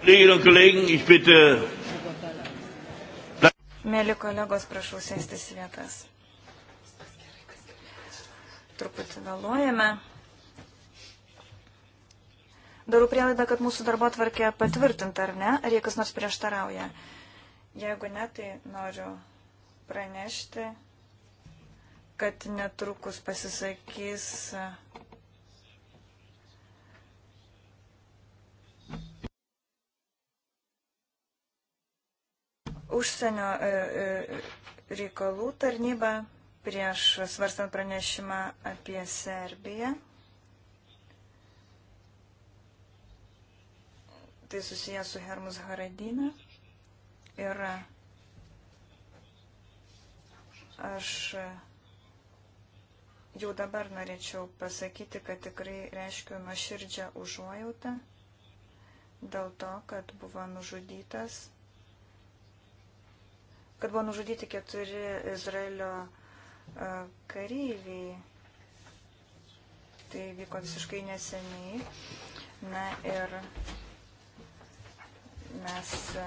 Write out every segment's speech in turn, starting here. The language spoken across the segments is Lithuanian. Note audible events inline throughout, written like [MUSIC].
Kolleginnen und Kollegen, ich bitte. Mėly kolegos, prašau sėstis vietas. Truputį vėluojame. Darau prielaidą, kad mūsų darbo tvarkė patvirtinta ar ne, ar jie kas nors prieštarauja. Jeigu ne, tai noriu pranešti, kad netrukus pasisakys užsienio e, e, reikalų tarnyba prieš svarstant pranešimą apie Serbiją. Tai susijęs su Hermus Haradina. Ir aš jau dabar norėčiau pasakyti, kad tikrai reiškiu nuoširdžią užuojautą dėl to, kad buvo nužudytas kad buvo nužudyti keturi Izraelio e, kareiviai. Tai vyko visiškai neseniai. Na ir mes e,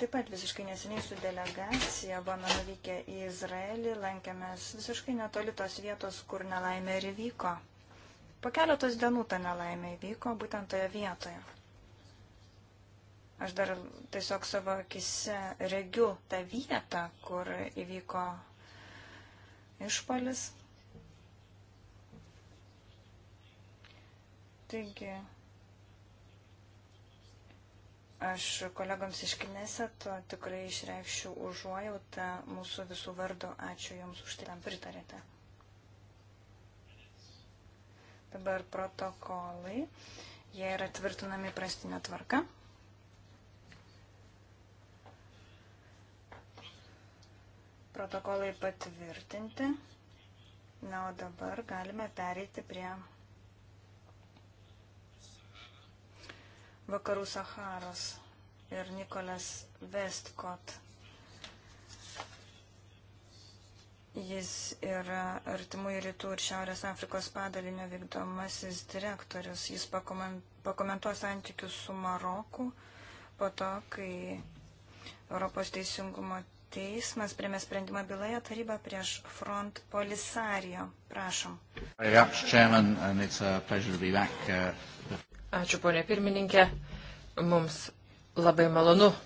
taip pat visiškai neseniai su delegacija buvome nuvykę į Izraelį, lankėmės visiškai netoli tos vietos, kur nelaimė ir įvyko. Po keletos dienų ta nelaimė įvyko, būtent toje vietoje. Aš dar tiesiog savo akise regiu tą vietą, kur įvyko išpolis. Taigi, aš kolegams iš Kineseto tikrai išreikščiau užuojautą mūsų visų vardu. Ačiū Jums už tai, tam pritarėte. Dabar protokolai. Jie yra tvirtinami prastinė tvarka. protokolai patvirtinti. Na, o dabar galime pereiti prie Vakarų Saharos ir Nikolas Westcott. Jis yra Artimųjų Rytų ir Šiaurės Afrikos padalinio vykdomasis direktorius. Jis pakomentuos santykius su Maroku po to, kai Europos teisingumo teismas priemė sprendimą byloje taryba prieš Front Polisario. Prašom. Uh, Ačiū, ponė pirmininkė. Mums labai malonu uh,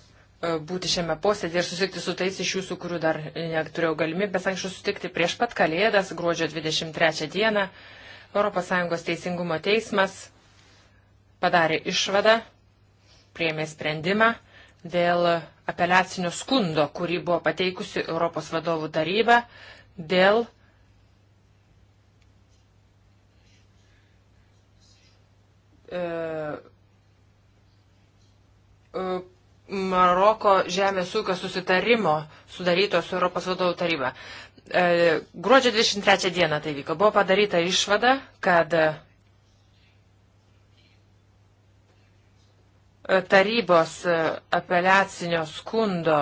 būti šiame posėdė ir susitikti su tais iš jūsų, kurių dar neturėjau galimybės anksčiau susitikti prieš pat Kalėdas, gruodžio 23 dieną. ES teisingumo teismas padarė išvadą, priemė sprendimą dėl apeliacinio skundo, kurį buvo pateikusi Europos vadovų taryba dėl e, e, Maroko žemės ūkio susitarimo sudaryto su Europos vadovų taryba. E, gruodžio 23 dieną tai vyko. Buvo padaryta išvada, kad tarybos e, apeliacinio skundo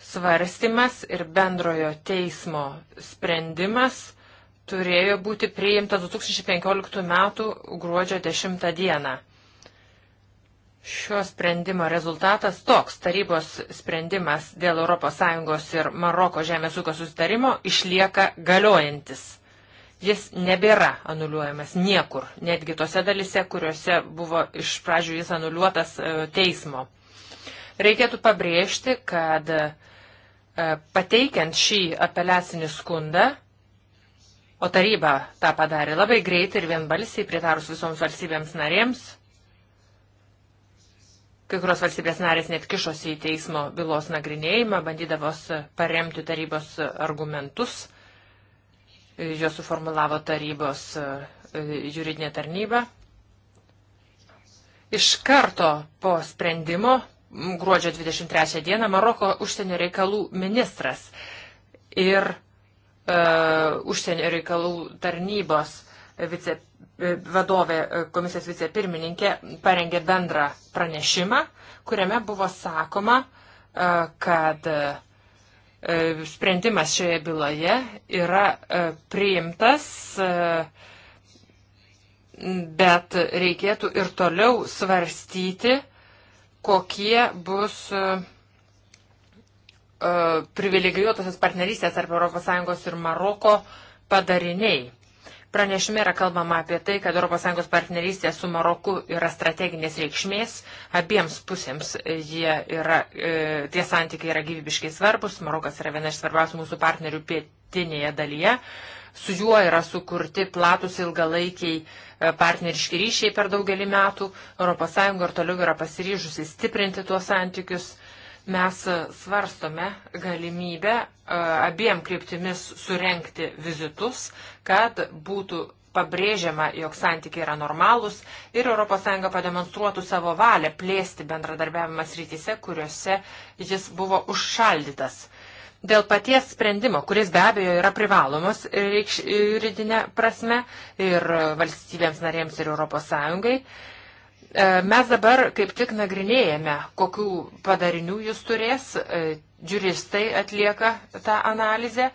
svarstymas ir bendrojo teismo sprendimas turėjo būti priimtas 2015 m. gruodžio 10 d. Šio sprendimo rezultatas toks tarybos sprendimas dėl ES ir Maroko žemės ūkio sustarimo išlieka galiojantis. Jis nebėra anuliuojamas niekur, netgi tose dalise, kuriuose buvo iš pradžių jis anuliuotas e, teismo. Reikėtų pabrėžti, kad e, pateikiant šį apeliacinį skundą, o taryba tą padarė labai greitai ir vienbalsiai pritarus visoms valstybėms narėms, Kai kurios valstybės narės net kišosi į teismo bylos nagrinėjimą, bandydavos paremti tarybos argumentus jo suformulavo tarybos e, juridinė tarnyba. Iš karto po sprendimo, gruodžio 23 dieną, Maroko užsienio reikalų ministras ir e, užsienio reikalų tarnybos vice, e, vadovė e, komisijos vicepirmininkė parengė bendrą pranešimą, kuriame buvo sakoma, e, kad e, E, sprendimas šioje byloje yra e, priimtas, e, bet reikėtų ir toliau svarstyti, kokie bus privilegijuotosios partnerystės tarp ES ir Maroko padariniai. Pranešime yra kalbama apie tai, kad ES partnerystė su Maroku yra strateginės reikšmės, abiems pusėms jie yra, e, tie santykiai yra gyvybiškai svarbus, Marokas yra viena iš svarbiausių mūsų partnerių pietinėje dalyje, su juo yra sukurti platus ilgalaikiai e, partneriški ryšiai per daugelį metų, ES ir toliau yra pasiryžusi stiprinti tuos santykius Mes svarstome galimybę e, abiem kryptimis surenkti vizitus, kad būtų pabrėžiama, jog santykiai yra normalūs ir ES pademonstruotų savo valią plėsti bendradarbiavimą srityse, kuriuose jis buvo užšaldytas. Dėl paties sprendimo, kuris be abejo yra privalomas juridinė prasme ir valstybėms narėms ir ES, E, mes dabar kaip tik nagrinėjame, kokių padarinių jis turės, e, juristai atlieka tą analizę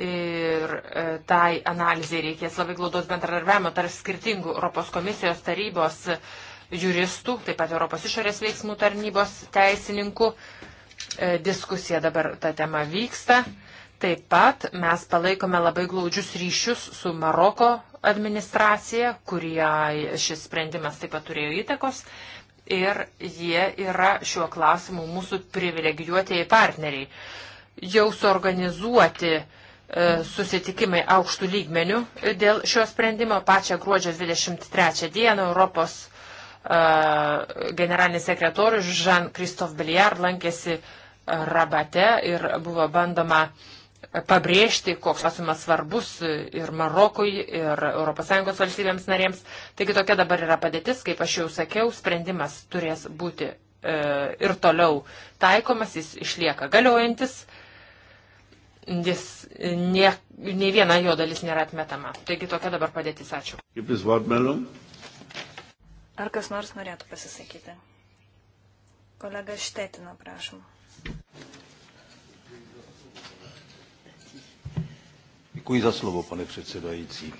ir e, tai analizai reikės labai glaudos bendradarbiavimo tarp skirtingų Europos komisijos tarybos juristų, taip pat Europos išorės veiksmų tarnybos teisininkų. Diskusija dabar ta tema vyksta. Taip pat mes palaikome labai glaudžius ryšius su Maroko administracija, kurie šis sprendimas taip pat turėjo įtakos. Ir jie yra šiuo klausimu mūsų privilegijuotieji partneriai. Jau suorganizuoti uh, susitikimai aukštų lygmenių dėl šio sprendimo. Pačią gruodžio 23 dieną Europos e, generalinis sekretorius Jean-Christophe Billiard lankėsi rabate ir buvo bandoma uh, pabrėžti, koks klausimas svarbus ir Marokui, ir ES valstybėms narėms. Taigi tokia dabar yra padėtis, kaip aš jau sakiau, sprendimas turės būti e, ir toliau taikomas, jis išlieka galiojantis, jis ne, ne viena jo dalis nėra atmetama. Taigi tokia dabar padėtis, ačiū. Ar kas nors norėtų pasisakyti? Kolega Štetina, prašom. Děkuji za slovo, pane předsedající.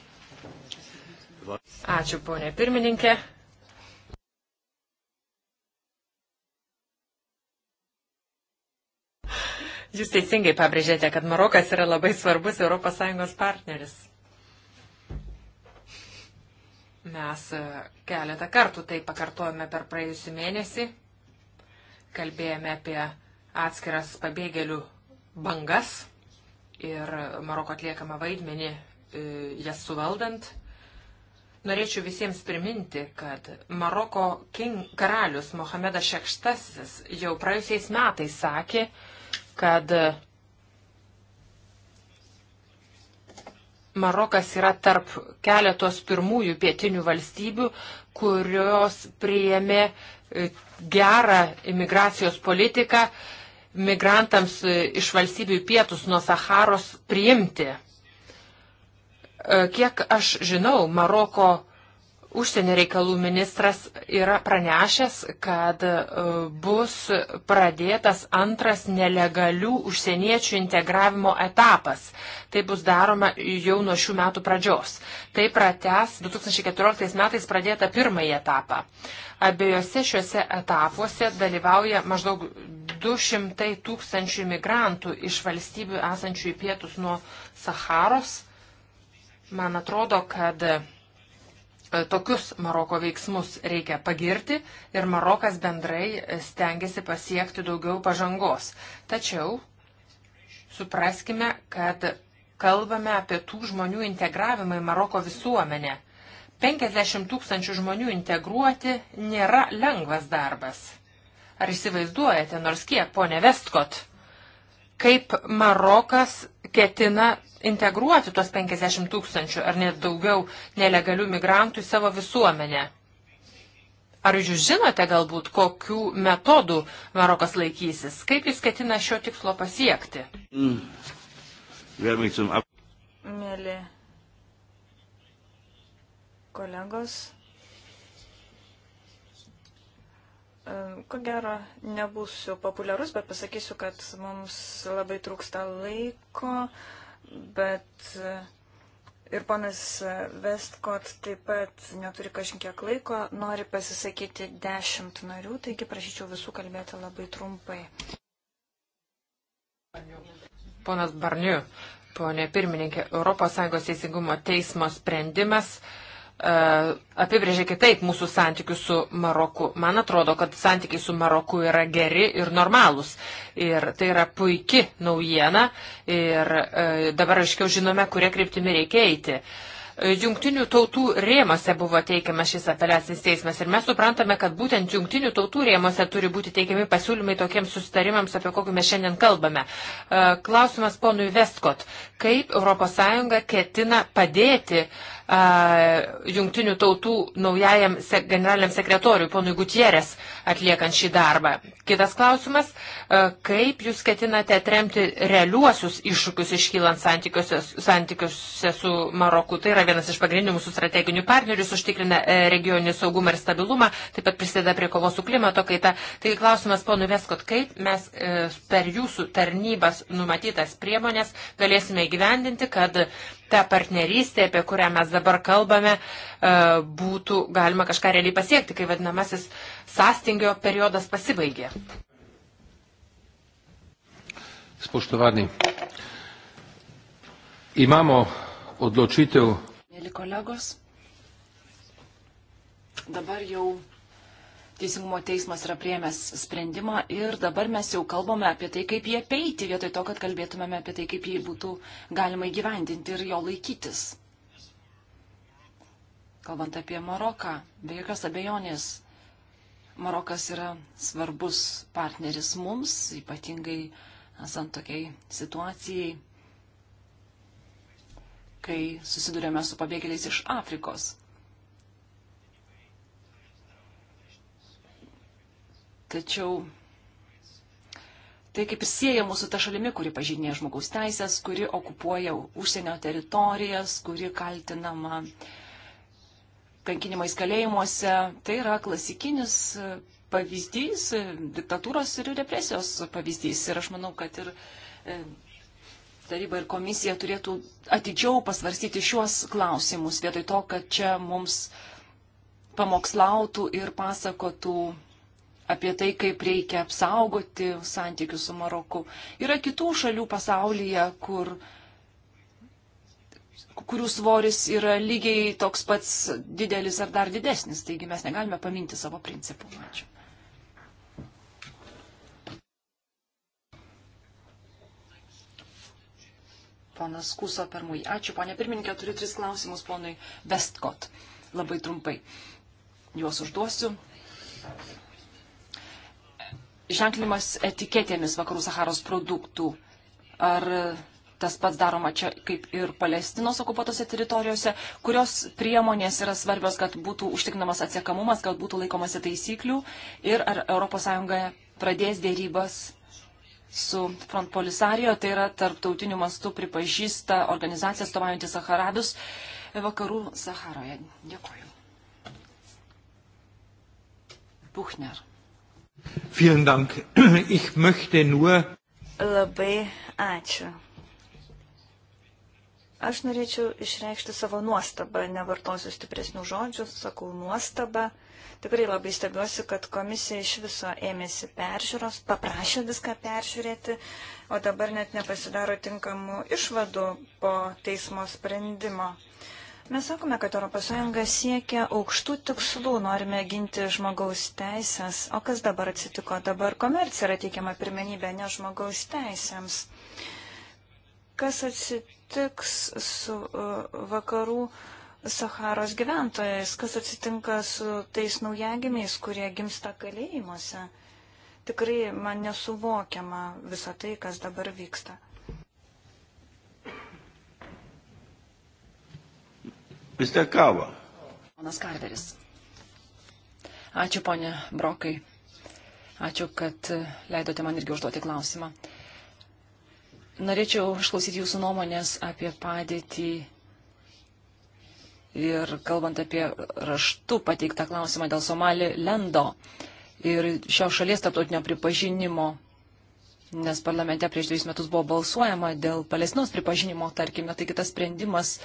Ačiū, ponė pirmininkė. Jūs teisingai pabrėžėte, kad Marokas yra labai svarbus ES partneris. Mes e, keletą kartų tai pakartojame per praėjusią mėnesį. Kalbėjome apie atskiras pabėgėlių bangas ir Maroko atliekamą vaidmenį e, jas suvaldant. Norėčiau visiems priminti, kad Maroko king, karalius Mohamedas VI jau praėjusiais metais sakė, kad Marokas yra tarp keletos pirmųjų pietinių valstybių, kurios priėmė e, gerą imigracijos politiką, migrantams e, iš valstybių pietus nuo Saharos priimti. E, kiek aš žinau, Maroko Užsienio reikalų ministras yra pranešęs, kad e, bus pradėtas antras nelegalių užsieniečių integravimo etapas. Tai bus daroma jau nuo šių metų pradžios. Tai prates 2014 metais pradėta pirmąjį etapą. Abiejose šiuose etapuose dalyvauja maždaug 200 tūkstančių migrantų iš valstybių esančių į pietus nuo Saharos. Man atrodo, kad E, tokius Maroko veiksmus reikia pagirti ir Marokas bendrai stengiasi pasiekti daugiau pažangos. Tačiau supraskime, kad kalbame apie tų žmonių integravimą į Maroko visuomenę. 50 tūkstančių žmonių integruoti nėra lengvas darbas. Ar įsivaizduojate nors kiek, ponė Vestkot? kaip Marokas ketina integruoti tuos 50 tūkstančių ar net daugiau nelegalių migrantų į savo visuomenę. Ar jūs žinote galbūt, kokių metodų Marokas laikysis? Kaip jis ketina šio tikslo pasiekti? Mm. Mėly kolegos, E, ko gero, nebūsiu populiarus, bet pasakysiu, kad mums labai trūksta laiko, bet e, ir ponas Vestkot taip pat neturi kažkiek laiko, nori pasisakyti dešimt narių, taigi prašyčiau visų kalbėti labai trumpai. Ponas Barniu, ponė pirmininkė, ES teisingumo teismo sprendimas E, apibrėžė kitaip mūsų santykius su Maroku. Man atrodo, kad santykiai su Maroku yra geri ir normalūs. Ir tai yra puiki naujiena ir e, dabar aiškiau žinome, kurie kryptimi reikia eiti. E, jungtinių tautų rėmose buvo teikiamas šis apeliacinis teismas ir mes suprantame, kad būtent jungtinių tautų rėmose turi būti teikiami pasiūlymai tokiems sustarimams, apie kokį mes šiandien kalbame. Klausimas ponui Vestkot, kaip ES ketina padėti uh, jungtinių tautų naujajam generaliniam sekretoriui, ponui Gutierės, atliekant šį darbą. Kitas klausimas, kaip jūs ketinate atremti realiuosius iššūkius iškylant santykiuose su Maroku? Tai yra vienas iš pagrindinių mūsų strateginių partnerių, užtikrina e, regioninį saugumą ir stabilumą, taip pat prisideda prie kovos su klimato kaita. Tai klausimas, ponui Veskot, kaip mes e, per jūsų tarnybas numatytas priemonės galėsime įgyvendinti, kad ta partnerystė, apie kurią mes dabar kalbame, e, būtų galima kažką realiai pasiekti, kai vadinamasis sąstingio periodas pasibaigė. Spoštovani, imamo odločitev. Mėly kolegos, dabar jau Teisingumo teismas yra priemęs sprendimą ir dabar mes jau kalbame apie tai, kaip jį apeiti, vietoj to, kad kalbėtumėme apie tai, kaip jį būtų galima įgyvendinti ir jo laikytis. Kalbant apie Maroką, be jokios abejonės, Marokas yra svarbus partneris mums, ypatingai esant tokiai situacijai, kai susidurėme su pabėgėliais iš Afrikos. Tačiau tai kaip ir sieja mūsų ta šalimi, kuri pažinė žmogaus teisės, kuri okupuoja užsienio teritorijas, kuri kaltinama kankinimais kalėjimuose. Tai yra klasikinis pavyzdys, diktatūros ir represijos pavyzdys. Ir aš manau, kad ir e, taryba ir komisija turėtų atidžiau pasvarstyti šiuos klausimus, vietoj to, kad čia mums pamokslautų ir pasakotų apie tai, kaip reikia apsaugoti santykius su Maroku. Yra kitų šalių pasaulyje, kur kurių svoris yra lygiai toks pats didelis ar dar didesnis, taigi mes negalime paminti savo principų. Ačiū. Ponas Kuso pirmui. Ačiū, ponė pirmininkė, turiu tris klausimus ponui Vestkot. Labai trumpai. Juos užduosiu ženklimas etiketėmis vakarų Saharos produktų. Ar tas pats daroma čia kaip ir Palestinos okupuotose teritorijose, kurios priemonės yra svarbios, kad būtų užtikrinamas atsiekamumas, kad būtų laikomasi taisyklių ir ar ES pradės dėrybas su Front Polisario, tai yra tarptautiniu mastu pripažįsta organizacija stovaujanti Saharabius vakarų Saharoje. Dėkuoju. Buchner. Vielen Dank. [CLEARS THROAT] Ich möchte nur. Labai ačiū. Aš norėčiau išreikšti savo nuostabą, nevartosiu stipresnių žodžių, sakau nuostabą. Tikrai labai stebiuosi, kad komisija iš viso ėmėsi peržiūros, paprašė viską peržiūrėti, o dabar net nepasidaro tinkamų išvadų po teismo sprendimo. Uh, Mes sakome, kad ES siekia aukštų tikslų, norime ginti žmogaus teisės. O kas dabar atsitiko? Dabar komercija yra teikiama pirmenybė, ne žmogaus teisėms. Kas atsitiks su e, vakarų Saharos gyventojais? Kas atsitinka su tais naujagimiais, kurie gimsta kalėjimuose? Tikrai man nesuvokiama visa tai, kas dabar vyksta. Vis tiek kava. Ponas Karveris. Ačiū, ponė Brokai. Ačiū, kad leidote man irgi užduoti klausimą. Norėčiau išklausyti jūsų nuomonės apie padėtį ir kalbant apie raštų pateiktą klausimą dėl Somali lendo ir šios šalies tarptautinio pripažinimo, nes parlamente prieš dviejus metus buvo balsuojama dėl Palestinos pripažinimo, tarkime, tai kitas sprendimas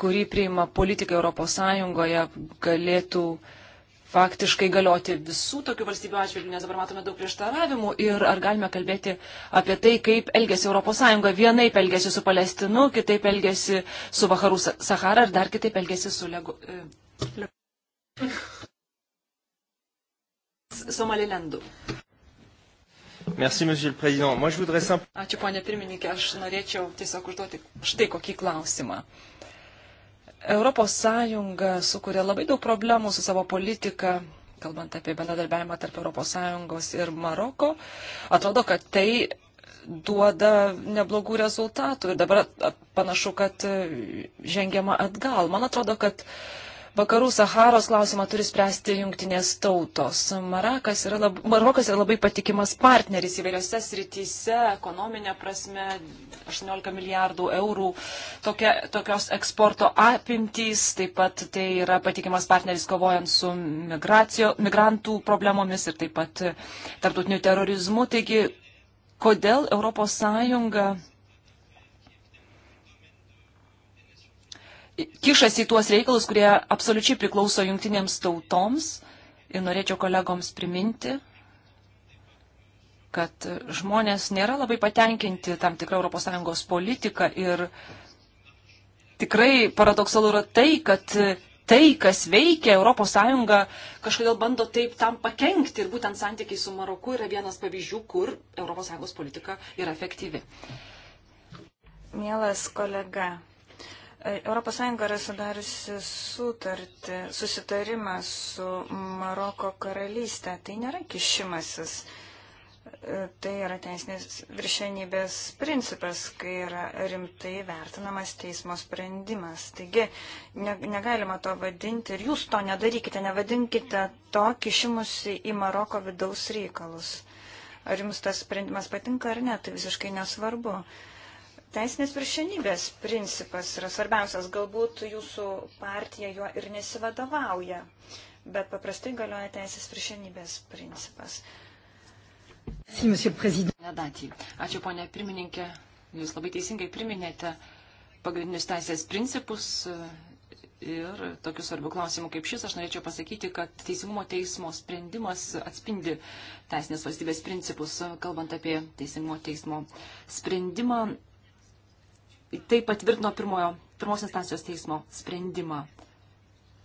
kurį priima politika ES, galėtų faktiškai galioti visų tokių valstybių atžvilgių, nes dabar matome daug prieštaravimų ir ar galime kalbėti apie tai, kaip elgesi ES. Vienaip elgesi su Palestinu, kitaip elgesi su Vakarų Sahara ir dar kitaip elgesi su Lego... E, Somalilendu. Merci, monsieur le président. Moi, je voudrais simple... Ačiū, ponė pirmininkė. Aš norėčiau tiesiog užduoti štai kokį klausimą. Uh, Europos Sąjunga sukuria labai daug problemų su savo politika, kalbant apie bendradarbiavimą tarp Europos Sąjungos ir Maroko. Atrodo, kad tai duoda neblogų rezultatų ir dabar panašu, kad žengiama atgal. Man atrodo, kad uh, Vakarų Saharos klausimą turi spręsti jungtinės tautos. Marakas yra lab, Marokas yra labai patikimas partneris įvairiose srityse, ekonominė prasme, 18 milijardų eurų tokia, tokios eksporto apimtys, taip pat tai yra patikimas partneris kovojant su migrantų problemomis ir taip pat tarptautiniu terorizmu. Taigi, kodėl ES kišasi į tuos reikalus, kurie absoliučiai priklauso jungtinėms tautoms. Ir norėčiau kolegoms priminti, kad žmonės nėra labai patenkinti tam tikrą ES politiką ir tikrai paradoksalu yra tai, kad tai, kas veikia ES, kažkodėl bando taip tam pakengti ir būtent santykiai su Maroku yra vienas pavyzdžių, kur ES politika yra efektyvi. Mielas kolega, ES yra sudariusi sutartį, susitarimą su Maroko karalystė. Tai nėra kišimasis. Tai yra teisinės viršenybės principas, kai yra rimtai vertinamas teismo sprendimas. Taigi ne, negalima to vadinti ir jūs to nedarykite, nevadinkite to kišimusi į Maroko vidaus reikalus. Ar jums tas sprendimas patinka ar ne, tai visiškai nesvarbu. Uh, Teisinės viršenybės principas yra svarbiausias, galbūt jūsų partija juo ir nesivadovauja, bet paprastai galioja teisės viršenybės principas. Ačiū, ponė pirmininkė. Jūs labai teisingai priminėte pagrindinius teisės principus ir tokių svarbių klausimų kaip šis. Aš norėčiau pasakyti, kad Teisingumo teismo sprendimas atspindi teisinės valstybės principus. Kalbant apie Teisingumo teismo sprendimą, tai patvirtino pirmojo, pirmos instancijos teismo sprendimą.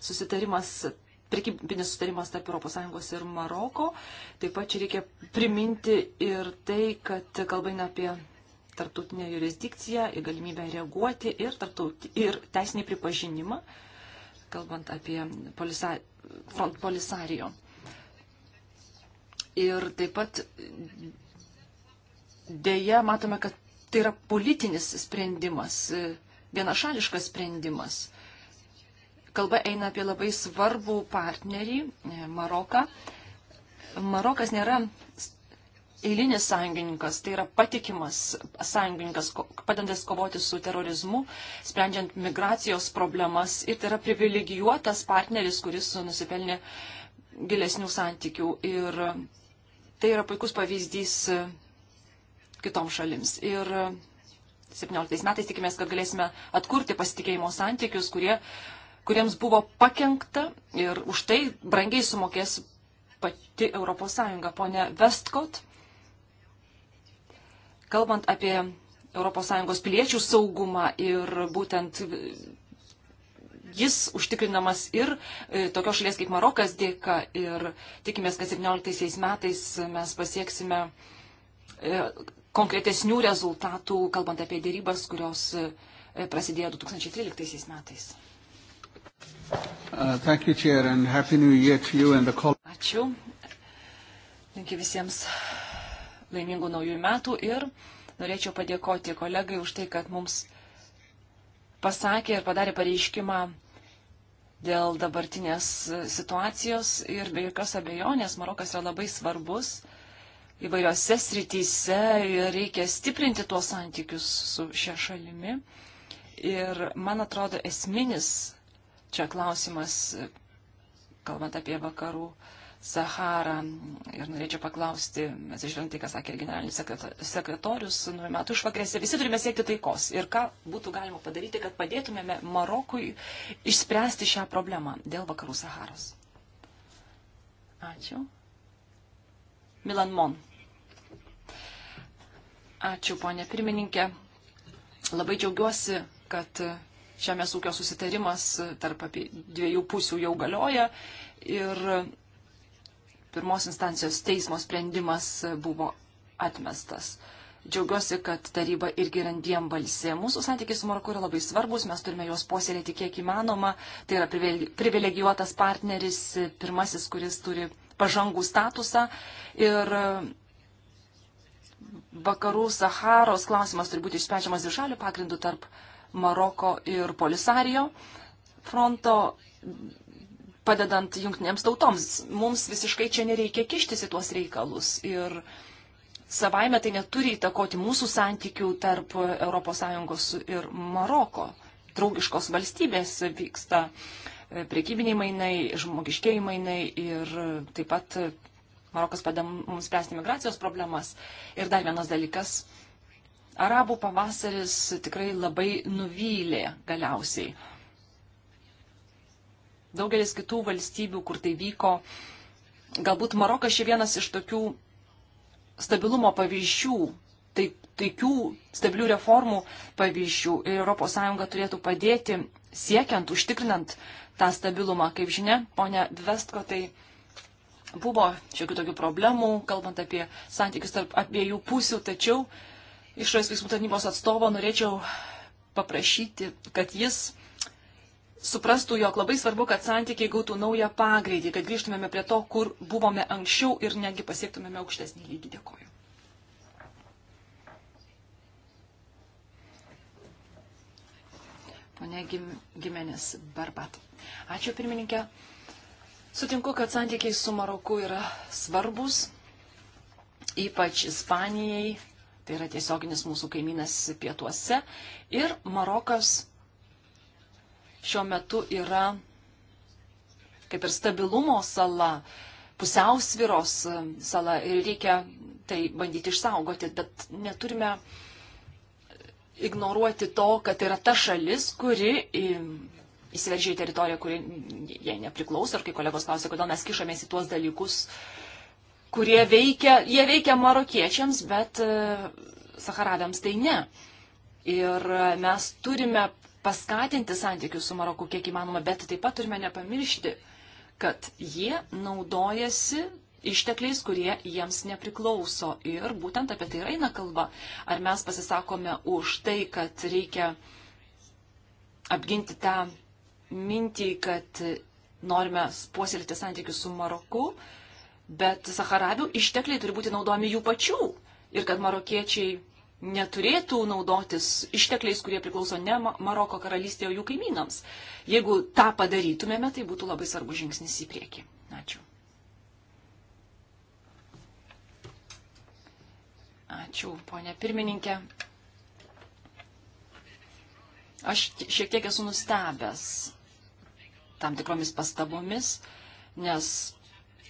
Susitarimas, prekybinis susitarimas tarp ES ir Maroko. Taip pat čia reikia priminti ir tai, kad kalba eina apie tarptautinę jurisdikciją, į galimybę reaguoti ir, ir teisinį pripažinimą, kalbant apie polisa, front polisario. Ir taip pat dėja matome, kad tai yra politinis sprendimas, vienašališkas sprendimas. Kalba eina apie labai svarbų partnerį e, - Maroką. Marokas nėra eilinis sąjungininkas, tai yra patikimas sąjungininkas, padantis kovoti su terorizmu, sprendžiant migracijos problemas ir tai yra privilegijuotas partneris, kuris nusipelnė gilesnių santykių. Ir tai yra puikus pavyzdys kitoms šalims. Ir 17 e, metais tikimės, kad galėsime atkurti pasitikėjimo santykius, kurie, kuriems buvo pakengta ir už tai brangiai sumokės pati ES. Pone Vestkot, kalbant apie ES piliečių saugumą ir būtent jis užtikrinamas ir e, tokios šalies kaip Marokas dėka ir tikimės, kad 17 metais mes pasieksime e, konkretesnių rezultatų, kalbant apie dėrybas, kurios e, prasidėjo 2013 metais. Uh, you, Chair, the... Ačiū. Linkiu visiems laimingų naujų metų ir norėčiau padėkoti kolegai už tai, kad mums pasakė ir padarė pareiškimą dėl dabartinės situacijos ir be jokios abejonės Marokas yra labai svarbus įvairiose srityse ir reikia stiprinti tuos santykius su šia šalimi. Ir man atrodo esminis čia klausimas, kalbant apie vakarų Saharą, ir norėčiau paklausti, mes išrinktai, ką sakė generalinis sekretorius, nuo metų išvakarėse, visi turime siekti taikos. Ir ką būtų galima padaryti, kad padėtumėme Marokui išspręsti šią problemą dėl vakarų Saharos. Ačiū. Milan Mon. Ačiū, ponė pirmininkė. Labai džiaugiuosi, kad žemės ūkio susitarimas tarp dviejų pusių jau galioja ir pirmos instancijos teismo sprendimas buvo atmestas. Džiaugiuosi, kad taryba irgi yra dviem balsė. Mūsų santykiai su Maroku yra labai svarbus, mes turime juos posėlėti kiek įmanoma. Tai yra privilegijuotas partneris, pirmasis, kuris turi pažangų statusą. Ir vakarų Saharos klausimas turi būti išsprendžiamas dvišalių pagrindų tarp Maroko ir Polisario fronto, padedant jungtinėms tautoms. Mums visiškai čia nereikia kištis į tuos reikalus. Ir savaime tai neturi įtakoti mūsų santykių tarp ES ir Maroko. Draugiškos valstybės vyksta e, priekybiniai mainai, žmogiškėjai mainai ir taip pat Marokas padeda mums spręsti migracijos problemas. Ir dar vienas dalykas. Arabų pavasaris tikrai labai nuvylė galiausiai. Daugelis kitų valstybių, kur tai vyko, galbūt Marokas čia vienas iš tokių stabilumo pavyzdžių, tai, taikių, stabilių reformų pavyzdžių. Ir ES turėtų padėti siekiant, užtikrinant tą stabilumą. Kaip žinia, ponia Dvestko, tai Buvo šiokių tokių problemų, kalbant apie santykius tarp abiejų pusių, tačiau išorės veiksmų tarnybos atstovo norėčiau paprašyti, kad jis suprastų, jog labai svarbu, kad santykiai gautų naują pagreitį, kad grįžtumėme prie to, kur buvome anksčiau ir netgi pasiektumėme aukštesnį lygį. Dėkoju. Pone Gimenis Barbat. Ačiū pirmininkė. Sutinku, kad santykiai su Maroku yra svarbus, ypač Ispanijai, tai yra tiesioginis mūsų kaimynas pietuose. Ir Marokas šiuo metu yra kaip ir stabilumo sala, pusiausviros e, sala ir reikia tai bandyti išsaugoti, bet neturime ignoruoti to, kad tai yra ta šalis, kuri įsiveržė į teritoriją, kuri jai nepriklauso, ir kai kolegos klausė, kodėl mes kišamės į tuos dalykus, kurie veikia, jie veikia marokiečiams, bet e, saharadams tai ne. Ir e, mes turime paskatinti santykius su Maroku kiek įmanoma, bet taip pat turime nepamiršti, kad jie naudojasi ištekliais, kurie jiems nepriklauso. Ir būtent apie tai eina kalba. Ar mes pasisakome už tai, kad reikia apginti tą mintį, kad norime puoselėti santykius su Maroku, bet Saharabių ištekliai turi būti naudojami jų pačių ir kad marokiečiai neturėtų naudotis ištekliais, kurie priklauso ne Maroko karalystėje, o jų kaimynams. Jeigu tą padarytumėme, tai būtų labai svarbus žingsnis į priekį. Ačiū. Ačiū, ponė pirmininkė. Aš šiek tiek esu nustebęs tam tikromis pastabomis, nes,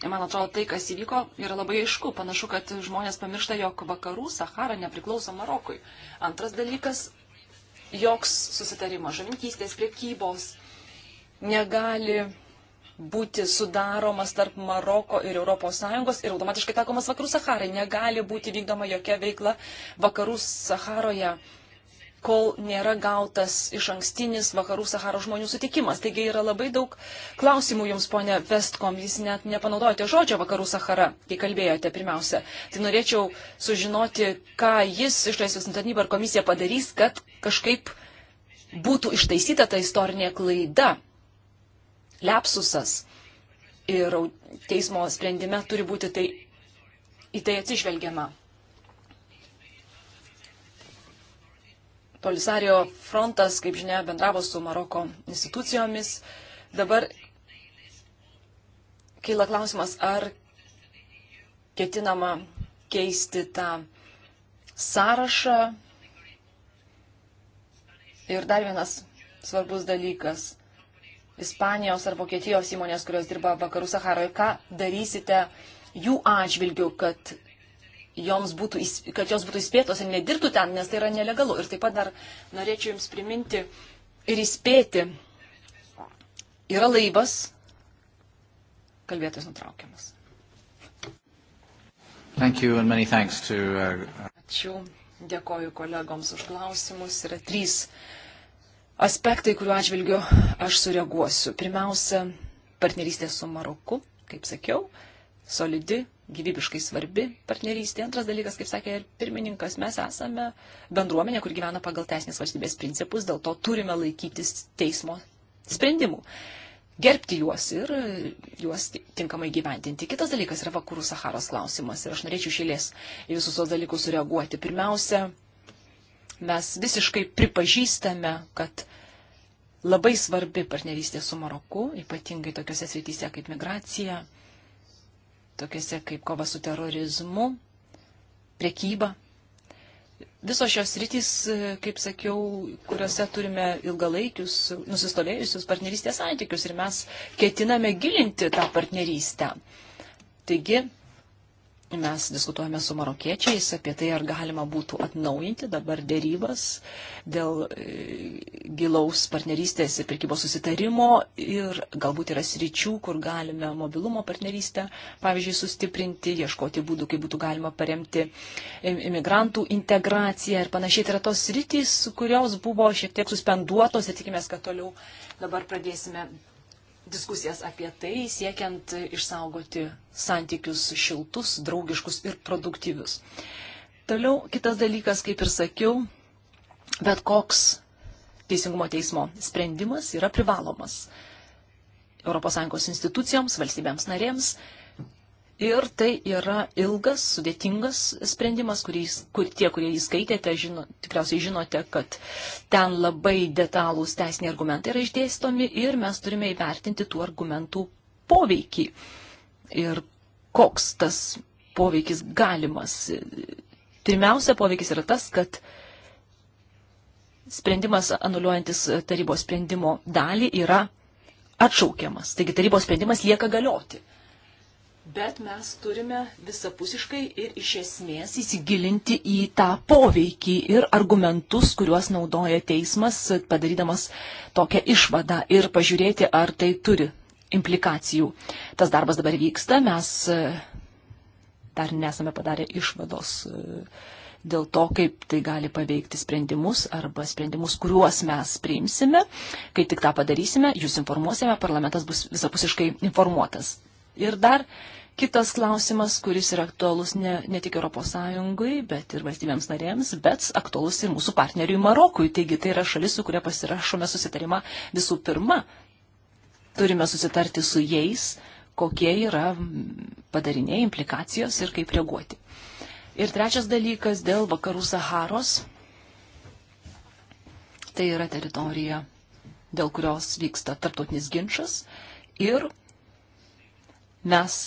man atrodo, tai, kas įvyko, yra labai aišku. Panašu, kad žmonės pamiršta, jog vakarų Sahara nepriklauso Marokui. Antras dalykas, joks susitarimas žalinkystės priekybos negali būti sudaromas tarp Maroko ir ES ir automatiškai takomas Vakarų Saharai. Negali būti vykdoma jokia veikla Vakarų Saharoje kol nėra gautas iš ankstinis vakarų Saharo žmonių sutikimas. Taigi yra labai daug klausimų jums, ponė Vestkom, jūs net nepanaudojote žodžio vakarų Sahara, kai kalbėjote pirmiausia. Tai norėčiau sužinoti, ką jis iš Laisvės tarnyba ar komisija padarys, kad kažkaip būtų ištaisyta ta istorinė klaida, lepsusas. Ir teismo sprendime turi būti tai, į tai atsižvelgiama. Polisario frontas, kaip žinia, bendravo su Maroko institucijomis. Dabar keila klausimas, ar ketinama keisti tą sąrašą. Ir dar vienas svarbus dalykas. Ispanijos ar Vokietijos įmonės, kurios dirba Vakarų Saharoje, ką darysite jų atžvilgių, kad joms būtų, kad jos būtų įspėtos ir nedirbtų ten, nes tai yra nelegalu. Ir taip pat dar norėčiau Jums priminti ir įspėti. Yra laivas, kalbėtojas nutraukiamas. To, uh... Ačiū, dėkoju kolegoms už klausimus. Yra trys aspektai, kuriuo atžvilgiu aš sureaguosiu. Pirmiausia, partnerystė su Maroku, kaip sakiau, solidi gyvybiškai svarbi partnerystė. Antras dalykas, kaip sakė ir pirmininkas, mes esame bendruomenė, kur gyvena pagal teisinės valstybės principus, dėl to turime laikytis teismo sprendimų, gerbti juos ir juos tinkamai gyventinti. Kitas dalykas yra vakarų Saharos klausimas ir aš norėčiau šėlės į visus tos dalykus sureaguoti. Pirmiausia, mes visiškai pripažįstame, kad labai svarbi partnerystė su Maroku, ypatingai tokiuose srityse kaip migracija tokiuose kaip kova su terorizmu, priekyba. Visos šios rytis, kaip sakiau, kuriuose turime ilgalaikius, nusistovėjusius partnerystės santykius ir mes ketiname gilinti tą partnerystę. Taigi, Mes diskutuojame su marokiečiais apie tai, ar galima būtų atnaujinti dabar dėrybas dėl e, gilaus partnerystės ir pirkybos susitarimo ir galbūt yra sričių, kur galime mobilumo partnerystę, pavyzdžiui, sustiprinti, ieškoti būdų, kaip būtų galima paremti imigrantų integraciją ir panašiai. Tai yra tos sritys, kurios buvo šiek tiek suspenduotos ir tikimės, kad toliau dabar pradėsime diskusijas apie tai, siekiant išsaugoti santykius šiltus, draugiškus ir produktyvius. Toliau kitas dalykas, kaip ir sakiau, bet koks Teisingumo teismo sprendimas yra privalomas ES institucijoms, valstybėms narėms Ir tai yra ilgas, sudėtingas sprendimas, kurį, kur tie, kurie jį skaitėte, žino, tikriausiai žinote, kad ten labai detalūs teisiniai argumentai yra išdėstomi ir mes turime įvertinti tų argumentų poveikį. Ir koks tas poveikis galimas. Pirmiausia, poveikis yra tas, kad sprendimas anuliuojantis tarybos sprendimo dalį yra atšaukiamas. Taigi tarybos sprendimas lieka galioti bet mes turime visapusiškai ir iš esmės įsigilinti į tą poveikį ir argumentus, kuriuos naudoja teismas, padarydamas tokią išvadą ir pažiūrėti, ar tai turi implikacijų. Tas darbas dabar vyksta, mes e, dar nesame padarę išvados e, dėl to, kaip tai gali paveikti sprendimus arba sprendimus, kuriuos mes priimsime. Kai tik tą padarysime, jūs informuosime, parlamentas bus visapusiškai informuotas. Ir dar Kitas klausimas, kuris yra aktualus ne, ne tik ES, bet ir valstybėms narėms, bet aktualus ir mūsų partneriui Marokui. Taigi tai yra šalis, su kuria pasirašome susitarimą visų pirma. Turime susitarti su jais, kokie yra padariniai, implikacijos ir kaip reaguoti. Ir trečias dalykas dėl vakarų Saharos. Tai yra teritorija, dėl kurios vyksta tarptautinis ginčas. Ir mes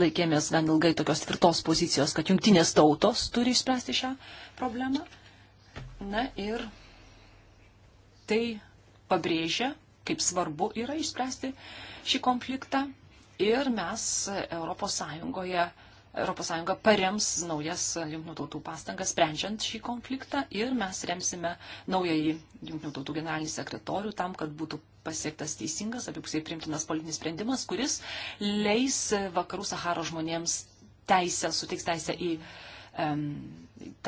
laikėmės gan ilgai tokios tvirtos pozicijos, kad jungtinės tautos turi išspręsti šią problemą. Na ir tai pabrėžia, kaip svarbu yra išspręsti šį konfliktą. Ir mes ES ES parems naujas Junktinių tautų pastangas sprendžiant šį konfliktą ir mes remsime naująjį Junktinių tautų generalinį sekretorių tam, kad būtų pasiektas teisingas, abipusiai primtinas politinis sprendimas, kuris leis vakarų Saharo žmonėms teisę, suteiks teisę į um,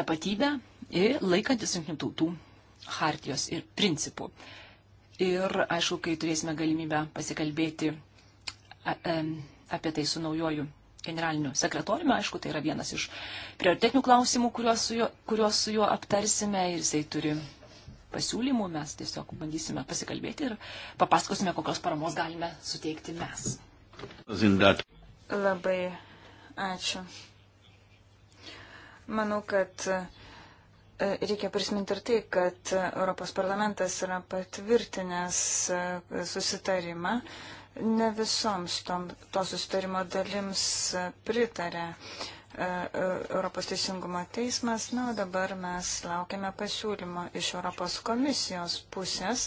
tapatybę ir laikantis jungtinių tautų hartijos ir principų. Ir aišku, kai turėsime galimybę pasikalbėti apie tai su naujoju generaliniu sekretoriumi, aišku, tai yra vienas iš prioritetinių klausimų, kuriuos su juo, kuriuos su juo aptarsime ir jisai turi pasiūlymų, mes tiesiog bandysime pasikalbėti ir papasakosime, kokios paramos galime suteikti mes. Zindat. Labai ačiū. Manau, kad e, reikia prisiminti ir tai, kad Europos parlamentas yra patvirtinęs e, susitarimą, ne visoms tom, to susitarimo dalims e, pritarė. Uh, E, e, Europos teisingumo teismas. Na, o dabar mes laukiame pasiūlymo iš Europos komisijos pusės.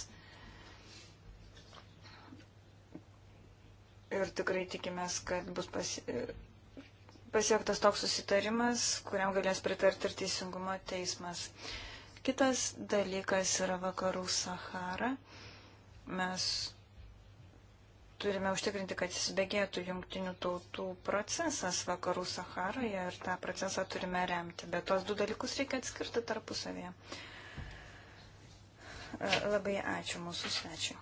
Ir tikrai tikimės, kad bus pasi... pasiektas toks susitarimas, kuriam galės pritarti ir teisingumo teismas. Kitas dalykas yra vakarų Sahara. Mes turime užtikrinti, kad įsibėgėtų jungtinių tautų procesas vakarų Saharoje ir tą procesą turime remti. Bet tos du dalykus reikia atskirti tarpusavėje. E, labai ačiū mūsų svečiu.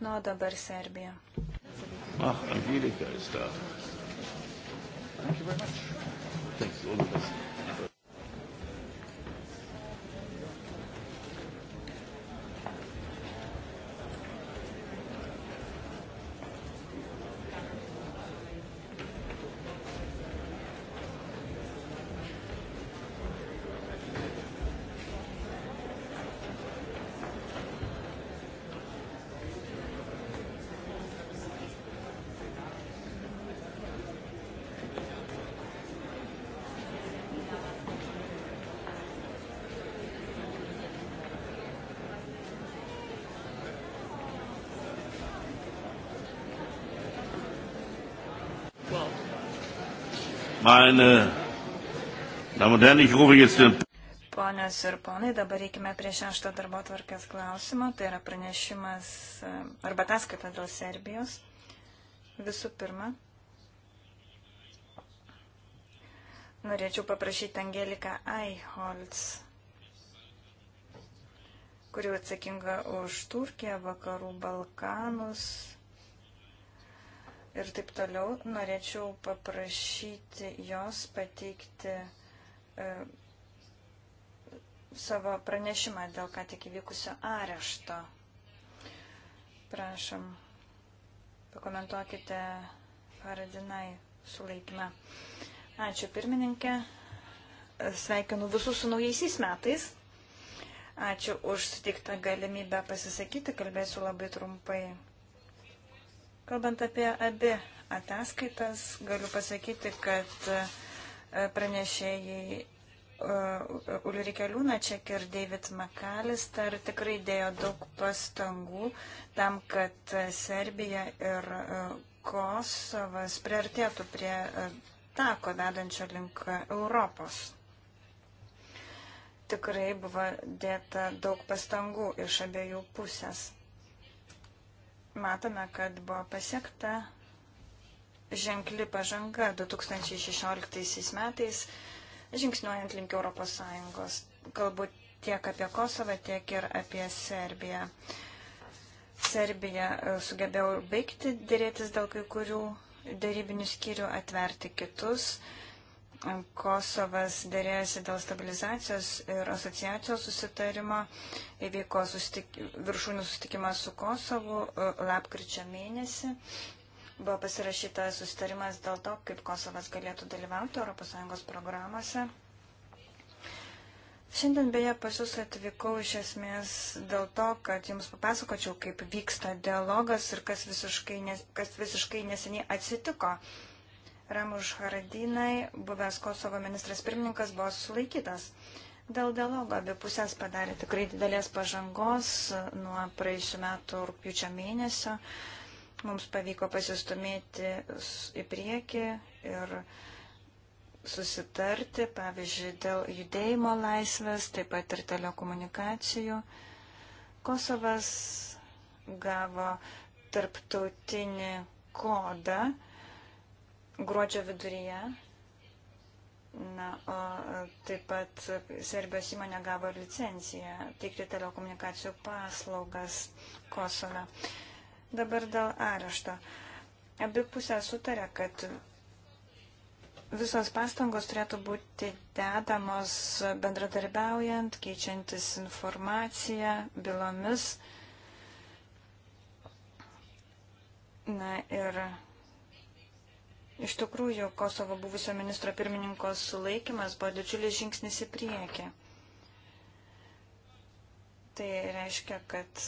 Nu, o dabar Serbija. Ah, Angelika is there. Thank you very much. Thanks, all the best. Meine Damen und Herren, ich rufe jetzt den. Ponios ir ponai, dabar reikime prie šešto darbo tvarkės klausimo, tai yra pranešimas e, arba ataskaita dėl Serbijos. Visų pirma, norėčiau paprašyti Angeliką Aiholz, kuri atsakinga už Turkiją, Vakarų Balkanus, ir taip toliau, norėčiau paprašyti jos pateikti e, savo pranešimą dėl ką tik įvykusio arešto. Prašom, pakomentuokite Faradinai sulaikymą. Ačiū pirmininkė. Sveikinu visus su naujaisiais metais. Ačiū už sutiktą galimybę pasisakyti. Kalbėsiu labai trumpai. Kalbant apie abi ataskaitas, galiu pasakyti, kad e, pranešėjai e, Ulrike Liūnačiak ir David McAllister tikrai dėjo daug pastangų tam, kad e, Serbija ir Kosovas priartėtų prie tako vedančio link Europos. Tikrai buvo dėta daug pastangų iš abiejų pusės matome, kad buvo pasiekta ženkli pažanga 2016 metais, žingsniuojant link Europos Sąjungos. Kalbu tiek apie Kosovą, tiek ir apie Serbiją. Serbija e, sugebėjo baigti dėrėtis dėl kai kurių dėrybinių skyrių, atverti kitus. Uh, Kosovas dėrėjosi dėl stabilizacijos ir asociacijos susitarimo, įvyko sustik, viršūnių susitikimas su Kosovu e, lapkričio mėnesį. Buvo pasirašyta susitarimas dėl to, kaip Kosovas galėtų dalyvauti ES programuose. Šiandien beje pas jūs atvykau iš esmės dėl to, kad jums papasakočiau, kaip vyksta dialogas ir kas visiškai, nes, kas visiškai neseniai atsitiko. Uh, Ramuš Haradinai, buvęs Kosovo ministras pirmininkas, buvo sulaikytas. Dėl dialogo abi pusės padarė tikrai didelės pažangos nuo praėjusiu metu rūpjūčio mėnesio. Mums pavyko pasistumėti į priekį ir susitarti, pavyzdžiui, dėl judėjimo laisvės, taip pat ir telekomunikacijų. Kosovas gavo tarptautinį kodą gruodžio viduryje. Na, o taip pat Serbijos įmonė gavo ir licenciją teikti telekomunikacijų paslaugas Kosove. Dabar dėl arešto. Abi pusės sutarė, kad visos pastangos turėtų būti dedamos bendradarbiaujant, keičiantis informaciją, bylomis. Na ir Iš tikrųjų, Kosovo buvusio ministro pirmininko sulaikimas buvo didžiulis žingsnis į priekį. Tai reiškia, kad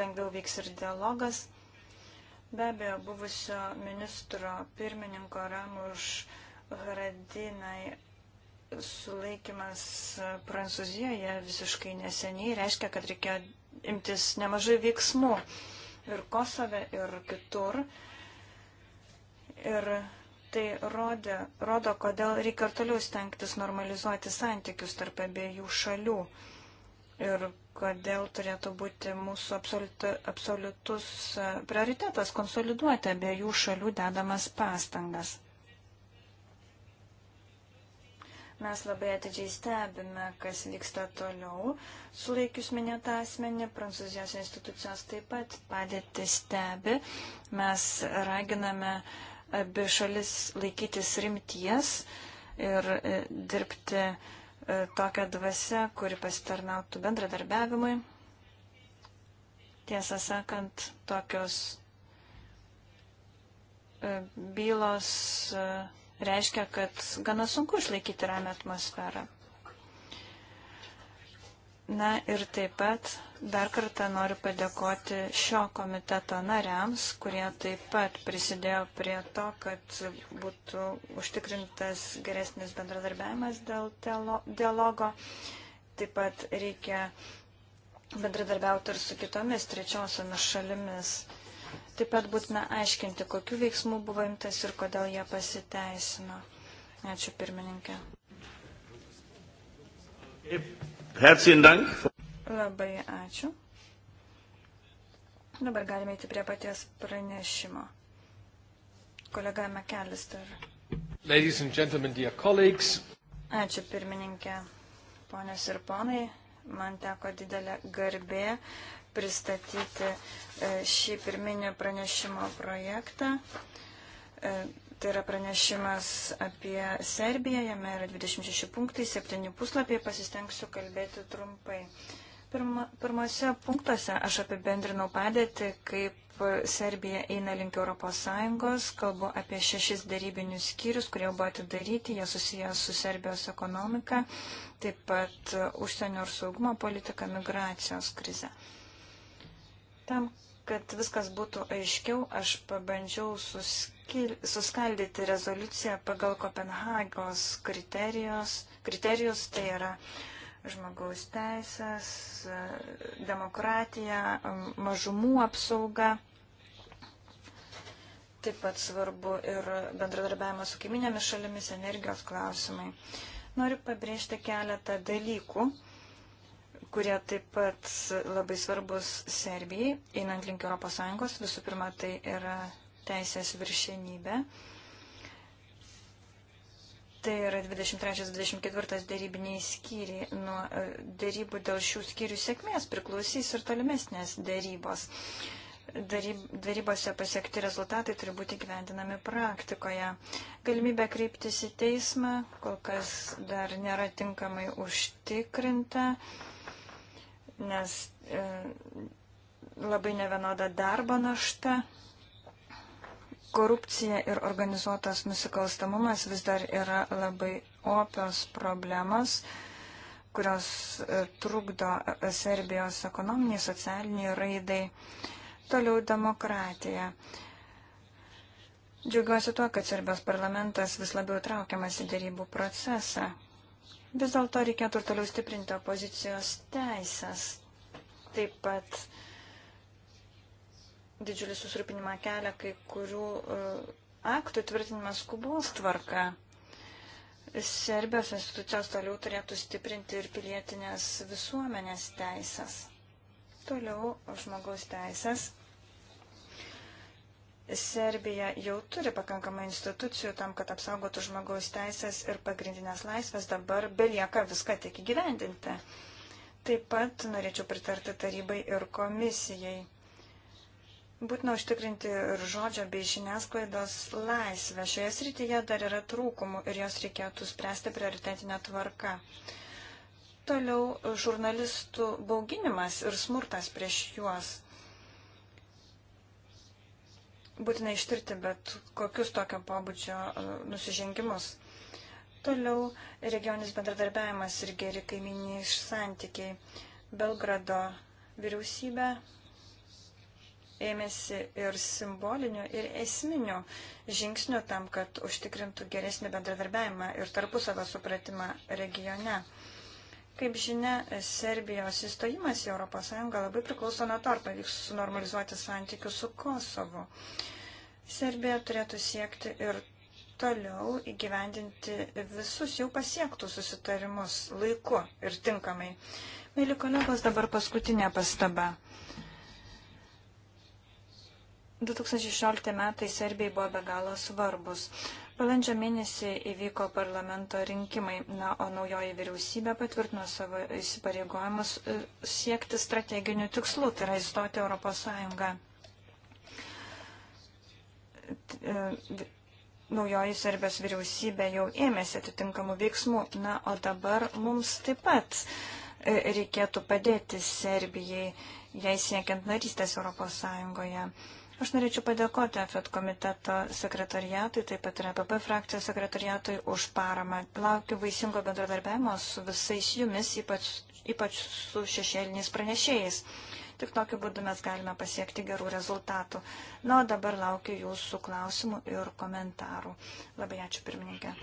lengviau vyks ir dialogas. Be abejo, buvusio ministro pirmininko Ramuš Hradinai sulaikimas Prancūzijoje visiškai neseniai reiškia, kad reikėjo imtis nemažai veiksmų ir Kosove, ir kitur. Uh, Ir tai rodė, rodo, kodėl reikia ir toliau stengtis normalizuoti santykius tarp abiejų šalių. Ir kodėl turėtų būti mūsų absoliuti, absoliutus e, prioritetas konsoliduoti abiejų šalių dedamas pastangas. Mes labai atidžiai stebime, kas vyksta toliau. Sulaikius minėtą asmenį, prancūzijos institucijos taip pat padėti stebi. Mes raginame uh, abi šalis laikytis rimties ir e, dirbti e, tokią dvasę, kuri pasitarnautų bendradarbiavimui. Tiesą sakant, tokios e, bylos reiškia, kad gana sunku išlaikyti ramę atmosferą. Na ir taip pat dar kartą noriu padėkoti šio komiteto nariams, kurie taip pat prisidėjo prie to, kad būtų užtikrintas geresnis bendradarbiavimas dėl dialogo. Taip pat reikia bendradarbiauti ir su kitomis trečiosiomis šalimis. Taip pat būtina aiškinti, kokiu veiksmu buvo imtas ir kodėl jie pasiteisino. Ačiū pirmininkė. Yep. Labai ačiū. Dabar galime įti prie paties pranešimo. Kolega McAllister. Ladies and gentlemen, dear colleagues. Ačiū pirmininkė, ponios ir ponai. Man teko didelė garbė pristatyti e, šį pirminį pranešimo projektą e, Tai yra pranešimas apie Serbiją, jame yra 26 punktai, 7 puslapiai, pasistengsiu kalbėti trumpai. Pirma, pirmose punktuose aš apibendrinau padėtį, kaip Serbija eina link ES, kalbu apie šešis darybinius skyrius, kurie buvo atidaryti, jie susijęs su Serbijos ekonomika, taip pat užsienio ir saugumo politika, migracijos krize. Tam, Kad viskas būtų aiškiau, aš pabandžiau suskil, suskaldyti rezoliuciją pagal Kopenhagos kriterijos, kriterijus, tai yra žmogaus teisės, demokratija, mažumų apsauga. Taip pat svarbu ir bendradarbiavimas su kaiminėmis šalimis, energijos klausimai. Noriu pabrėžti keletą dalykų, kurie taip pat labai svarbus Serbijai, einant link ES. Visų pirma, tai yra teisės viršenybė. Tai yra 23-24 dėrybiniai skyriai. Nuo e, dėrybų dėl šių skyrių sėkmės priklausys ir tolimesnės dėrybos. Dėrybose pasiekti rezultatai turi būti gyvendinami praktikoje. Galimybė kreiptis į teismą kol kas dar nėra tinkamai užtikrinta nes e, labai nevienoda darbo našta. Korupcija ir organizuotas nusikalstamumas vis dar yra labai opios problemas, kurios e, trukdo e, Serbijos ekonominiai, socialiniai raidai. Toliau demokratija. Džiaugiuosi tuo, kad Serbijos parlamentas vis labiau traukiamas į darybų procesą. Vis dėlto reikėtų ir toliau stiprinti opozicijos teisės. Taip pat didžiulį susirūpinimą kelia kai kurių e, aktų tvirtinimas skubos tvarka. Serbijos institucijos toliau turėtų stiprinti ir pilietinės visuomenės teisės. Toliau žmogaus teisės Serbija jau turi pakankamai institucijų tam, kad apsaugotų žmogaus teisės ir pagrindinės laisvės, dabar belieka viską tik įgyvendinti. Taip pat norėčiau pritarti tarybai ir komisijai. Būtina užtikrinti ir žodžio bei žiniasklaidos laisvę. Šioje srityje dar yra trūkumų ir jos reikėtų spręsti prioritetinę tvarką. Toliau žurnalistų bauginimas ir smurtas prieš juos būtina ištirti bet kokius tokio pobūdžio e, nusižengimus. Toliau regionis bendradarbiavimas ir geri kaiminiai iš santykiai. Belgrado vyriausybė ėmėsi ir simbolinių, ir esminių žingsnių tam, kad užtikrintų geresnį bendradarbiavimą ir tarpusavą supratimą regione. Kaip žinia, Serbijos įstojimas į ES labai priklauso nuo to, ar pavyks sunormalizuoti santykius su Kosovu. Serbija turėtų siekti ir toliau įgyvendinti visus jau pasiektų susitarimus laiku ir tinkamai. Mėly kolegos, dabar paskutinė pastaba. 2016 metai Serbijai buvo be galo svarbus. Balandžio mėnesį įvyko parlamento rinkimai, na, o naujoji vyriausybė patvirtino savo įsipareigojimus e, siekti strateginių tikslų, tai yra įstoti Europos Sąjungą. E, naujoji Serbijos vyriausybė jau ėmėsi atitinkamų veiksmų, na, o dabar mums taip pat e, reikėtų padėti Serbijai, jai siekiant narystės Europos Sąjungoje. Aš norėčiau padėkoti AFET komiteto sekretariatui, taip pat ir APP e frakcijos sekretariatui už paramą. Laukiu vaisingo bendradarbiavimo su visais jumis, ypač, ypač su šešėliniais pranešėjais. Tik tokiu būdu mes galime pasiekti gerų rezultatų. Na, o dabar laukiu jūsų klausimų ir komentarų. Labai ačiū pirmininkė.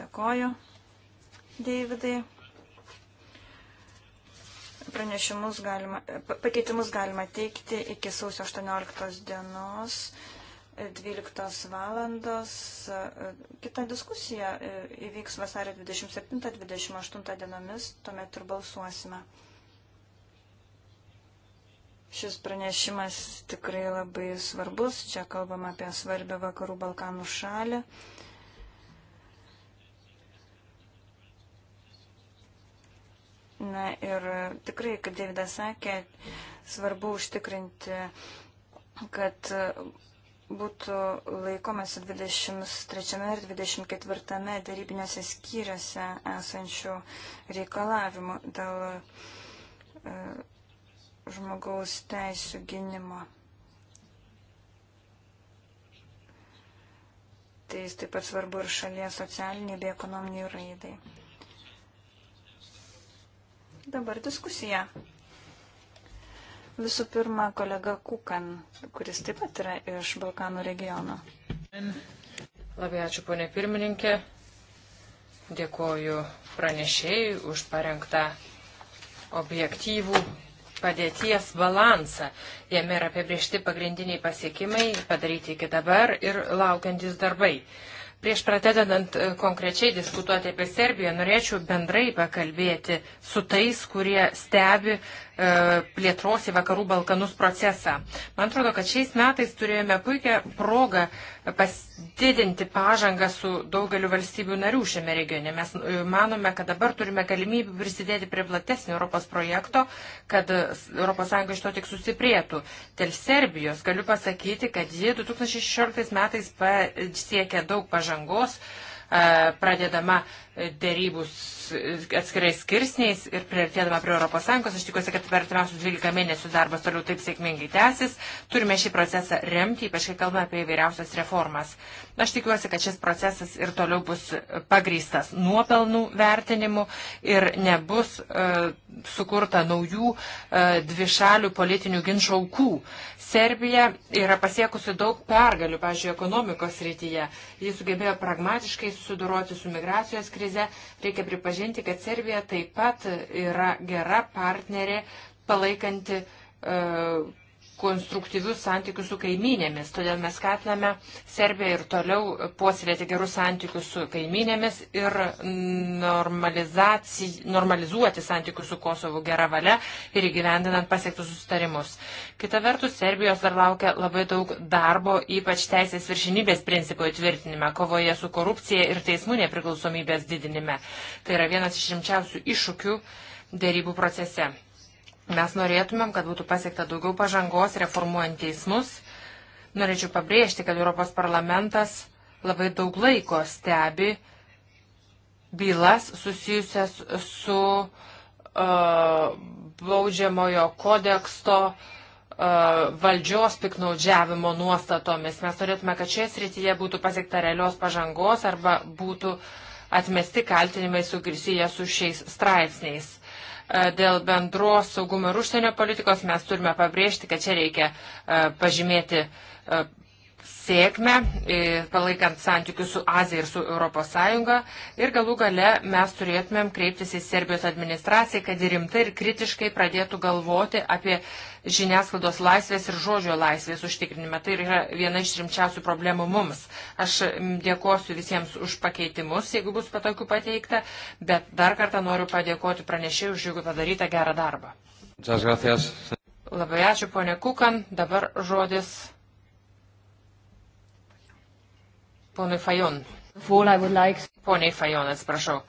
Dėkoju, Davidai pranešimus galima, pakeitimus galima teikti iki sausio 18 dienos 12 valandos. Kita diskusija e, įvyks vasario 27-28 dienomis, tuomet ir balsuosime. Šis pranešimas tikrai labai svarbus. Čia kalbam apie svarbę Vakarų Balkanų šalį. Na ir tikrai, kaip Davidas sakė, svarbu užtikrinti, kad būtų laikomasi 23 ir 24 darybinėse skyriuose esančių reikalavimų dėl e, žmogaus teisų gynimo. Tai taip pat svarbu ir šalies socialiniai bei ekonominiai raidai. Dabar diskusija. Visų pirma, kolega Kukan, kuris taip pat yra iš Balkanų regiono. Labai ačiū, ponė pirmininkė. Dėkoju pranešėjai už parengtą objektyvų padėties balansą. Jame yra apibriežti pagrindiniai pasiekimai, padaryti iki dabar ir laukiantis darbai. Prieš pratedant e, konkrečiai diskutuoti apie Serbiją, norėčiau bendrai pakalbėti su tais, kurie stebi, E, plėtros į vakarų Balkanus procesą. Man atrodo, kad šiais metais turėjome puikią progą pasididinti pažangą su daugeliu valstybių narių šiame regione. Mes e, manome, kad dabar turime galimybę prisidėti prie platesnio Europos projekto, kad ES iš to tik sustiprėtų. Dėl Serbijos galiu pasakyti, kad ji 2016 metais pasiekė daug pažangos. Uh, E, pradedama dėrybus atskirais skirsniais ir prioritėdama prie ES. Aš tikiuosi, kad per artimiausius 12 mėnesių darbas toliau taip sėkmingai tęsis. Turime šį procesą remti, ypač kai kalbame apie įvairiausias reformas. Aš tikiuosi, kad šis procesas ir toliau bus pagrystas nuopelnų vertinimu ir nebus uh, sukurta naujų uh, dvišalių politinių ginčių aukų. Serbija yra pasiekusi daug pergalių, pažiūrėjau, ekonomikos rytyje. Jis sugebėjo pragmatiškai sudoroti su migracijos krize. Reikia pripažinti, kad Serbija taip pat yra gera partnerė palaikanti uh, konstruktyvius santykius su kaiminėmis. Todėl mes skatiname Serbiją ir toliau puoselėti gerus santykius su kaiminėmis ir normalizuoti santykius su Kosovu gerą valią ir įgyvendinant pasiektus sustarimus. Kita vertus, Serbijos dar laukia labai daug darbo, ypač teisės viršinybės principų įtvirtinime, kovoje su korupcija ir teismų nepriklausomybės didinime. Tai yra vienas iš rimčiausių iššūkių dėrybų procese. Mes norėtumėm, kad būtų pasiekta daugiau pažangos reformuojant teismus. Norėčiau pabrėžti, kad Europos parlamentas labai daug laiko stebi bylas susijusias su uh, baudžiamojo kodeksto uh, valdžios piknaudžiavimo nuostatomis. Mes norėtume, kad šioje srityje būtų pasiekta realios pažangos arba būtų atmesti kaltinimai sugrįsyje su šiais straipsniais. E, dėl bendros saugumo ir užsienio politikos mes turime pabrėžti, kad čia reikia e, pažymėti e, sėkmę, e, palaikant santykius su Azija ir su ES. Ir galų gale mes turėtumėm kreiptis į Serbijos administraciją, kad rimtai ir kritiškai pradėtų galvoti apie žiniasklaidos laisvės ir žodžio laisvės užtikrinimą. Tai yra viena iš rimčiausių problemų mums. Aš dėkosiu visiems už pakeitimus, jeigu bus patokių pateikta, bet dar kartą noriu padėkoti pranešėjui už jų padarytą gerą darbą. Labai ačiū, ponė Kukan. Dabar žodis Ponui Fajon. Poniai Fajon, atsiprašau.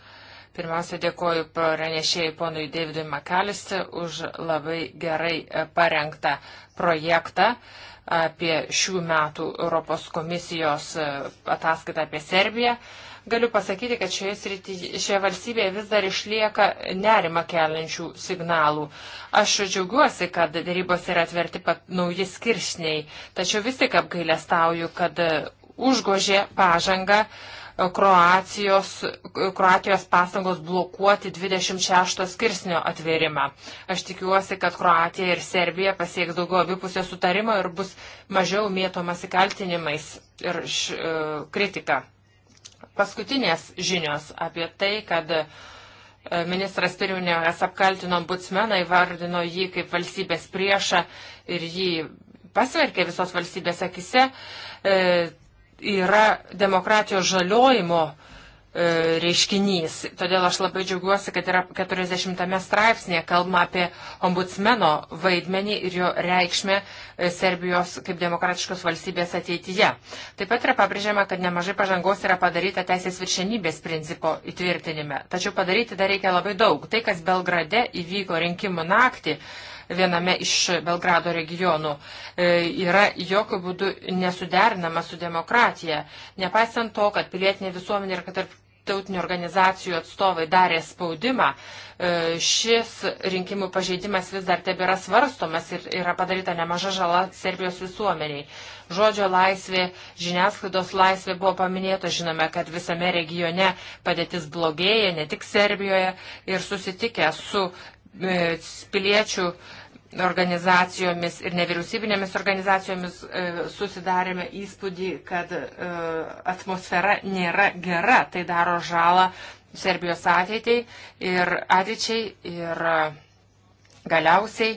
Pirmiausia, dėkoju pranešėjai ponui Davidui Makalisti už labai gerai e, parengtą projektą apie šių metų Europos komisijos e, ataskaitą apie Serbiją. Galiu pasakyti, kad šioje, srityje, šioje valstybėje vis dar išlieka nerima keliančių signalų. Aš džiaugiuosi, kad darybos yra atverti pat nauji skiršniai, tačiau vis tik apgailestauju, kad užgožė pažangą Kroacijos, Kroatijos pastangos blokuoti 26 skirsnio atvėrimą. Aš tikiuosi, kad Kroatija ir Serbija pasieks daugiau abipusio sutarimo ir bus mažiau mėtomasi kaltinimais ir š, e, kritika. Paskutinės žinios apie tai, kad e, ministras pirmininkas apkaltino ombudsmeną, įvardino jį kaip valstybės priešą ir jį pasverkė visos valstybės akise. E, yra demokratijos žaliojimo e, reiškinys. Todėl aš labai džiaugiuosi, kad yra 40 straipsnėje kalbama apie ombudsmeno vaidmenį ir jo reikšmę e, Serbijos kaip demokratiškos valstybės ateityje. Taip pat yra pabrėžiama, kad nemažai pažangos yra padaryta teisės viršenybės principo įtvirtinime. Tačiau padaryti dar reikia labai daug. Tai, kas Belgrade įvyko rinkimų naktį, viename iš Belgrado regionų, e, yra jokių būdų nesuderinama su demokratija. Nepaisant to, kad pilietinė visuomenė ir kad tarp tautinių organizacijų atstovai darė spaudimą, e, šis rinkimų pažeidimas vis dar tebėra svarstomas ir yra padaryta nemaža žala Serbijos visuomeniai. Žodžio laisvė, žiniasklaidos laisvė buvo paminėta, žinome, kad visame regione padėtis blogėja, ne tik Serbijoje ir susitikę su e, piliečių organizacijomis ir nevyriausybinėmis organizacijomis e, susidarėme įspūdį, kad e, atmosfera nėra gera, tai daro žalą Serbijos ateitiai ir ateičiai ir e, galiausiai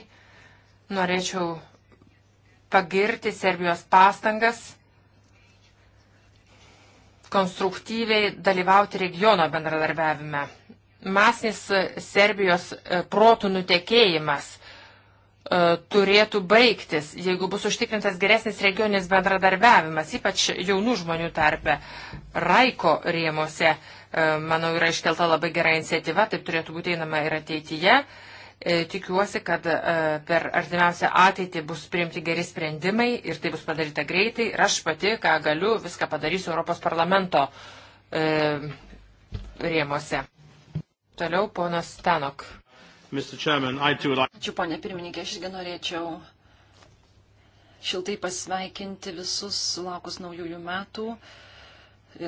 norėčiau pagirti Serbijos pastangas konstruktyviai dalyvauti regiono bendradarbiavime. Masinis Serbijos protų nutekėjimas E, turėtų baigtis, jeigu bus užtikrintas geresnis regioninis bendradarbiavimas, ypač jaunų žmonių tarpe. Raiko rėmose, e, manau, yra iškelta labai gera iniciatyva, taip turėtų būti einama ir ateityje. E, tikiuosi, kad per artimiausią ateitį bus priimti geri sprendimai ir tai bus padaryta greitai. Ir aš pati, ką galiu, viską padarysiu Europos parlamento rėmose. Toliau ponas Stanok. Chairman, too... Ačiū, ponė pirmininkė, aš irgi norėčiau šiltai pasveikinti visus sulaukus naujųjų metų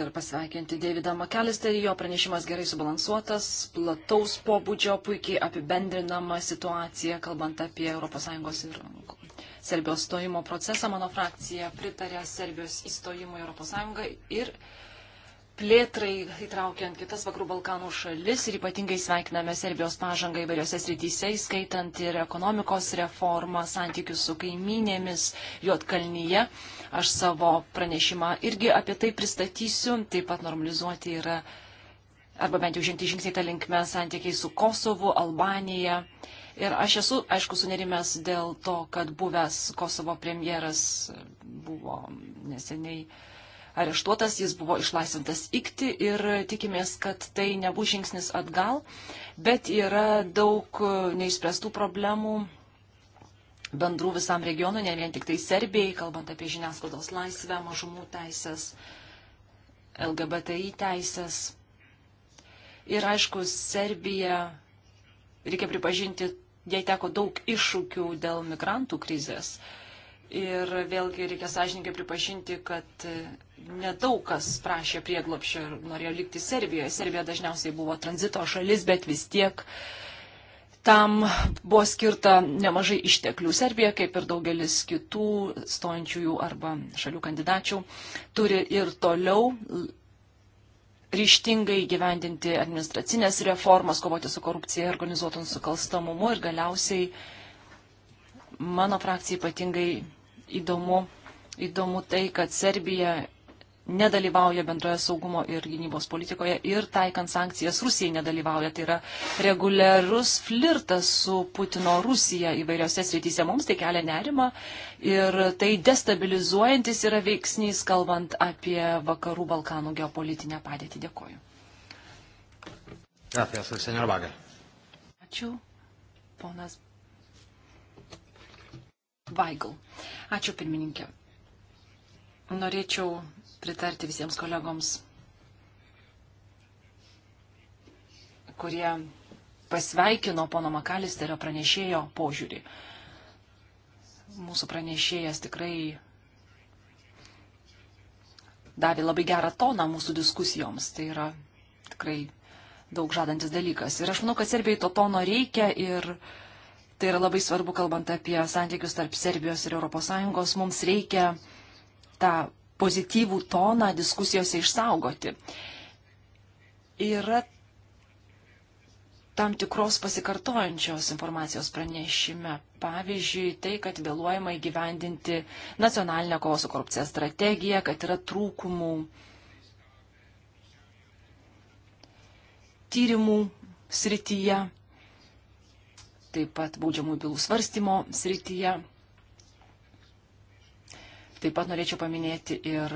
ir pasveikinti Davidą Makelisterį. Jo pranešimas gerai subalansuotas, plataus pobūdžio, puikiai apibendrinama situacija, kalbant apie ES ir Serbijos stojimo procesą. Mano frakcija pritarė Serbijos įstojimui ES ir plėtrai įtraukiant kitas Vakarų Balkanų šalis ir ypatingai sveikiname Serbijos pažangą įvairiose srityse, įskaitant ir ekonomikos reformą, santykius su kaiminėmis, juotkalnyje. Aš savo pranešimą irgi apie tai pristatysiu, taip pat normalizuoti yra, arba bent jau žengti žingsniai tą linkmę, santykiai su Kosovu, Albanija. Ir aš esu, aišku, sunerimęs dėl to, kad buvęs Kosovo premjeras buvo neseniai uh, areštuotas, jis buvo išlaisvintas ikti ir tikimės, kad tai nebus žingsnis atgal, bet yra daug neišspręstų problemų bendrų visam regionui, ne vien tik tai Serbijai, kalbant apie žiniasklaidos laisvę, mažumų teisės, LGBTI teisės. Ir aišku, Serbija, reikia pripažinti, jai teko daug iššūkių dėl migrantų krizės. Uh, Ir vėlgi reikia sąžininkai pripažinti, kad nedaug kas prašė prieglopščio ir norėjo likti Serbijoje. Serbija dažniausiai buvo tranzito šalis, bet vis tiek tam buvo skirta nemažai išteklių. Serbija, kaip ir daugelis kitų stojančiųjų arba šalių kandidačių, turi ir toliau ryštingai gyvendinti administracinės reformas, kovoti su korupcija, organizuotų nusikalstamumu ir galiausiai mano frakcija ypatingai įdomu, įdomu tai, kad Serbija nedalyvauja bendroje saugumo ir gynybos politikoje ir taikant sankcijas Rusijai nedalyvauja. Tai yra reguliarus flirtas su Putino Rusija įvairiose srityse. Mums tai kelia nerima ir tai destabilizuojantis yra veiksnys, kalbant apie vakarų Balkanų geopolitinę padėtį. Dėkoju. Gracias, Ačiū, ponas Vaigl. Ačiū pirmininkė. Norėčiau pritarti visiems kolegoms, kurie pasveikino pono Makalisterio pranešėjo požiūrį. Mūsų pranešėjas tikrai davė labai gerą toną mūsų diskusijoms. Tai yra tikrai daug žadantis dalykas. Ir aš manau, kad Serbijai to tono reikia ir uh, Tai yra labai svarbu, kalbant apie santykius tarp Serbijos ir ES. Mums reikia tą pozityvų toną diskusijose išsaugoti. Yra tam tikros pasikartojančios informacijos pranešime. Pavyzdžiui, tai, kad vėluojama įgyvendinti nacionalinę kovos su korupcija strategiją, kad yra trūkumų tyrimų srityje taip pat baudžiamų bylų svarstymo srityje. Taip pat norėčiau paminėti ir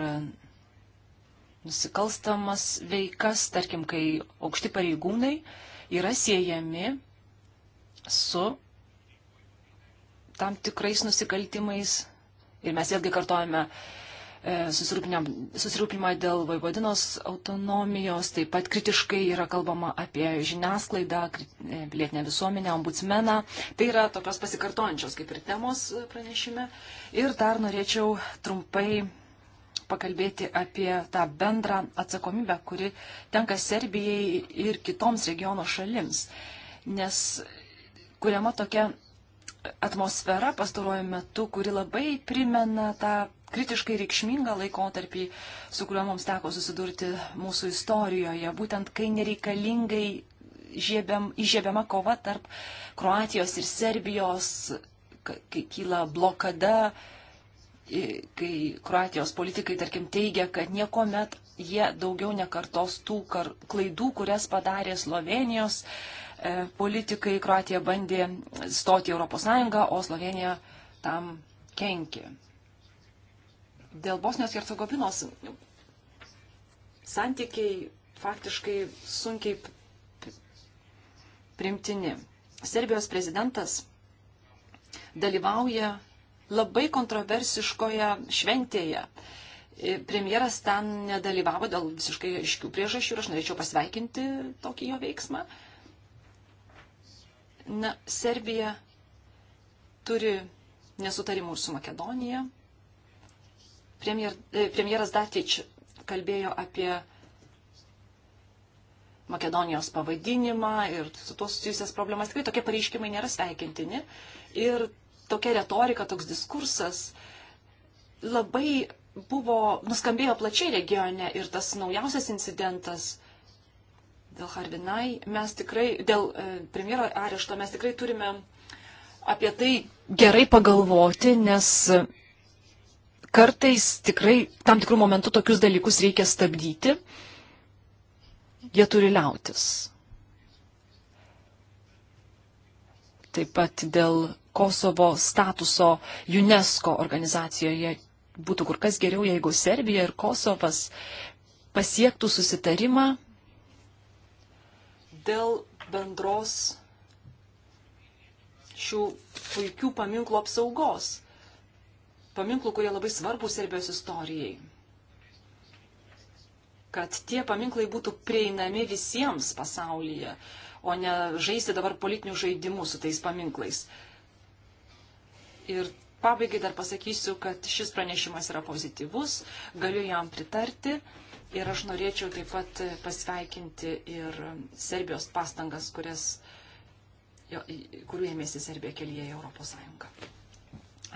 nusikalstamas veikas, tarkim, kai aukšti pareigūnai yra siejami su tam tikrais nusikaltimais. Ir mes vėlgi kartojame E, susirūpinimą dėl Vojvodinos autonomijos, taip pat kritiškai yra kalbama apie žiniasklaidą, e, pilietinę visuomenę, ombudsmeną. Tai yra tokios pasikartojančios kaip ir temos pranešime. Ir dar norėčiau trumpai pakalbėti apie tą bendrą atsakomybę, kuri tenka Serbijai ir kitoms regiono šalims. Nes kuriama tokia atmosfera pastaruoju metu, kuri labai primena tą kritiškai reikšmingą laikotarpį, su kuriuo mums teko susidurti mūsų istorijoje, būtent kai nereikalingai žiebiam, įžiebiama kova tarp Kroatijos ir Serbijos, kai kyla blokada, kai Kroatijos politikai, tarkim, teigia, kad nieko met jie daugiau nekartos tų kar, klaidų, kurias padarė Slovenijos E, politikai, Kroatija bandė stoti Europos Sąjungą, o Slovenija tam kenkė. Dėl Bosnijos ir Hercegovinos santykiai faktiškai sunkiai primtini. Serbijos prezidentas dalyvauja labai kontroversiškoje šventėje. E, premjeras ten nedalyvavo dėl visiškai aiškių priežasčių ir aš norėčiau pasveikinti tokį jo veiksmą. Uh, Na, Serbija turi nesutarimų ir su Makedonija. Premjer, e, premjeras Datič kalbėjo apie Makedonijos pavadinimą ir su tuo susijusias problemas. Tikrai tokie pareiškimai nėra sveikintini. Ir tokia retorika, toks diskursas labai buvo, nuskambėjo plačiai regione ir tas naujausias incidentas dėl Harbinai, mes tikrai, dėl e, premjero arešto mes tikrai turime apie tai gerai pagalvoti, nes kartais tikrai tam tikrų momentų tokius dalykus reikia stabdyti. Jie turi liautis. Taip pat dėl Kosovo statuso UNESCO organizacijoje būtų kur kas geriau, jeigu Serbija ir Kosovas pasiektų susitarimą dėl bendros šių puikių paminklų apsaugos. Paminklų, kurie labai svarbus Serbijos istorijai. Kad tie paminklai būtų prieinami visiems pasaulyje, o ne žaisti dabar politinių žaidimų su tais paminklais. Ir pabaigai dar pasakysiu, kad šis pranešimas yra pozityvus, galiu jam pritarti. Ir aš norėčiau taip pat pasveikinti ir Serbijos pastangas, kurias, jo, kurių ėmėsi Serbija kelyje į Europos Sąjungą.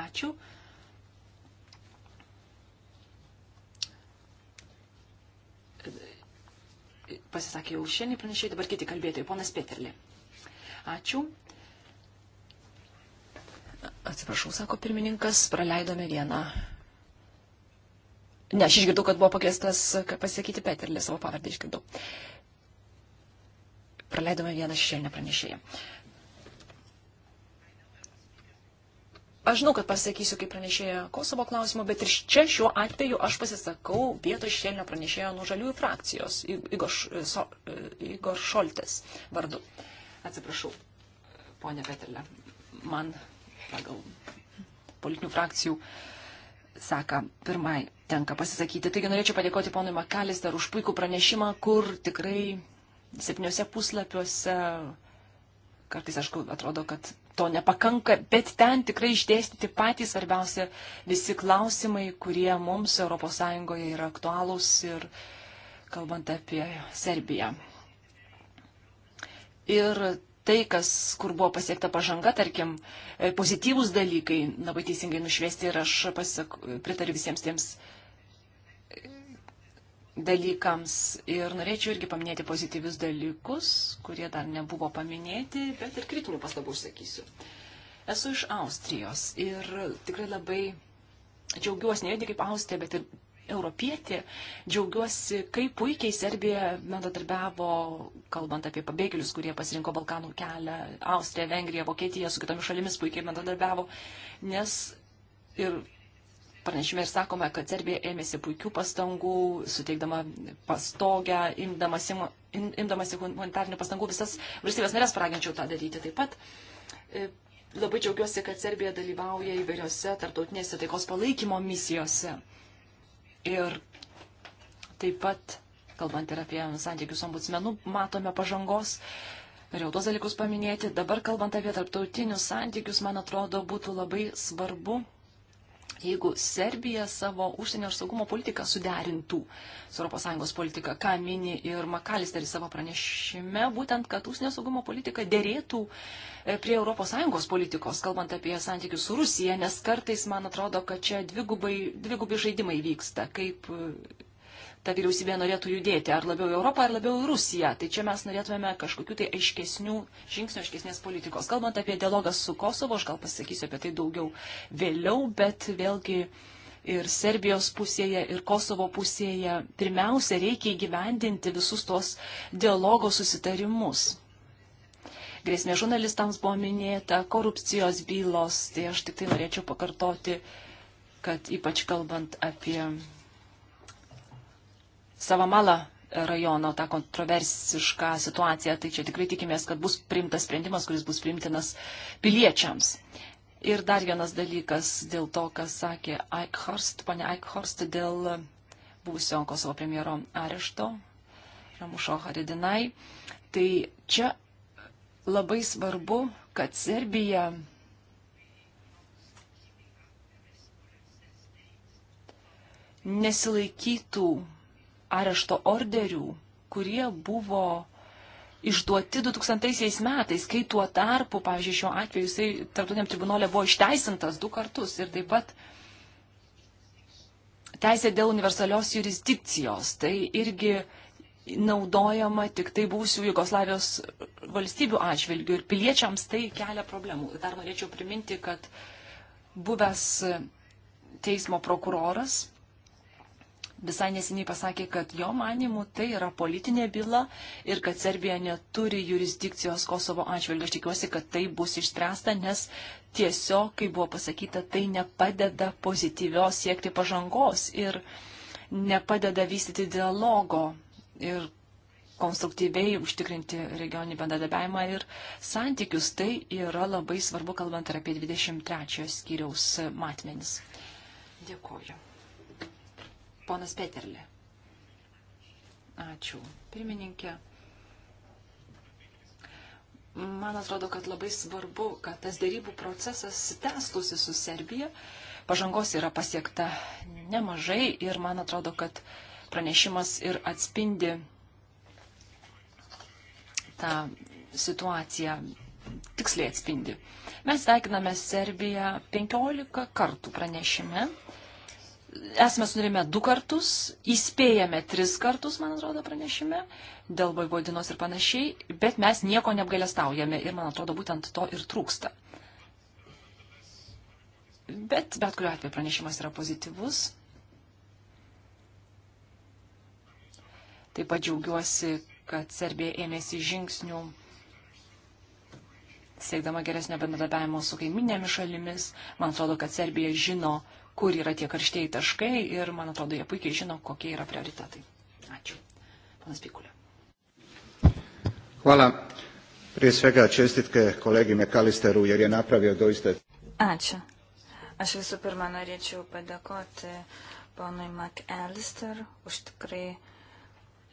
Ačiū. pasisakė jau šiandien pranešiai, dabar kiti kalbėtojai, ponas Peterlė. Ačiū. Atsiprašau, sako pirmininkas, praleidome vieną Ne, aš išgirdau, kad buvo pakviestas pasakyti Peterlį, savo pavardę išgirdau. Praleidome vieną šešėlinę pranešėją. Aš žinau, kad pasakysiu kaip pranešėjo Kosovo klausimo, bet ir čia šiuo atveju aš pasisakau vietoj šešėlinio pranešėjo nuo žaliųjų frakcijos, Igor, so, e, Igor Šoltės vardu. Atsiprašau, ponė Peterlė, man pagal politinių frakcijų uh, seka pirmai tenka pasisakyti. Taigi norėčiau padėkoti ponui Makalister už puikų pranešimą, kur tikrai septyniuose puslapiuose, kartais aišku, atrodo, kad to nepakanka, bet ten tikrai išdėstyti patys svarbiausia visi klausimai, kurie mums ES yra aktualūs ir kalbant apie Serbiją. Ir tai, kas, kur buvo pasiekta pažanga, tarkim, e, pozityvūs dalykai, labai teisingai nušviesti ir aš pasak, pritariu visiems tiems e, dalykams. Ir norėčiau irgi paminėti pozityvius dalykus, kurie dar nebuvo paminėti, bet ir kritinių pastabų užsakysiu. Esu iš Austrijos ir tikrai labai džiaugiuosi ne vien tik kaip Austrija, bet ir europietė, džiaugiuosi, kaip puikiai Serbija bendradarbiavo, kalbant apie pabėgėlius, kurie pasirinko Balkanų kelią, Austrija, Vengrija, Vokietija, su kitomis šalimis puikiai bendradarbiavo, nes ir pranešime ir sakome, kad Serbija ėmėsi puikių pastangų, suteikdama pastogę, imdamasi, imdamasi humanitarnių pastangų, visas valstybės narės paraginčiau tą daryti taip pat. E, labai džiaugiuosi, kad Serbija dalyvauja įvairiose tarptautinėse taikos palaikymo misijose. Ir taip pat, kalbant ir apie santykius ombudsmenų, matome pažangos. Norėjau tuos dalykus paminėti. Dabar, kalbant apie tarptautinius santykius, man atrodo, būtų labai svarbu jeigu Serbija savo užsienio ir saugumo politiką suderintų su ES politika, ką mini ir Makalisteris savo pranešime, būtent, kad užsienio saugumo politika dėrėtų e, prie ES politikos, kalbant apie santykius su Rusija, nes kartais man atrodo, kad čia dvigubai, dvigubai žaidimai vyksta, kaip ta vyriausybė norėtų judėti, ar labiau į Europą, ar labiau į Rusiją. Tai čia mes norėtumėme kažkokių tai aiškesnių žingsnių, aiškesnės politikos. Kalbant apie dialogą su Kosovo, aš gal pasakysiu apie tai daugiau vėliau, bet vėlgi ir Serbijos pusėje, ir Kosovo pusėje pirmiausia reikia įgyvendinti visus tos dialogo susitarimus grėsmė žurnalistams buvo minėta, korupcijos bylos, tai aš tik tai norėčiau pakartoti, kad ypač kalbant apie Savamalą rajono tą kontroversišką situaciją, tai čia tikrai tikimės, kad bus priimtas sprendimas, kuris bus priimtinas piliečiams. Ir dar vienas dalykas dėl to, kas sakė Eichhorst, pane Eichhorst, dėl buvusio Kosovo premjero arešto, Ramušo Haridinai. Tai čia labai svarbu, kad Serbija nesilaikytų arešto orderių, kurie buvo išduoti 2000 metais, kai tuo tarpu, pavyzdžiui, šiuo atveju jisai tarptautiniam tribunolė buvo išteisintas du kartus ir taip pat teisė dėl universalios jurisdikcijos. Tai irgi naudojama tik tai būsių Jugoslavijos valstybių atžvilgių ir piliečiams tai kelia problemų. Dar norėčiau priminti, kad buvęs teismo prokuroras visai neseniai pasakė, kad jo manimu tai yra politinė byla ir kad Serbija neturi jurisdikcijos Kosovo atžvilgiu. Aš tikiuosi, kad tai bus išspręsta, nes tiesiog, kaip buvo pasakyta, tai nepadeda pozityvios siekti pažangos ir nepadeda vystyti dialogo ir konstruktyviai užtikrinti regioninį bendradarbiavimą ir santykius. Tai yra labai svarbu, kalbant ir apie 23 skyriaus matmenis. Dėkuoju ponas Peterlė. Ačiū. Pirmininkė. Man atrodo, kad labai svarbu, kad tas dėrybų procesas tęstųsi su Serbija. Pažangos yra pasiekta nemažai ir man atrodo, kad pranešimas ir atspindi tą situaciją, tiksliai atspindi. Mes sveikiname Serbiją 15 kartų pranešime esame sudarėme du kartus, įspėjame tris kartus, man atrodo, pranešime, dėl vaivodinos ir panašiai, bet mes nieko neapgalėstaujame ir, man atrodo, būtent to ir trūksta. Bet bet kuriuo atveju pranešimas yra pozityvus. Taip pat džiaugiuosi, kad Serbija ėmėsi žingsnių siekdama geresnio bendradarbiavimo su kaiminėmis šalimis. Man atrodo, kad Serbija žino, kur yra tie karštieji taškai ir, man atrodo, jie puikiai žino, kokie yra prioritetai. Ačiū. Panas Pikulė. Hvala. Prije svega čestitke kolegi Mekalisteru, jer je napravio doista... Ačiū. Aš visų pirma norėčiau padėkoti ponui McAllister už tikrai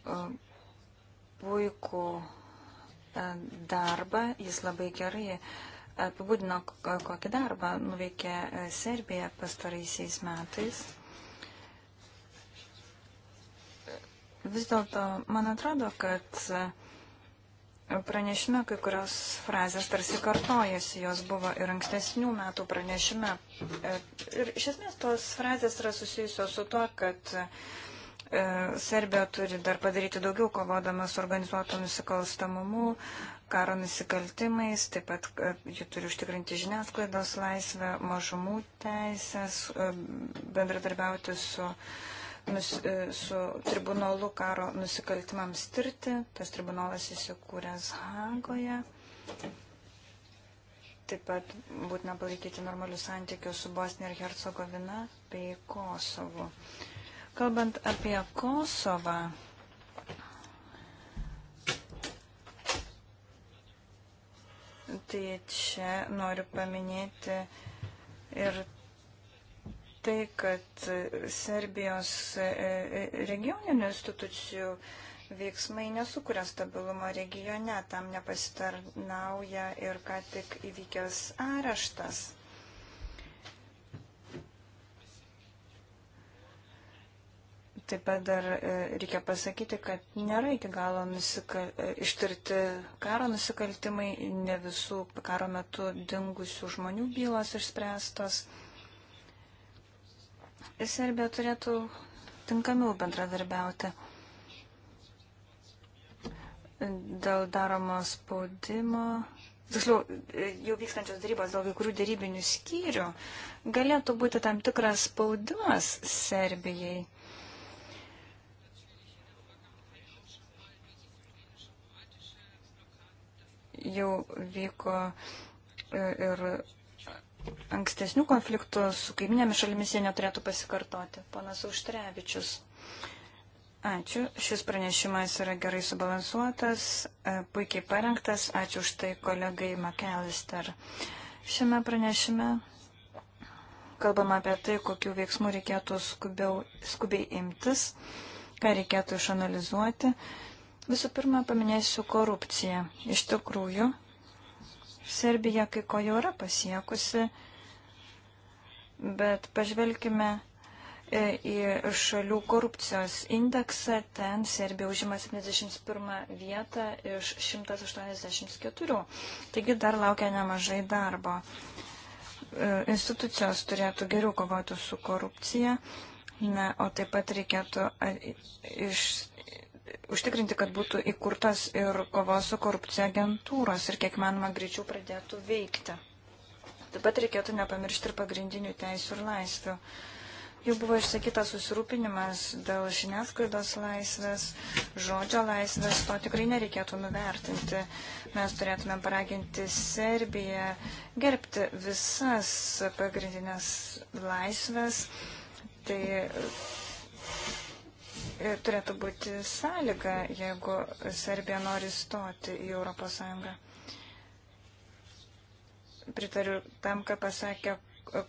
uh, puikų uh, darbą. Jis labai gerai uh, apibūdino, kokį darbą nuveikė e, Serbija pastaraisiais metais. Vis dėlto, man atrodo, kad e, pranešime kai kurios frazės tarsi kartojasi, jos buvo ir ankstesnių metų pranešime. E, ir iš esmės tos frazės yra susijusios su tuo, kad Serbija turi dar padaryti daugiau kovodama su organizuotu nusikalstamumu, karo nusikaltimais, taip pat ji turi užtikrinti žiniasklaidos laisvę, mažumų teisės, e, bendradarbiauti su, nus, e, su tribunolu karo nusikaltimams tirti. Tas tribunolas įsikūręs Hagoje. Taip pat būtina palaikyti normalius santykius su Bosnija ir Hercegovina bei Kosovu. Kalbant apie Kosovą, Tai čia noriu paminėti ir tai, kad Serbijos e, e, regioninių institucijų veiksmai nesukuria stabilumo regione, tam nepasitarnauja ir ką tik įvykęs areštas. Taip pat dar e, reikia pasakyti, kad nėra iki galo nusikal... E, ištirti karo nusikaltimai, ne visų karo metu dingusių žmonių bylas išspręstos. Serbija turėtų tinkamiau bendradarbiauti. Dėl daromo spaudimo, tiksliau, e, jau vykstančios darybos dėl kai kurių darybinių skyrių galėtų būti tam tikras spaudimas Serbijai jau vyko e, ir ankstesnių konfliktų su kaiminėmis šalimis jie neturėtų pasikartoti. Panas Užtrevičius. Ačiū. Šis pranešimas yra gerai subalansuotas, e, puikiai parengtas. Ačiū už tai kolegai McAllister. Šiame pranešime kalbama apie tai, kokiu veiksmu reikėtų skubiau, skubiai imtis, ką reikėtų išanalizuoti. Uh, Visų pirma, paminėsiu korupciją. Iš tikrųjų, Serbija kai ko jau yra pasiekusi, bet pažvelkime e, į šalių korupcijos indeksą. Ten Serbija užima 71 vietą iš 184. Taigi dar laukia nemažai darbo. E, institucijos turėtų geriau kovoti su korupcija. Na, o taip pat reikėtų iš, užtikrinti, kad būtų įkurtas ir kovos su korupcija agentūros ir kiek manoma greičiau pradėtų veikti. Taip pat reikėtų nepamiršti ir pagrindinių teisų ir laisvių. Jau buvo išsakytas susirūpinimas dėl žiniasklaidos laisvės, žodžio laisvės, to tikrai nereikėtų nuvertinti. Mes turėtume paraginti Serbiją gerbti visas pagrindinės laisvės. Tai E, turėtų būti sąlyga, jeigu Serbija nori stoti į ES. Pritariu tam, ką pasakė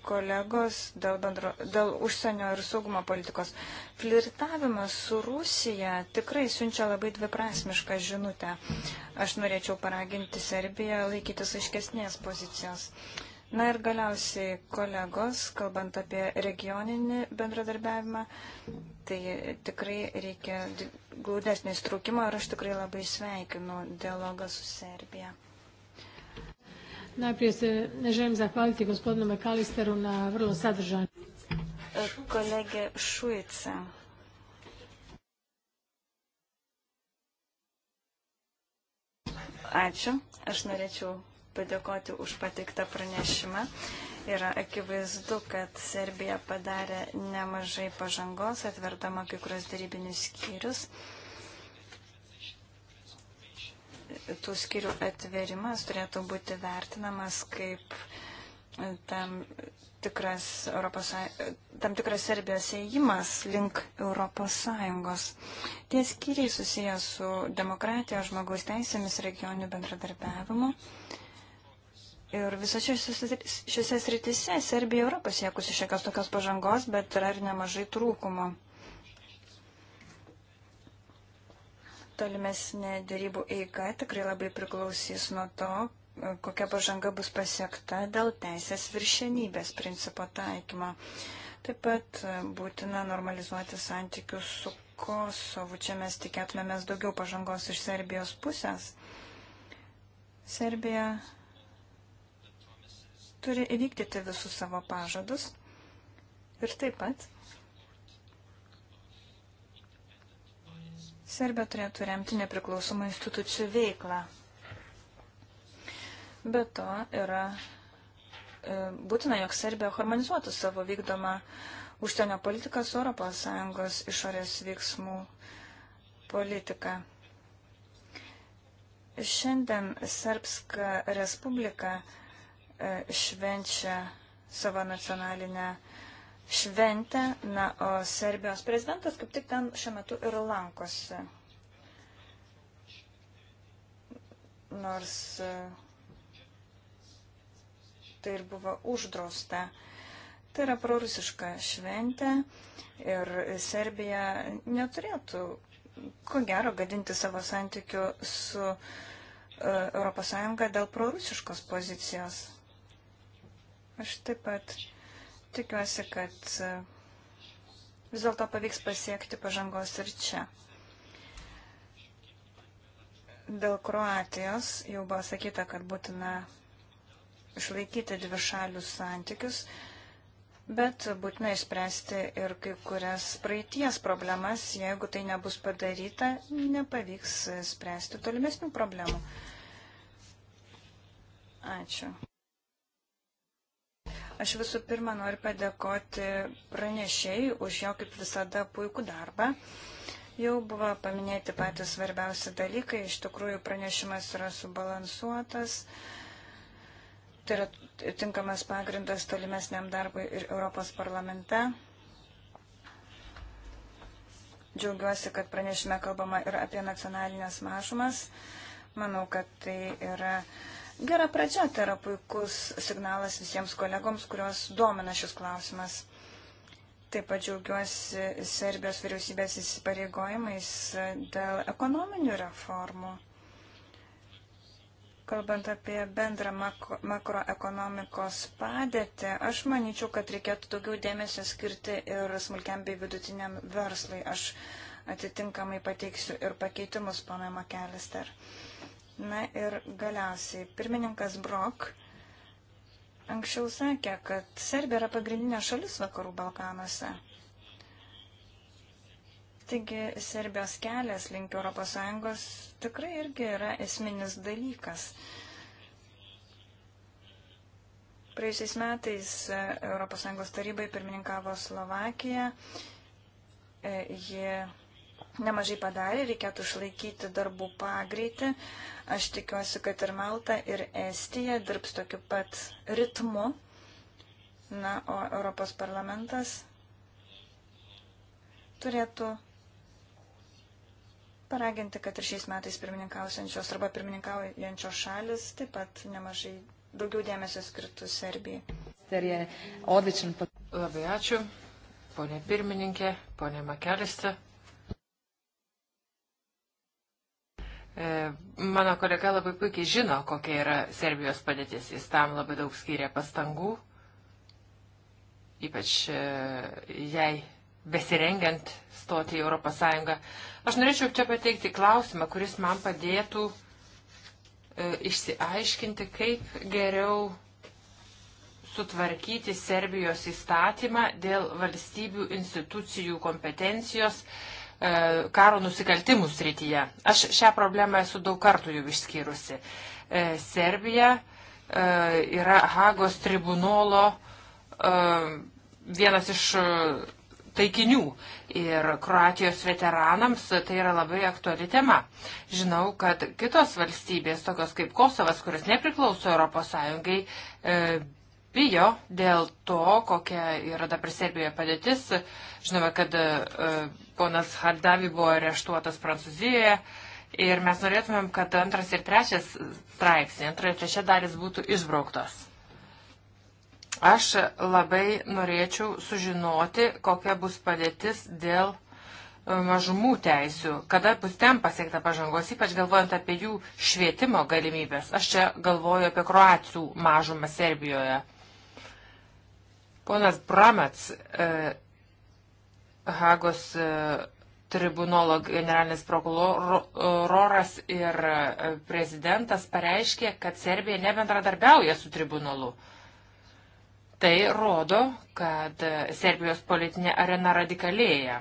kolegos dėl, bendro, dėl užsienio ir saugumo politikos. Flirtavimas su Rusija tikrai siunčia labai dviprasmišką žinutę. Aš norėčiau paraginti Serbiją laikytis aiškesnės pozicijos. Uh, Na ir galiausiai kolegos, kalbant apie regioninį bendradarbiavimą, tai tikrai reikia glaudesnį įstraukimą ir aš tikrai labai sveikinu dialogą su Serbija. Najprije se ne želim zahvaliti gospodinu Mekalisteru na vrlo sadržanju. E, kolege Šujica. Ačiū. Aš norėčiau padėkoti už patiktą pranešimą. Yra akivaizdu, kad Serbija padarė nemažai pažangos, atverdama kai kurios darybinius skyrius. Tų skyrių atverimas turėtų būti vertinamas kaip tam tikras, Europos, tam tikras Serbijos ėjimas link Europos Sąjungos. Tie skyriai susiję su demokratija, žmogaus teisėmis, regionių bendradarbiavimu. Uh, Ir visose šiuose sritise Serbija yra pasiekusi šiekios tokios pažangos, bet yra ir nemažai trūkumo. Tolimesnė dėrybų eiga tikrai labai priklausys nuo to, kokia pažanga bus pasiekta dėl teisės viršenybės principo taikymo. Taip pat būtina normalizuoti santykius su Kosovu. Čia mes tikėtumėmės daugiau pažangos iš Serbijos pusės. Serbija turi įvykdyti visus savo pažadus ir taip pat Serbija turėtų remti nepriklausomą institucijų veiklą. Be to yra e, būtina, jog Serbija harmonizuotų savo vykdomą užsienio politiką su ES išorės veiksmų politika. Šiandien Serbska Respublika E, švenčia savo nacionalinę šventę, na, o Serbijos prezidentas kaip tik ten šiuo metu ir lankosi. Nors e, tai ir buvo uždrausta. Tai yra prorusiška šventė ir Serbija neturėtų, ko gero, gadinti savo santykių su uh, e, ES dėl prorusiškos pozicijos. Aš taip pat tikiuosi, kad e, vis dėlto pavyks pasiekti pažangos ir čia. Dėl Kroatijos jau buvo sakyta, kad būtina išlaikyti dvišalius santykius, bet būtina išspręsti ir kai kurias praeities problemas, jeigu tai nebus padaryta, nepavyks e, spręsti tolimesnių problemų. Ačiū. Aš visų pirma noriu padėkoti pranešėjai už jo kaip visada puikų darbą. Jau buvo paminėti patys svarbiausi dalykai, iš tikrųjų pranešimas yra subalansuotas. Tai yra tinkamas pagrindas tolimesniam darbui ir Europos parlamente. Džiaugiuosi, kad pranešime kalbama ir apie nacionalinės mažumas. Manau, kad tai yra uh, Gera pradžia tai yra puikus signalas visiems kolegoms, kuriuos domina šis klausimas. Taip pat džiaugiuosi Serbijos vyriausybės įsipareigojimais dėl ekonominių reformų. Kalbant apie bendrą makroekonomikos padėtį, aš manyčiau, kad reikėtų daugiau dėmesio skirti ir smulkiam bei vidutiniam verslai. Aš atitinkamai pateiksiu ir pakeitimus, pana Makelister. Uh, Na ir galiausiai, pirmininkas Brok anksčiau sakė, kad Serbija yra pagrindinė šalis vakarų Balkanuose. Taigi Serbijos kelias link ES tikrai irgi yra esminis dalykas. Praėjusiais metais ES tarybai pirmininkavo Slovakija. E, ji nemažai padarė, reikėtų išlaikyti darbų pagreitį. Aš tikiuosi, kad ir Malta, ir Estija dirbs tokiu pat ritmu. Na, o Europos parlamentas turėtų paraginti, kad ir šiais metais pirmininkausiančios arba pirmininkaujančios šalis taip pat nemažai daugiau dėmesio skirtų Serbijai. Labai ačiū, ponė pirmininkė, ponė Makelistė. E, mano kolega labai puikiai žino, kokia yra Serbijos padėtis. Jis tam labai daug skyrė pastangų, ypač e, jai besirengiant stoti į Europos Sąjungą. Aš norėčiau čia pateikti klausimą, kuris man padėtų e, išsiaiškinti, kaip geriau sutvarkyti Serbijos įstatymą dėl valstybių institucijų kompetencijos E, karo nusikaltimų srityje. Aš šią problemą esu daug kartų jau išskyrusi. E, Serbija e, yra Hagos tribunolo vienas iš taikinių ir Kroatijos veteranams tai yra labai aktuali tema. Žinau, kad kitos valstybės, tokios kaip Kosovas, kuris nepriklauso ES, bijo dėl to, kokia yra dabar Serbijoje padėtis. Žinome, kad ponas Hardavi buvo areštuotas Prancūzijoje. Ir mes norėtumėm, kad antras ir trečias straipsnė, antra ir trečia dalis būtų išbrauktos. Aš labai norėčiau sužinoti, kokia bus padėtis dėl e, mažumų teisių, kada bus ten pasiekta pažangos, ypač galvojant apie jų švietimo galimybės. Aš čia galvoju apie kroacijų mažumą Serbijoje. Ponas Bramats e, Hagos e, tribunolo generalinis prokuroras e, ir e, prezidentas pareiškė, kad Serbija nebendradarbiauja su tribunolu. Tai rodo, kad Serbijos politinė arena radikalėja.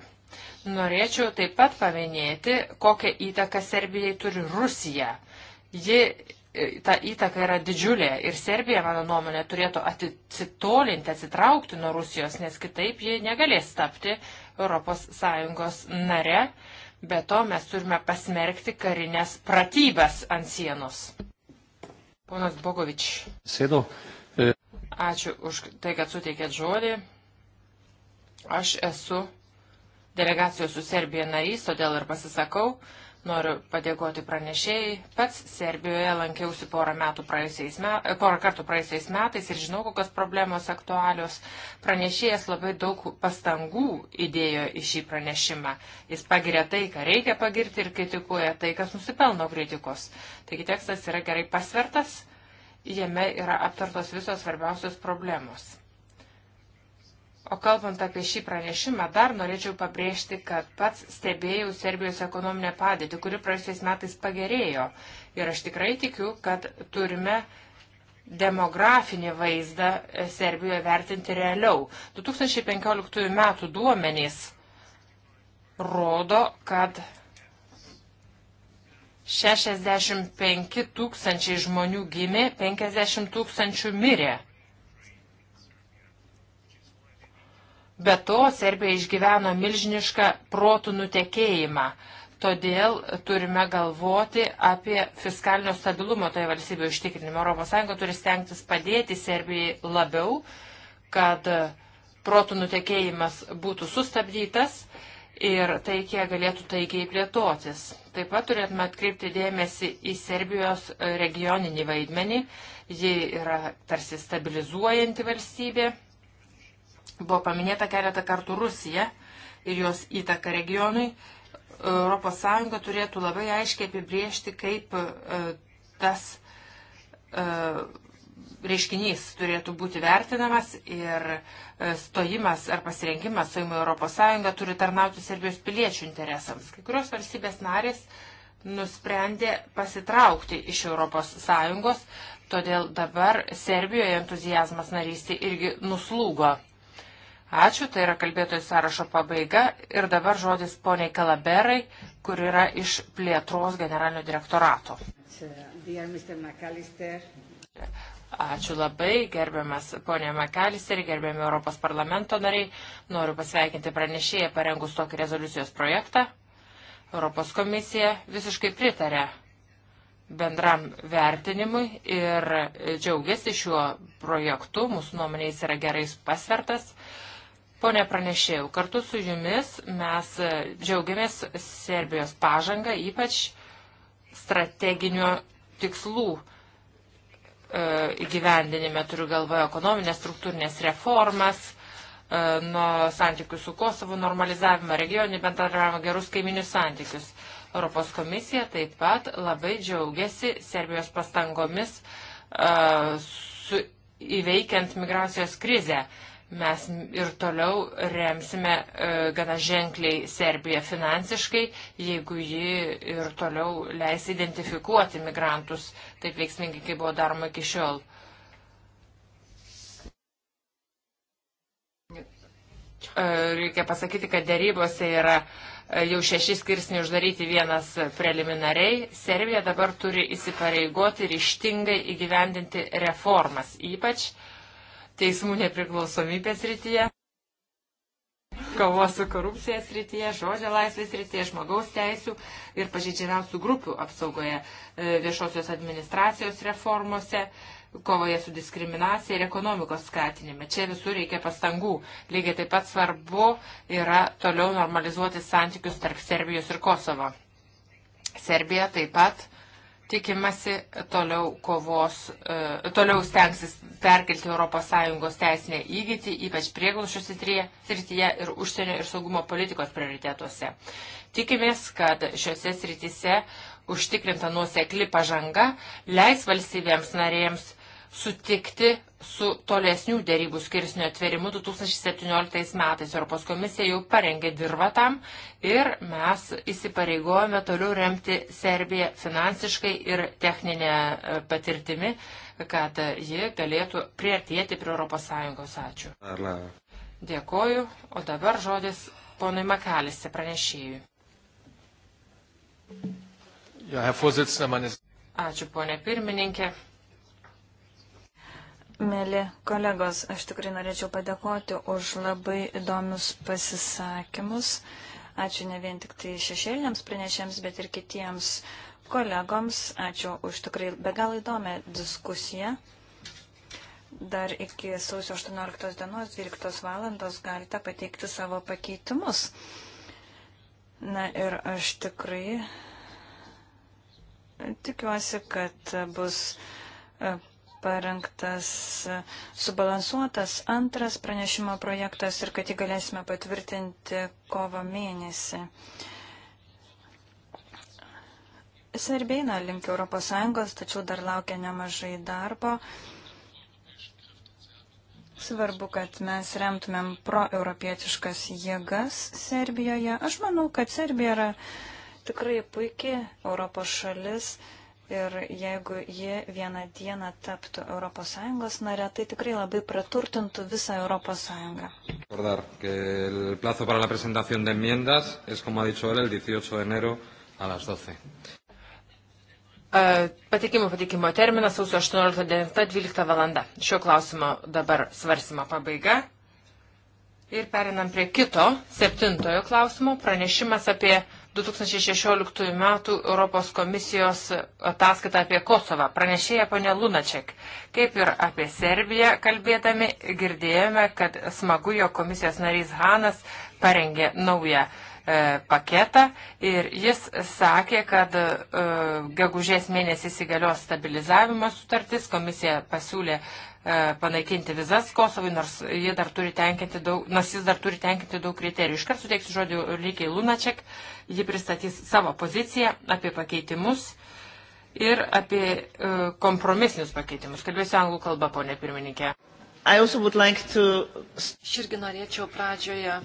Norėčiau taip pat paminėti, kokią įtaką Serbijai turi Rusija. Ji, ta įtaka yra didžiulė ir Serbija, mano nuomonė, turėtų atsitolinti, atsitraukti nuo Rusijos, nes kitaip ji negalės tapti uh, ES nare. Be to mes turime pasmerkti karinės pratybas ant sienos. Ponas Bogovič. Sėdau. E. Ačiū už tai, kad suteikėt žodį. Aš esu delegacijos su Serbija narys, todėl ir pasisakau. Noriu padėkoti pranešėjai. Pats Serbijoje lankiausi porą, metų praėjusiais met, e, porą kartų praėjusiais metais ir žinau, kokios problemos aktualios. Pranešėjas labai daug pastangų įdėjo į šį pranešimą. Jis pagiria tai, ką reikia pagirti ir kritikuoja tai, kas nusipelno kritikos. Taigi tekstas yra gerai pasvertas, jame yra aptartos visos svarbiausios problemos. O kalbant apie šį pranešimą, dar norėčiau pabrėžti, kad pats stebėjau Serbijos ekonominę padėtį, kuri praėjusiais metais pagerėjo. Ir aš tikrai tikiu, kad turime demografinį vaizdą Serbijoje vertinti realiau. 2015 metų duomenys rodo, kad 65 tūkstančiai žmonių gimė, 50 tūkstančių mirė. Be to, Serbija išgyveno milžinišką protų nutekėjimą. Todėl turime galvoti apie fiskalinio stabilumo toje valstybėje užtikrinimą. ES turi stengtis padėti Serbijai labiau, kad protų nutekėjimas būtų sustabdytas ir taikė galėtų taikiai plėtotis. Taip pat turėtume atkreipti dėmesį į Serbijos regioninį vaidmenį. Ji yra tarsi stabilizuojanti valstybė Buvo paminėta keletą kartų Rusija ir jos įtaka regionui. ES turėtų labai aiškiai apibriežti, kaip e, tas e, reiškinys turėtų būti vertinamas ir e, stojimas ar pasirengimas stojimo Europos Sąjunga turi tarnauti Serbijos piliečių interesams. Kai kurios valstybės narės nusprendė pasitraukti iš Europos Sąjungos, todėl dabar Serbijoje entuzijazmas narystė irgi nuslūgo. Ačiū, tai yra kalbėtojų sąrašo pabaiga. Ir dabar žodis poniai Kalaberai, kur yra iš plėtros generalinio direktorato. Ačiū labai, gerbiamas ponė Makalister, gerbiami Europos parlamento nariai. Noriu pasveikinti pranešėją parengus tokį rezoliucijos projektą. Europos komisija visiškai pritarė bendram vertinimui ir džiaugiasi šiuo projektu. Mūsų nuomonė jis yra gerai pasvertas. Uh, Pone pranešėjau, kartu su jumis mes džiaugiamės Serbijos pažangą, ypač strateginių tikslų e, įgyvendinime, turiu galvoje ekonominės struktūrinės reformas, e, nuo santykių su Kosovu normalizavimą, regioninį bendradarbiavimą, gerus kaiminius santykius. Europos komisija taip pat labai džiaugiasi Serbijos pastangomis e, su, įveikiant migracijos krizę. Uh, Mes ir toliau remsime e, gana ženkliai Serbiją finansiškai, jeigu ji ir toliau leis identifikuoti migrantus taip veiksmingai, kaip buvo daroma iki šiol. E, reikia pasakyti, kad dėrybose yra e, jau šeši skirsniai uždaryti vienas preliminariai. Serbija dabar turi įsipareigoti ryštingai įgyvendinti reformas, ypač uh, teismų nepriklausomybės rytyje, kovos su korupcija srityje, žodžio laisvės srityje, žmogaus teisų ir pažeidžiamiausių grupių apsaugoje, e, viešosios administracijos reformose, kovoje su diskriminacija ir ekonomikos skatinime. Čia visur reikia pastangų. Lygiai taip pat svarbu yra toliau normalizuoti santykius tarp Serbijos ir Kosovo. Serbija taip pat uh, tikimasi toliau kovos, e, toliau stengsis perkelti ES teisinę įgyti, ypač prieglušio srityje ir užsienio ir saugumo politikos prioritetuose. Tikimės, kad šiuose srityse užtikrinta nuosekli pažanga leis valstybėms narėms sutikti su tolesnių dėrybų skirsnio atverimu 2017 metais. Europos komisija jau parengė dirbą tam ir mes įsipareigojame toliau remti Serbiją finansiškai ir techninę e, patirtimi, kad ji galėtų priartėti prie ES. Ačiū. Arla. Dėkoju, o dabar žodis ponui Makalisi pranešėjui. Ja, Ačiū, ponė pirmininkė. Mėly kolegos, aš tikrai norėčiau padėkoti už labai įdomius pasisakymus. Ačiū ne vien tik tai šešėliniams pranešėms, bet ir kitiems kolegoms. Ačiū už tikrai be galo įdomią diskusiją. Dar iki sausio 18 dienos 12 valandos galite pateikti savo pakeitimus. Na ir aš tikrai tikiuosi, kad bus parengtas subalansuotas antras pranešimo projektas ir kad jį galėsime patvirtinti kovo mėnesį. Serbiai eina link ES, tačiau dar laukia nemažai darbo. Svarbu, kad mes remtumėm proeuropietiškas jėgas Serbijoje. Aš manau, kad Serbija yra tikrai puikiai Europos šalis. Ir jeigu ji vieną dieną taptų ES nare, tai tikrai labai praturtintų visą ES. Recordar que el plazo para la presentación de enmiendas es, como ha dicho él, el 18 de enero a las 12. Patikimo patikimo terminas sausio 18 diena 12 valanda. Šio klausimo dabar svarsimo pabaiga. Ir perinam prie kito, septintojo klausimo, pranešimas apie 2016 m. Europos komisijos ataskaitą apie Kosovą. Pranešėja ponė Lunaček. Kaip ir apie Serbiją kalbėdami, girdėjome, kad smagu, jo komisijos narys Hanas parengė naują e, paketą ir jis sakė, kad e, gegužės mėnesį įsigalios stabilizavimo sutartis, komisija pasiūlė E, panaikinti vizas Kosovui, nors, dar daug, nors jis dar turi tenkinti daug kriterijų. Iškart suteiksiu žodį lygiai Lunaček, ji pristatys savo poziciją apie pakeitimus ir apie e, kompromisinius pakeitimus. Kalbėsiu anglų kalbą, ponė pirmininkė. Like to... Aš irgi norėčiau pradžioje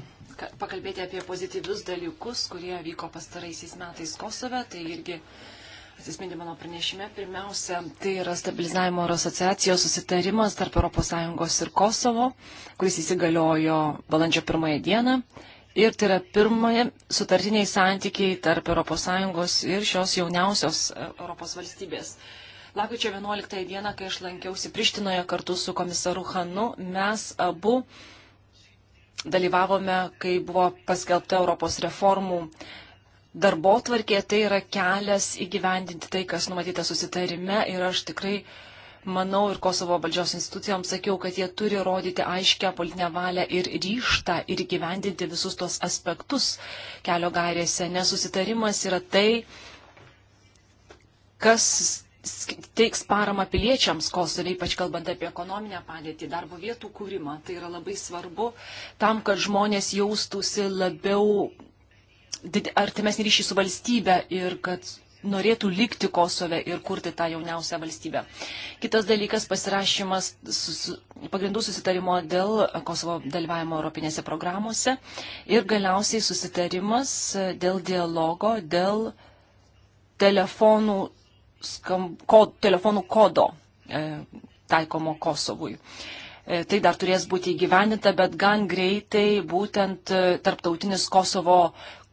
pakalbėti apie pozityvius dalykus, kurie vyko pastaraisiais metais Kosove. Tai irgi uh, atsispindi mano pranešime. Pirmiausia, tai yra stabilizavimo ir asociacijos susitarimas tarp ES ir Kosovo, kuris įsigaliojo balandžio pirmąją dieną. Ir tai yra pirmąją sutartiniai santykiai tarp ES ir šios jauniausios e, Europos valstybės. Lapkričio 11 dieną, kai aš lankiausi Prištinoje kartu su komisaru Hanu, mes abu dalyvavome, kai buvo paskelbta Europos reformų darbo tvarkė, tai yra kelias įgyvendinti tai, kas numatyta susitarime ir aš tikrai manau ir Kosovo valdžios institucijoms sakiau, kad jie turi rodyti aiškę politinę valią ir ryštą ir gyvendinti visus tos aspektus kelio gairėse, nes susitarimas yra tai, kas teiks paramą piliečiams Kosovė, ypač kalbant apie ekonominę padėtį, darbo vietų kūrimą. Tai yra labai svarbu tam, kad žmonės jaustųsi labiau artimesnį ryšį su valstybe ir kad norėtų likti Kosove ir kurti tą jauniausią valstybę. Kitas dalykas - pasirašymas sus, pagrindų susitarimo dėl Kosovo dalyvavimo Europinėse programuose ir galiausiai susitarimas dėl dialogo, dėl telefonų, skam, kod, telefonų kodo e, taikomo Kosovui. E, E, tai dar turės būti įgyvendinta, bet gan greitai būtent e, tarptautinis Kosovo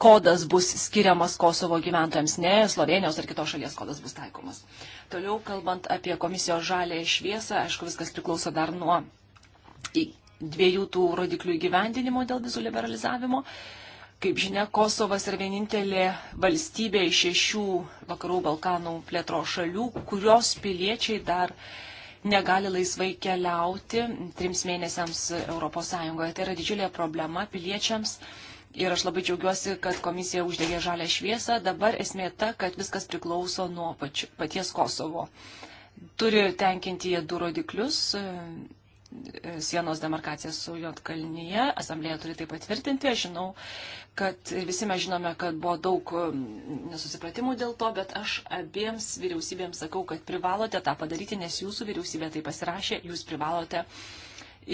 kodas bus skiriamas Kosovo gyventojams, ne Slovenijos ar kitos šalies kodas bus taikomas. Toliau kalbant apie komisijos žalę šviesą, aišku, viskas priklauso dar nuo dviejų tų rodiklių įgyvendinimo dėl vizų liberalizavimo. Kaip žinia, Kosovas yra vienintelė valstybė iš šešių vakarų Balkanų plėtros šalių, kurios piliečiai dar uh, negali laisvai keliauti trims mėnesiams ES. Tai yra didžiulė problema piliečiams. Ir aš labai džiaugiuosi, kad komisija uždegė žalę šviesą. Dabar esmė ta, kad viskas priklauso nuo pačiu, paties Kosovo. Turi tenkinti jie du rodiklius sienos demarkaciją su Jotkalnyje. Asamblėje turi tai patvirtinti. Aš žinau, kad visi mes žinome, kad buvo daug mm, nesusipratimų dėl to, bet aš abiems vyriausybėms sakau, kad privalote tą padaryti, nes jūsų vyriausybė tai pasirašė, jūs privalote.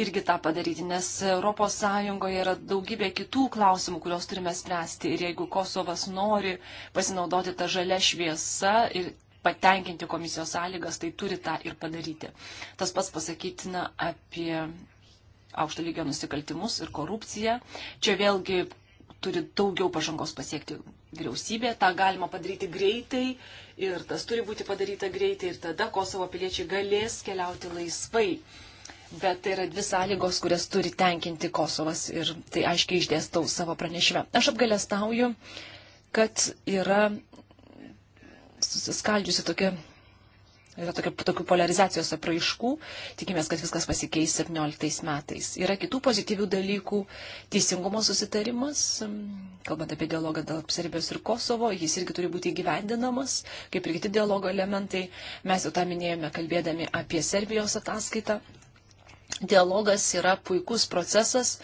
Irgi tą padaryti, nes ES yra daugybė kitų klausimų, kuriuos turime spręsti. Ir jeigu Kosovas nori pasinaudoti tą žalę šviesą ir patenkinti komisijos sąlygas, tai turi tą ir padaryti. Tas pats pasakytina apie aukšto lygio nusikaltimus ir korupciją. Čia vėlgi turi daugiau pažangos pasiekti vyriausybė, tą galima padaryti greitai ir tas turi būti padaryta greitai ir tada Kosovo piliečiai galės keliauti laisvai. Bet tai yra dvi sąlygos, kurias turi tenkinti Kosovas ir tai aiškiai išdėstau savo pranešime. Aš apgalėstauju, kad yra susiskaldžiusi tokia, yra tokia, tokių polarizacijos apraiškų. Tikimės, kad viskas pasikeis 17 metais. Yra kitų pozityvių dalykų. Teisingumo susitarimas, kalbant apie dialogą dėl Serbijos ir Kosovo, jis irgi turi būti įgyvendinamas, kaip ir kiti dialogo elementai. Mes jau tą minėjome kalbėdami apie Serbijos ataskaitą. Dialogas yra puikus procesas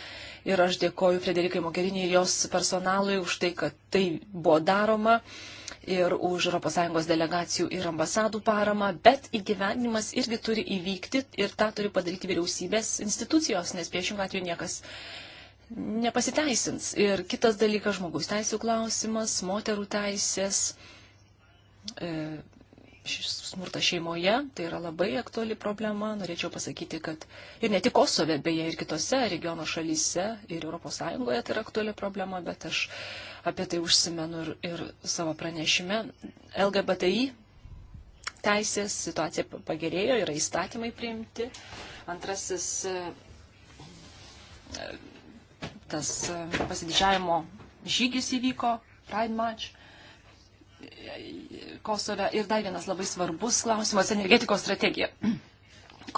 ir aš dėkoju Frederikai Mogeriniai ir jos personalui už tai, kad tai buvo daroma. Uh, ir už ES delegacijų ir ambasadų paramą, bet įgyvenimas irgi turi įvykti ir tą turi padaryti vyriausybės institucijos, nes priešingų atveju niekas nepasiteisins. Ir kitas dalykas - žmogus teisų klausimas, moterų teisės, e, smurtas šeimoje, tai yra labai aktuali problema. Norėčiau pasakyti, kad ir ne tik Kosove, beje, ir kitose regiono šalyse, ir ES tai yra aktuali problema, bet aš apie tai užsimenu ir, ir savo pranešime. LGBTI teisės situacija pagerėjo, yra įstatymai priimti. Antrasis e, e, tas e, pasididžiavimo žygis įvyko, Pride Match. Kosove ir dar vienas labai svarbus klausimas - energetikos strategija.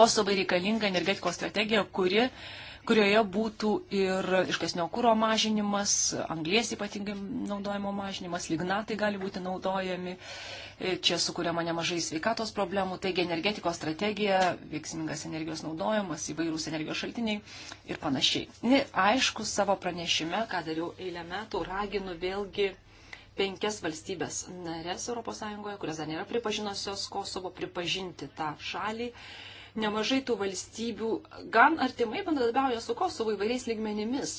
Kosovai reikalinga energetikos strategija, kuri uh, kurioje būtų ir iškasnio kūro mažinimas, anglies ypatingai naudojimo mažinimas, lignatai gali būti naudojami, e, čia sukūrėma nemažai sveikatos problemų, taigi energetikos strategija, veiksmingas energijos naudojimas, įvairūs energijos šaltiniai ir panašiai. Ne, aišku, savo pranešime, ką dariau eilę metų, raginu vėlgi penkias valstybės narės ES, kurios dar nėra pripažinusios Kosovo, pripažinti tą šalį nemažai tų valstybių gan artimai bendradarbiauja su Kosovo įvairiais lygmenimis.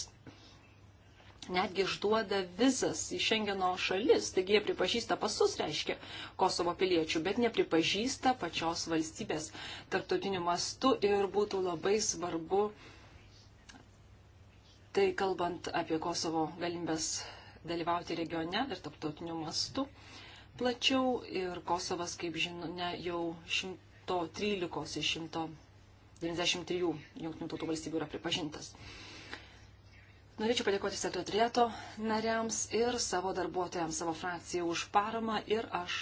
Netgi išduoda vizas į Šengeno šalis, taigi jie pripažįsta pasus, reiškia, Kosovo piliečių, bet nepripažįsta pačios valstybės tarptautiniu mastu ir būtų labai svarbu, tai kalbant apie Kosovo galimybės dalyvauti regione ir tarptautiniu mastu, plačiau ir Kosovas, kaip žinia, jau šimt to 13 iš 193 jungtinių tautų valstybių yra pripažintas. Norėčiau padėkoti sekretorieto nariams ir savo darbuotojams, savo frakcijai už paramą ir aš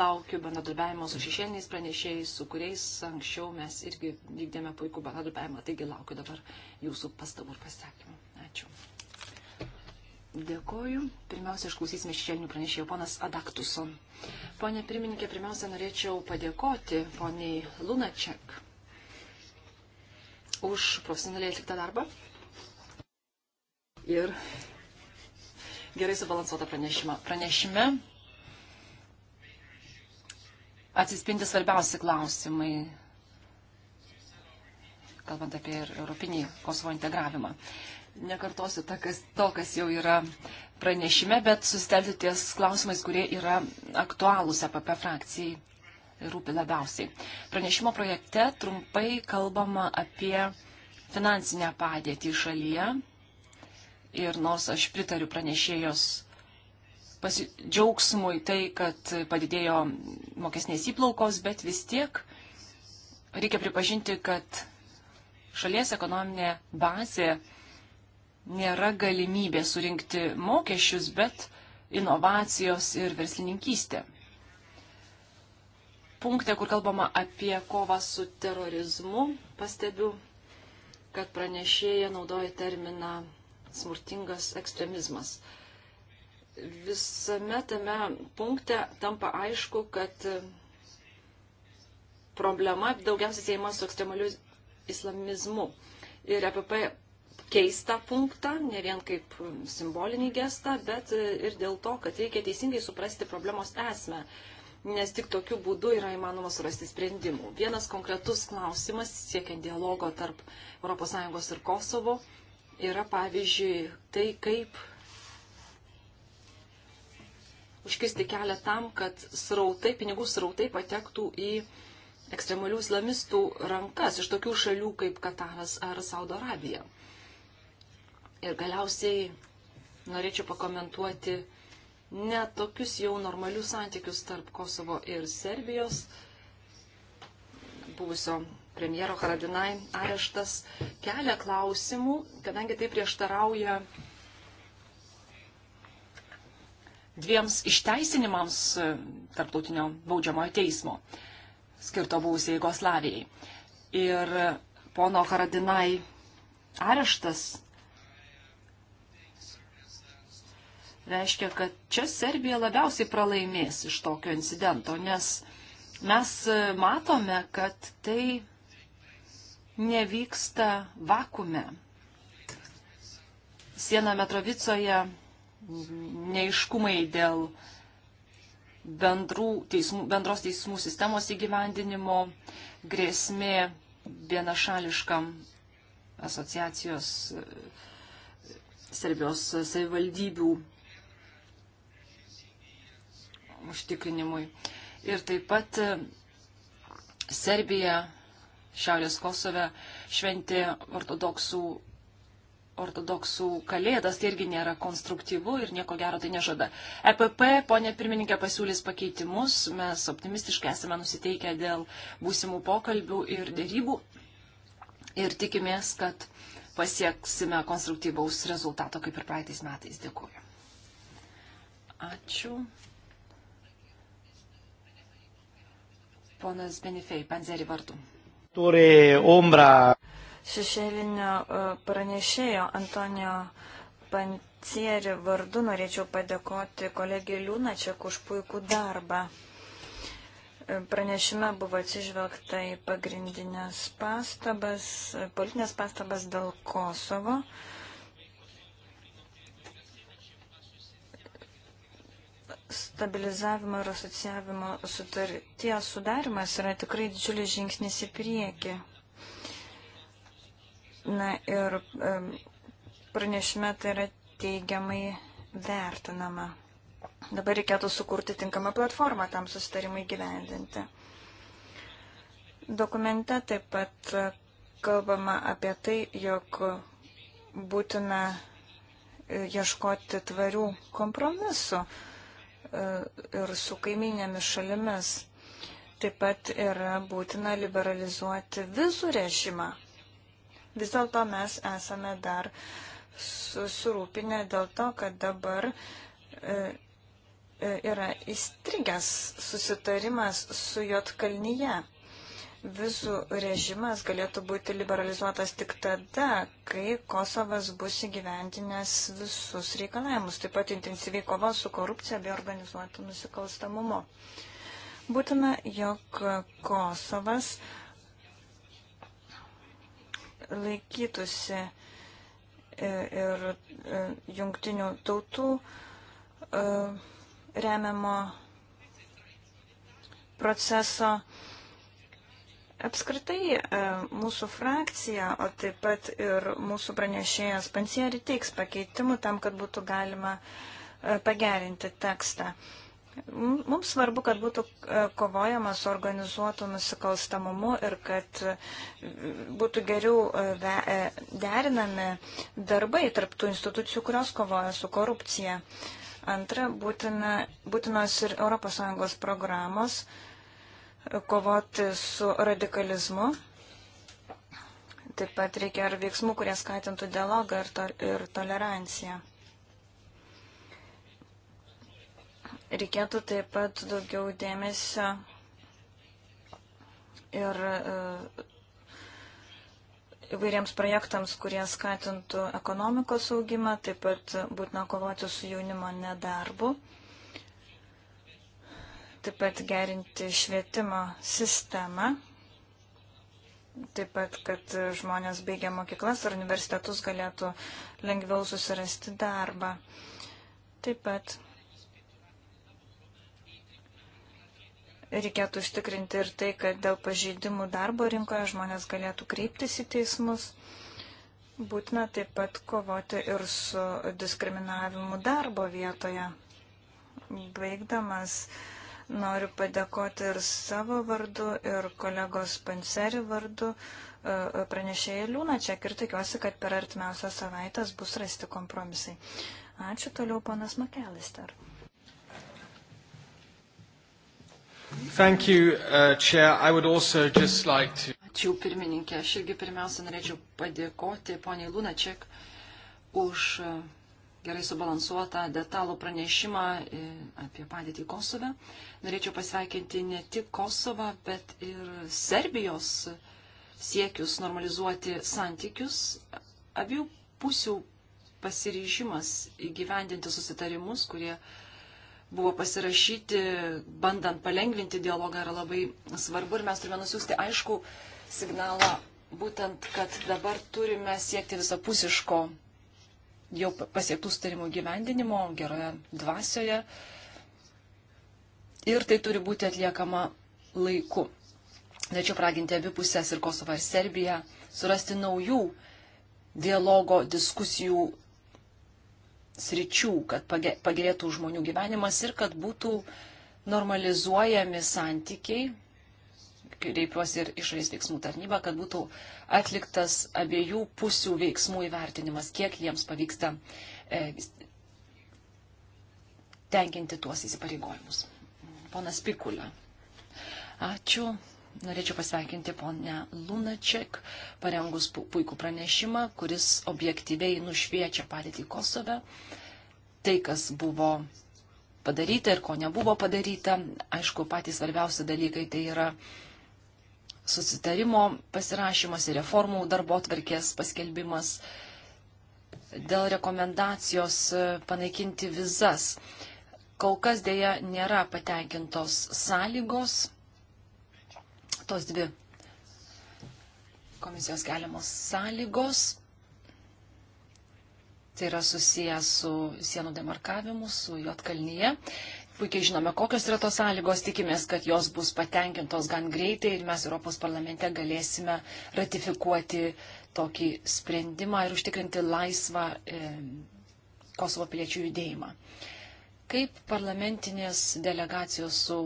laukiu bendradarbiavimo su šešėliniais pranešėjais, su kuriais anksčiau mes irgi vykdėme puikų bendradarbiavimą, taigi laukiu dabar jūsų pastabų ir pasakymų. Ačiū. Dėkoju. Pirmiausia, išklausysime šešėlinių pranešėjų ponas Adaktuson. Pone pirmininkė, pirmiausia, norėčiau padėkoti poniai Lunaček už profesionaliai atliktą darbą ir gerai subalansuotą pranešimą. Pranešime atsispindi svarbiausi klausimai, kalbant apie europinį Kosovo integravimą nekartosiu to kas, to, kas jau yra pranešime, bet susitelti ties klausimais, kurie yra aktualūs APP frakcijai rūpi labiausiai. Pranešimo projekte trumpai kalbama apie finansinę padėtį šalyje ir nors aš pritariu pranešėjos pasidžiaugsmui tai, kad padidėjo mokesnės įplaukos, bet vis tiek reikia pripažinti, kad šalies ekonominė bazė nėra galimybė surinkti mokesčius, bet inovacijos ir verslininkystė. Punkte, kur kalbama apie kovą su terorizmu, pastebiu, kad pranešėja naudoja terminą smurtingas ekstremizmas. Visame tame punkte tampa aišku, kad problema daugiausiai siejama su ekstremaliu islamizmu. Ir EPP keistą punktą, ne vien kaip simbolinį gestą, bet ir dėl to, kad reikia teisingai suprasti problemos esmę, nes tik tokiu būdu yra įmanoma surasti sprendimų. Vienas konkretus klausimas, siekiant dialogo tarp ES ir Kosovo, yra pavyzdžiui tai, kaip užkisti kelią tam, kad srautai, pinigų srautai patektų į ekstremalių islamistų rankas iš tokių šalių kaip Kataras ar Saudo Arabija. Ir galiausiai norėčiau pakomentuoti ne tokius jau normalius santykius tarp Kosovo ir Serbijos. Buvusio premjero Haradinai areštas kelia klausimų, kadangi tai prieštarauja dviems išteisinimams tarptautinio baudžiamojo teismo skirto buvusiai Jugoslavijai. Ir pono Haradinai areštas reiškia, kad čia Serbija labiausiai pralaimės iš tokio incidento, nes mes e, matome, kad tai nevyksta vakume. Siena Metrovicoje neiškumai dėl teismų, bendros teismų sistemos įgyvendinimo, grėsmė vienašališkam asociacijos e, Serbijos savivaldybių užtikrinimui. Ir taip pat e, Serbija Šiaurės Kosove šventė ortodoksų, ortodoksų kalėdas, tai irgi nėra konstruktyvu ir nieko gero tai nežada. EPP, ponė pirmininkė, pasiūlys pakeitimus, mes optimistiškai esame nusiteikę dėl būsimų pokalbių ir dėrybų ir tikimės, kad pasieksime konstruktyvaus rezultato kaip ir praeitais metais. Dėkuoju. Ačiū. ponas Benifei, Panzerį vardu. Turi umbra. Šešėlinio e, pranešėjo Antonio Pancieri vardu norėčiau padėkoti kolegijai Liūnačiak už puikų darbą. E, pranešime buvo atsižvelgta į pagrindinės pastabas, politinės pastabas dėl Kosovo. stabilizavimo ir asociavimo sutarties sudarimas yra tikrai didžiulis žingsnis į priekį. Na ir pranešime tai yra teigiamai vertinama. Dabar reikėtų sukurti tinkamą platformą tam susitarimui gyvendinti. Dokumente taip pat kalbama apie tai, jog būtina e, ieškoti tvarių kompromisų E, ir su kaiminėmis šalimis. Taip pat yra būtina liberalizuoti vizų režimą. Vis dėlto mes esame dar susirūpinę dėl to, kad dabar e, e, yra įstrigęs susitarimas su Jotkalnyje. Visų režimas galėtų būti liberalizuotas tik tada, kai Kosovas bus įgyventinęs visus reikalavimus, taip pat intensyviai kova su korupcija bei organizuotų nusikalstamumu. Būtina, jog Kosovas laikytųsi e, ir e, jungtinių tautų e, remiamo proceso Apskritai e, mūsų frakcija, o taip pat ir mūsų pranešėjas Pansieri teiks pakeitimų tam, kad būtų galima e, pagerinti tekstą. Mums svarbu, kad būtų e, kovojama su organizuotu nusikalstamumu ir kad būtų geriau derinami darbai tarptų institucijų, kurios kovoja su korupcija. Antra, būtina, būtinos ir ES programos kovoti su radikalizmu. Taip pat reikia ir veiksmų, kurie skatintų dialogą ir, to, ir toleranciją. Reikėtų taip pat daugiau dėmesio ir e, įvairiems projektams, kurie skatintų ekonomikos augimą, taip pat būtina kovoti su jaunimo nedarbu taip pat gerinti švietimo sistemą, taip pat, kad žmonės baigę mokyklas ar universitetus galėtų lengviau susirasti darbą. Taip pat reikėtų užtikrinti ir tai, kad dėl pažeidimų darbo rinkoje žmonės galėtų kreiptis į teismus. Būtina taip pat kovoti ir su diskriminavimu darbo vietoje. Baigdamas, uh, Noriu padėkoti ir savo vardu, ir kolegos Panseri vardu e, e, pranešėjai Liūna Ček ir tikiuosi, kad per artimiausias savaitės bus rasti kompromisai. Ačiū toliau, ponas Makelister. Thank you, uh, Chair. I would also just like to... Ačiū pirmininkė. Aš irgi pirmiausia norėčiau padėkoti poniai Lunačiek už uh, gerai subalansuotą detalų pranešimą e, apie padėtį Kosove. Norėčiau pasveikinti ne tik Kosovą, bet ir Serbijos siekius normalizuoti santykius. Abiejų pusių pasiryžimas įgyvendinti susitarimus, kurie buvo pasirašyti, bandant palengvinti dialogą, yra labai svarbu ir mes turime nusiųsti aišku signalą, būtent, kad dabar turime siekti visapusiško jau pasiektų sutarimų gyvendinimo geroje dvasioje. Ir tai turi būti atliekama laiku. Tačiau praginti abipusės ir Kosovą ir Serbiją surasti naujų dialogo, diskusijų sričių, kad pagerėtų žmonių gyvenimas ir kad būtų normalizuojami santykiai kreipiuosi ir išorės veiksmų tarnybą, kad būtų atliktas abiejų pusių veiksmų įvertinimas, kiek jiems pavyksta e, tenkinti tuos įsipareigojimus. Ponas Pikula. Ačiū. Norėčiau pasveikinti ponę Lunaček, parengus puikų pranešimą, kuris objektyviai nušviečia padėtį Kosove. Tai, kas buvo padaryta ir ko nebuvo padaryta. Aišku, patys svarbiausi dalykai tai yra susitarimo pasirašymas ir reformų darbo atvarkės paskelbimas dėl rekomendacijos e, panaikinti vizas. Kol kas dėja nėra patenkintos sąlygos, tos dvi komisijos keliamos sąlygos. Tai yra susijęs su sienų demarkavimu, su Jotkalnyje puikiai žinome, kokios yra tos sąlygos, tikimės, kad jos bus patenkintos gan greitai ir mes Europos parlamente galėsime ratifikuoti tokį sprendimą ir užtikrinti laisvą e, Kosovo piliečių judėjimą. Kaip parlamentinės delegacijos su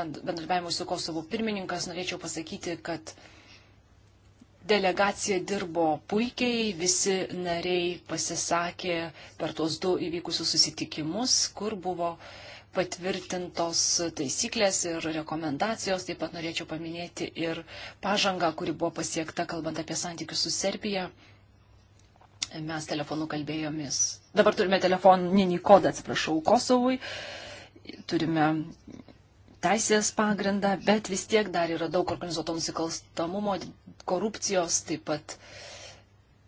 bendradarbiavimu su Kosovo pirmininkas norėčiau pasakyti, kad delegacija dirbo puikiai, visi nariai pasisakė per tuos du įvykusius susitikimus, kur buvo uh, patvirtintos taisyklės ir rekomendacijos. Taip pat norėčiau paminėti ir pažangą, kuri buvo pasiekta, kalbant apie santykius su Serbija. Mes telefonu kalbėjomis. Dabar turime telefoninį kodą, atsiprašau, Kosovui. Turime teisės pagrindą, bet vis tiek dar yra daug organizuoto nusikalstamumo, korupcijos, taip pat uh,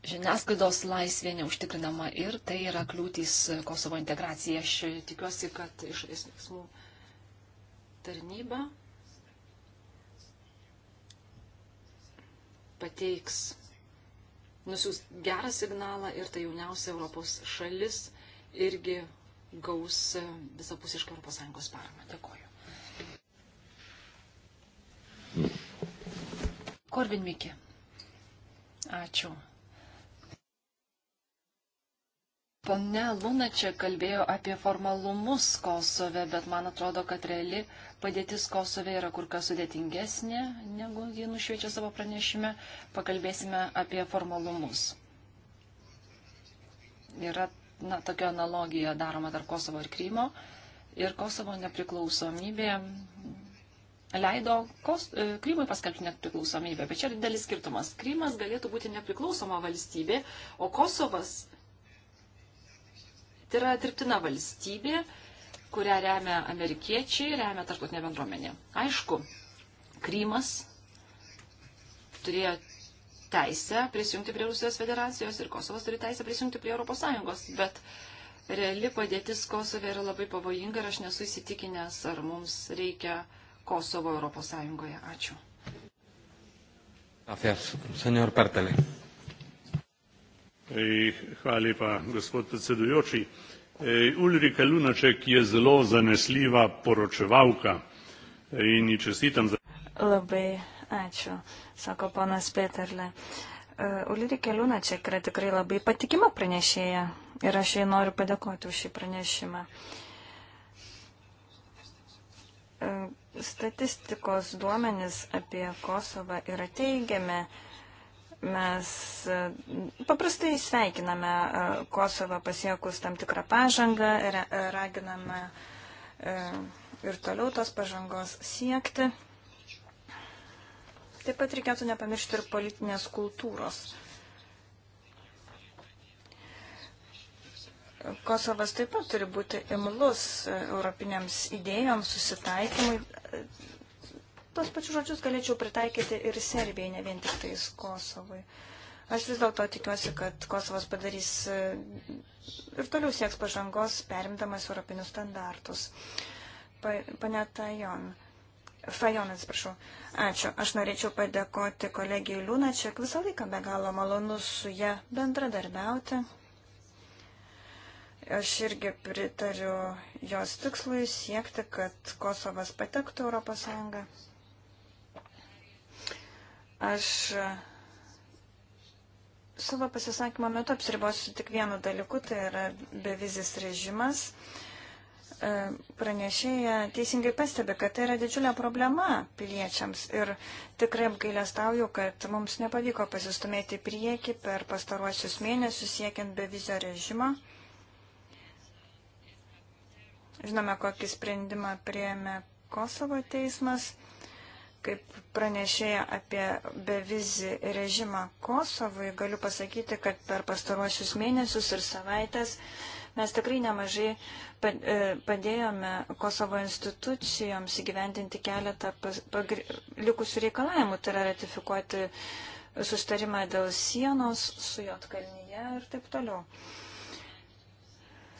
žiniasklaidos laisvė neužtikrinama ir tai yra kliūtis Kosovo integracijai. Aš tikiuosi, kad išorės veiksmų tarnyba pateiks, nusiūs gerą signalą ir tai jauniausia Europos šalis irgi gaus visapusišką ES paramą. Dėkoju. Mm. Korvin Mikė. Ačiū. Pane Luna čia kalbėjo apie formalumus Kosove, bet man atrodo, kad reali padėtis Kosove yra kur kas sudėtingesnė, negu ji nušviečia savo pranešime. Pakalbėsime apie formalumus. Yra na, tokia analogija daroma tarp Kosovo ir Krymo. Ir Kosovo nepriklausomybė leido Kos, e, Krymui paskelbti nepriklausomybę. Bet čia yra didelis skirtumas. Krymas galėtų būti nepriklausoma valstybė, o Kosovas Tai yra dirbtina valstybė, kurią remia amerikiečiai, remia tarptautinė bendruomenė. Aišku, Krymas turėjo teisę prisijungti prie Rusijos federacijos ir Kosovas turi teisę prisijungti prie Europos Sąjungos, bet reali padėtis Kosove yra labai pavojinga ir aš nesu įsitikinęs, ar mums reikia Kosovo Europos Sąjungoje. Ačiū. Gracias, señor Pertelė. Hvala lepa, gospod predsedujoči. Ulrika Lunaček je zelo zanesljiva poročevalka in ji čestitam za. Labai ačiū, sako ponas Peterle. Ulrika Lunaček yra tikrai labai patikima pranešėja ir aš jai noriu padėkoti už šį pranešimą. Statistikos duomenys apie Kosovą yra teigiami Mes e, paprastai sveikiname e, Kosovą pasiekus tam tikrą pažangą, raginame e, ir toliau tos pažangos siekti. Taip pat reikėtų nepamiršti ir politinės kultūros. Kosovas taip pat turi būti imlus europinėms idėjoms, susitaikymui. Tos pačius žodžius galėčiau pritaikyti ir Serbijai, ne vien tik tais Kosovui. Aš vis dėlto tikiuosi, kad Kosovas padarys e, ir toliau sieks pažangos, perimdamas europinius standartus. Pa, pane Tajon. Fajon, atsiprašau. Ačiū. Aš norėčiau padėkoti kolegijai Liūnačiak. Visą laiką be galo malonu su ją bendradarbiauti. Aš irgi pritariu jos tikslui siekti, kad Kosovas patektų Europos Sąjungą. Aš e, savo pasisakymo metu apsiribosiu tik vienu dalyku, tai yra bevizis režimas. E, pranešėja teisingai pastebi, kad tai yra didžiulė problema piliečiams ir tikrai apgailestauju, kad mums nepavyko pasistumėti prieki per pastaruosius mėnesius siekiant bevizio režimo. Žinome, kokį sprendimą prieėmė Kosovo teismas kaip pranešėja apie bevizį režimą Kosovui, galiu pasakyti, kad per pastaruosius mėnesius ir savaitės mes tikrai nemažai e, padėjome Kosovo institucijoms įgyvendinti keletą likusių reikalavimų, tai yra ratifikuoti sustarimą dėl sienos su Jotkalnyje ir taip toliau.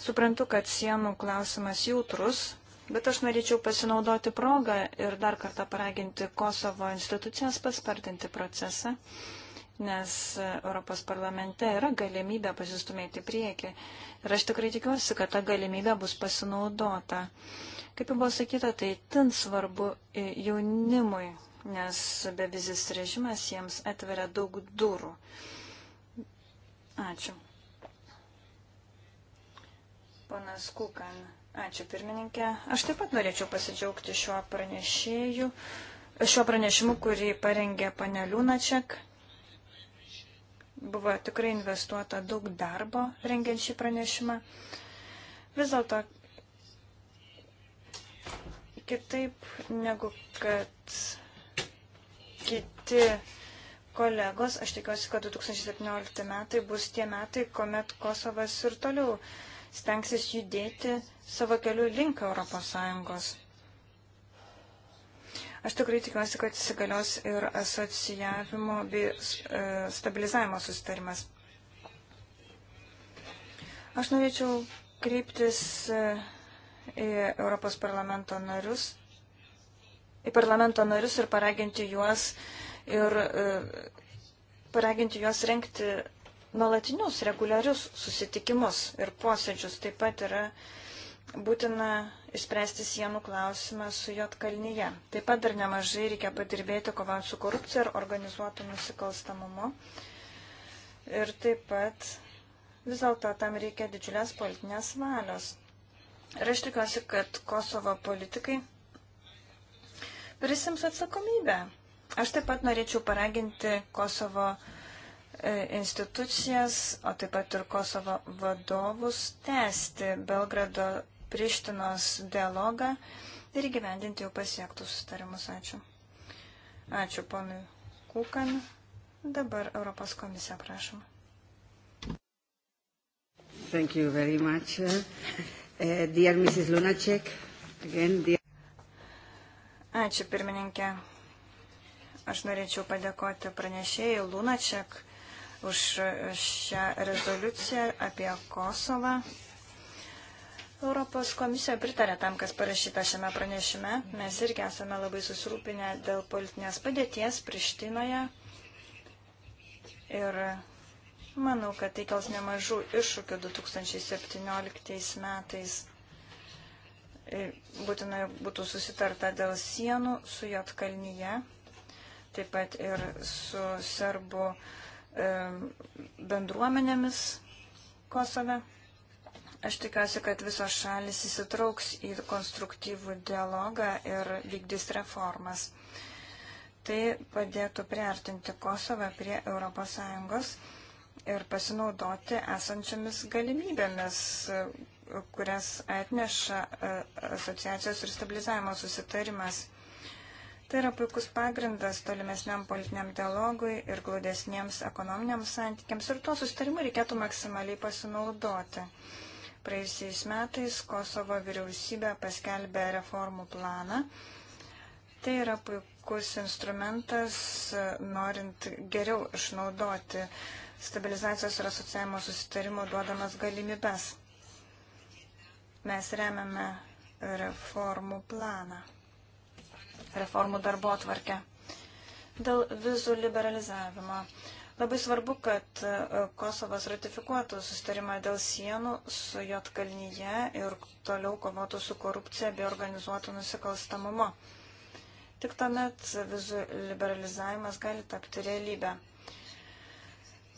Suprantu, kad sienų klausimas jautrus, Bet aš norėčiau pasinaudoti progą ir dar kartą paraginti Kosovo institucijas paspartinti procesą, nes Europos parlamente yra galimybė pasistumėti prieki. Ir aš tikrai tikiuosi, kad ta galimybė bus pasinaudota. Kaip jau buvo sakyta, tai tin svarbu jaunimui, nes bevizis režimas jiems atveria daug durų. Ačiū. Ponas Kukan. Ačiū pirmininkė. Aš taip pat norėčiau pasidžiaugti šiuo pranešėju, šiuo pranešimu, kurį parengė paneliūna Čiak. Buvo tikrai investuota daug darbo rengiant šį pranešimą. Vis dėlto kitaip negu kad kiti kolegos, aš tikiuosi, kad 2017 metai bus tie metai, kuomet Kosovas ir toliau uh, stengsis judėti savo keliu link ES. Aš tikrai tikiuosi, kad įsigalios ir asociavimo bei e, stabilizavimo sustarimas. Aš norėčiau kreiptis e, į Europos parlamento narius, į parlamento narius ir paraginti juos ir e, paraginti juos renkti nuolatinius reguliarius susitikimus ir posėdžius. Taip pat yra būtina išspręsti sienų klausimą su Jotkalnyje. Taip pat dar nemažai reikia padirbėti kovant su korupcija ir organizuotu nusikalstamumu. Ir taip pat vis dėlto tam reikia didžiulės politinės valios. Ir aš tikiuosi, kad Kosovo politikai prisims atsakomybę. Aš taip pat norėčiau paraginti Kosovo politikai E, institucijas, o taip pat ir Kosovo vadovus tęsti Belgrado Prištinos dialogą ir gyvendinti jau pasiektus sustarimus. Ačiū. Ačiū ponui Kukan. Dabar Europos komisija, prašom. Thank you very much. Uh, uh dear Mrs. Lunacek, again, dear... Ačiū pirmininkė. Aš norėčiau padėkoti pranešėjai Lunačiak už šią rezoliuciją apie Kosovą. Europos komisija pritarė tam, kas parašyta šiame pranešime. Mes irgi esame labai susirūpinę dėl politinės padėties Prištinoje. Ir manau, kad tai kels nemažų iššūkių 2017 metais. E, Būtinai būtų susitarta dėl sienų su Jotkalnyje, taip pat ir su serbų uh, E, bendruomenėmis Kosove. Aš tikiuosi, kad visos šalis įsitrauks į konstruktyvų dialogą ir vykdys reformas. Tai padėtų priartinti Kosovą prie ES ir pasinaudoti esančiamis galimybėmis, kurias atneša e, asociacijos ir stabilizavimo susitarimas. Tai yra puikus pagrindas tolimesniam politiniam dialogui ir glaudesniems ekonominiams santykiams ir tuo sustarimu reikėtų maksimaliai pasinaudoti. Praėjusiais metais Kosovo vyriausybė paskelbė reformų planą. Tai yra puikus instrumentas, norint geriau išnaudoti stabilizacijos ir asociavimo susitarimo duodamas galimybes. Mes remiame reformų planą reformų darbo atvarkę. Dėl vizų liberalizavimo. Labai svarbu, kad e, Kosovas ratifikuotų sustarimą dėl sienų su Jotkalnyje ir toliau kovotų su korupcija bei organizuotų nusikalstamumu. Tik tuomet vizų liberalizavimas gali tapti realybę.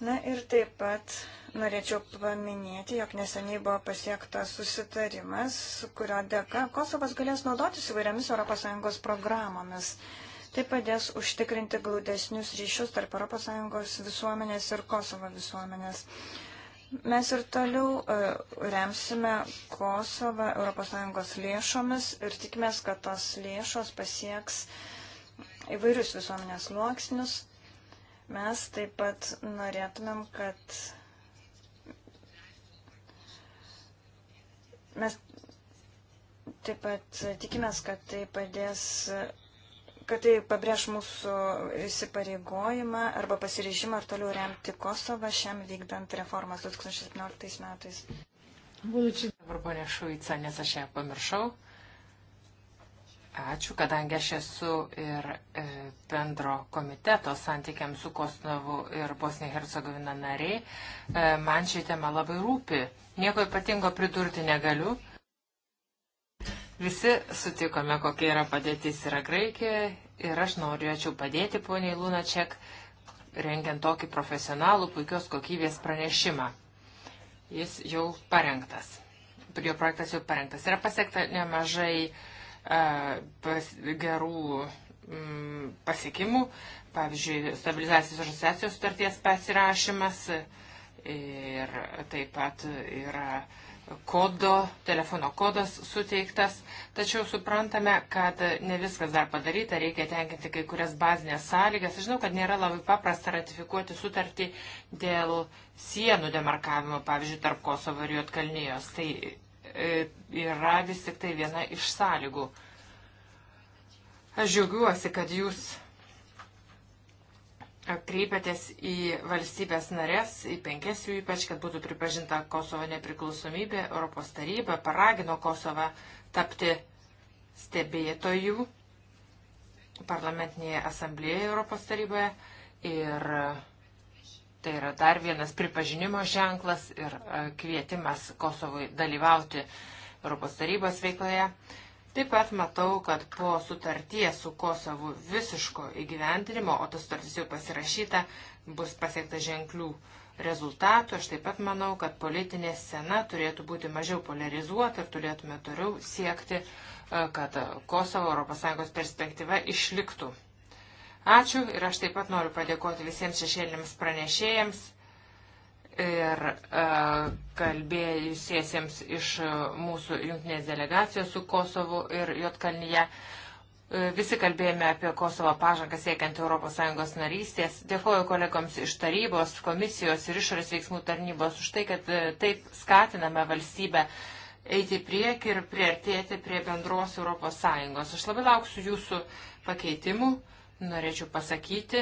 Na ir taip pat norėčiau paminėti, jog neseniai buvo pasiektas susitarimas, kurio dėka Kosovas galės naudotis įvairiamis ES programomis. Tai padės užtikrinti glaudesnius ryšius tarp ES visuomenės ir Kosovo visuomenės. Mes ir toliau e, remsime Kosovą ES lėšomis ir tikimės, kad tos lėšos pasieks įvairius visuomenės sluoksnius. Mes taip pat norėtumėm, kad Mes taip pat tikimės, kad tai padės, kad tai pabrėž mūsų įsipareigojimą arba pasiryžimą ar toliau remti Kosovą šiam vykdant reformas 2017 metais. Būtų čia dabar ponia Šuica, nes aš ją pamiršau. Ačiū, kadangi aš esu ir e, bendro komiteto santykiam su Kosnovu ir Bosnija Hercegovina nariai, e, man ši tema labai rūpi. Nieko ypatingo pridurti negaliu. Visi sutikome, kokia yra padėtis yra Graikijoje ir aš norėčiau padėti poniai Lunačiek, rengiant tokį profesionalų puikios kokybės pranešimą. Jis jau parengtas. Jo projektas jau parengtas. Yra pasiekta nemažai E, pas, gerų mm, pasiekimų, pavyzdžiui, stabilizacijos asociacijos sutarties pasirašymas ir taip pat yra kodo, telefono kodas suteiktas, tačiau suprantame, kad ne viskas dar padaryta, reikia tenkinti kai kurias bazinės sąlygas. Aš žinau, kad nėra labai paprasta ratifikuoti sutartį dėl sienų demarkavimo, pavyzdžiui, tarp Kosovo ir Jotkalnijos. Tai E, yra vis tik tai viena iš sąlygų. Aš džiaugiuosi, kad jūs kreipiatės į valstybės narės, į penkias jų ypač, kad būtų pripažinta Kosovo nepriklausomybė, Europos taryba paragino Kosovą tapti stebėtojų parlamentinėje asamblėje Europos taryboje ir Tai yra dar vienas pripažinimo ženklas ir e, kvietimas Kosovui dalyvauti Europos tarybos veikloje. Taip pat matau, kad po sutarties su Kosovu visiško įgyvendinimo, o tas sutartis jau pasirašyta, bus pasiekta ženklių rezultatų. Aš taip pat manau, kad politinė scena turėtų būti mažiau polarizuota ir turėtume toliau siekti, e, kad Kosovo ES perspektyva išliktų. Ačiū ir aš taip pat noriu padėkoti visiems šešėlėms pranešėjams ir e, kalbėjusiesiems iš mūsų jungtinės delegacijos su Kosovu ir Jotkalnyje. E, visi kalbėjome apie Kosovo pažangą siekiant ES narystės. Dėkoju kolegoms iš tarybos, komisijos ir išorės veiksmų tarnybos už tai, kad e, taip skatiname valstybę eiti prieki ir priartėti prie bendros ES. Aš labai lauksiu jūsų pakeitimų norėčiau pasakyti,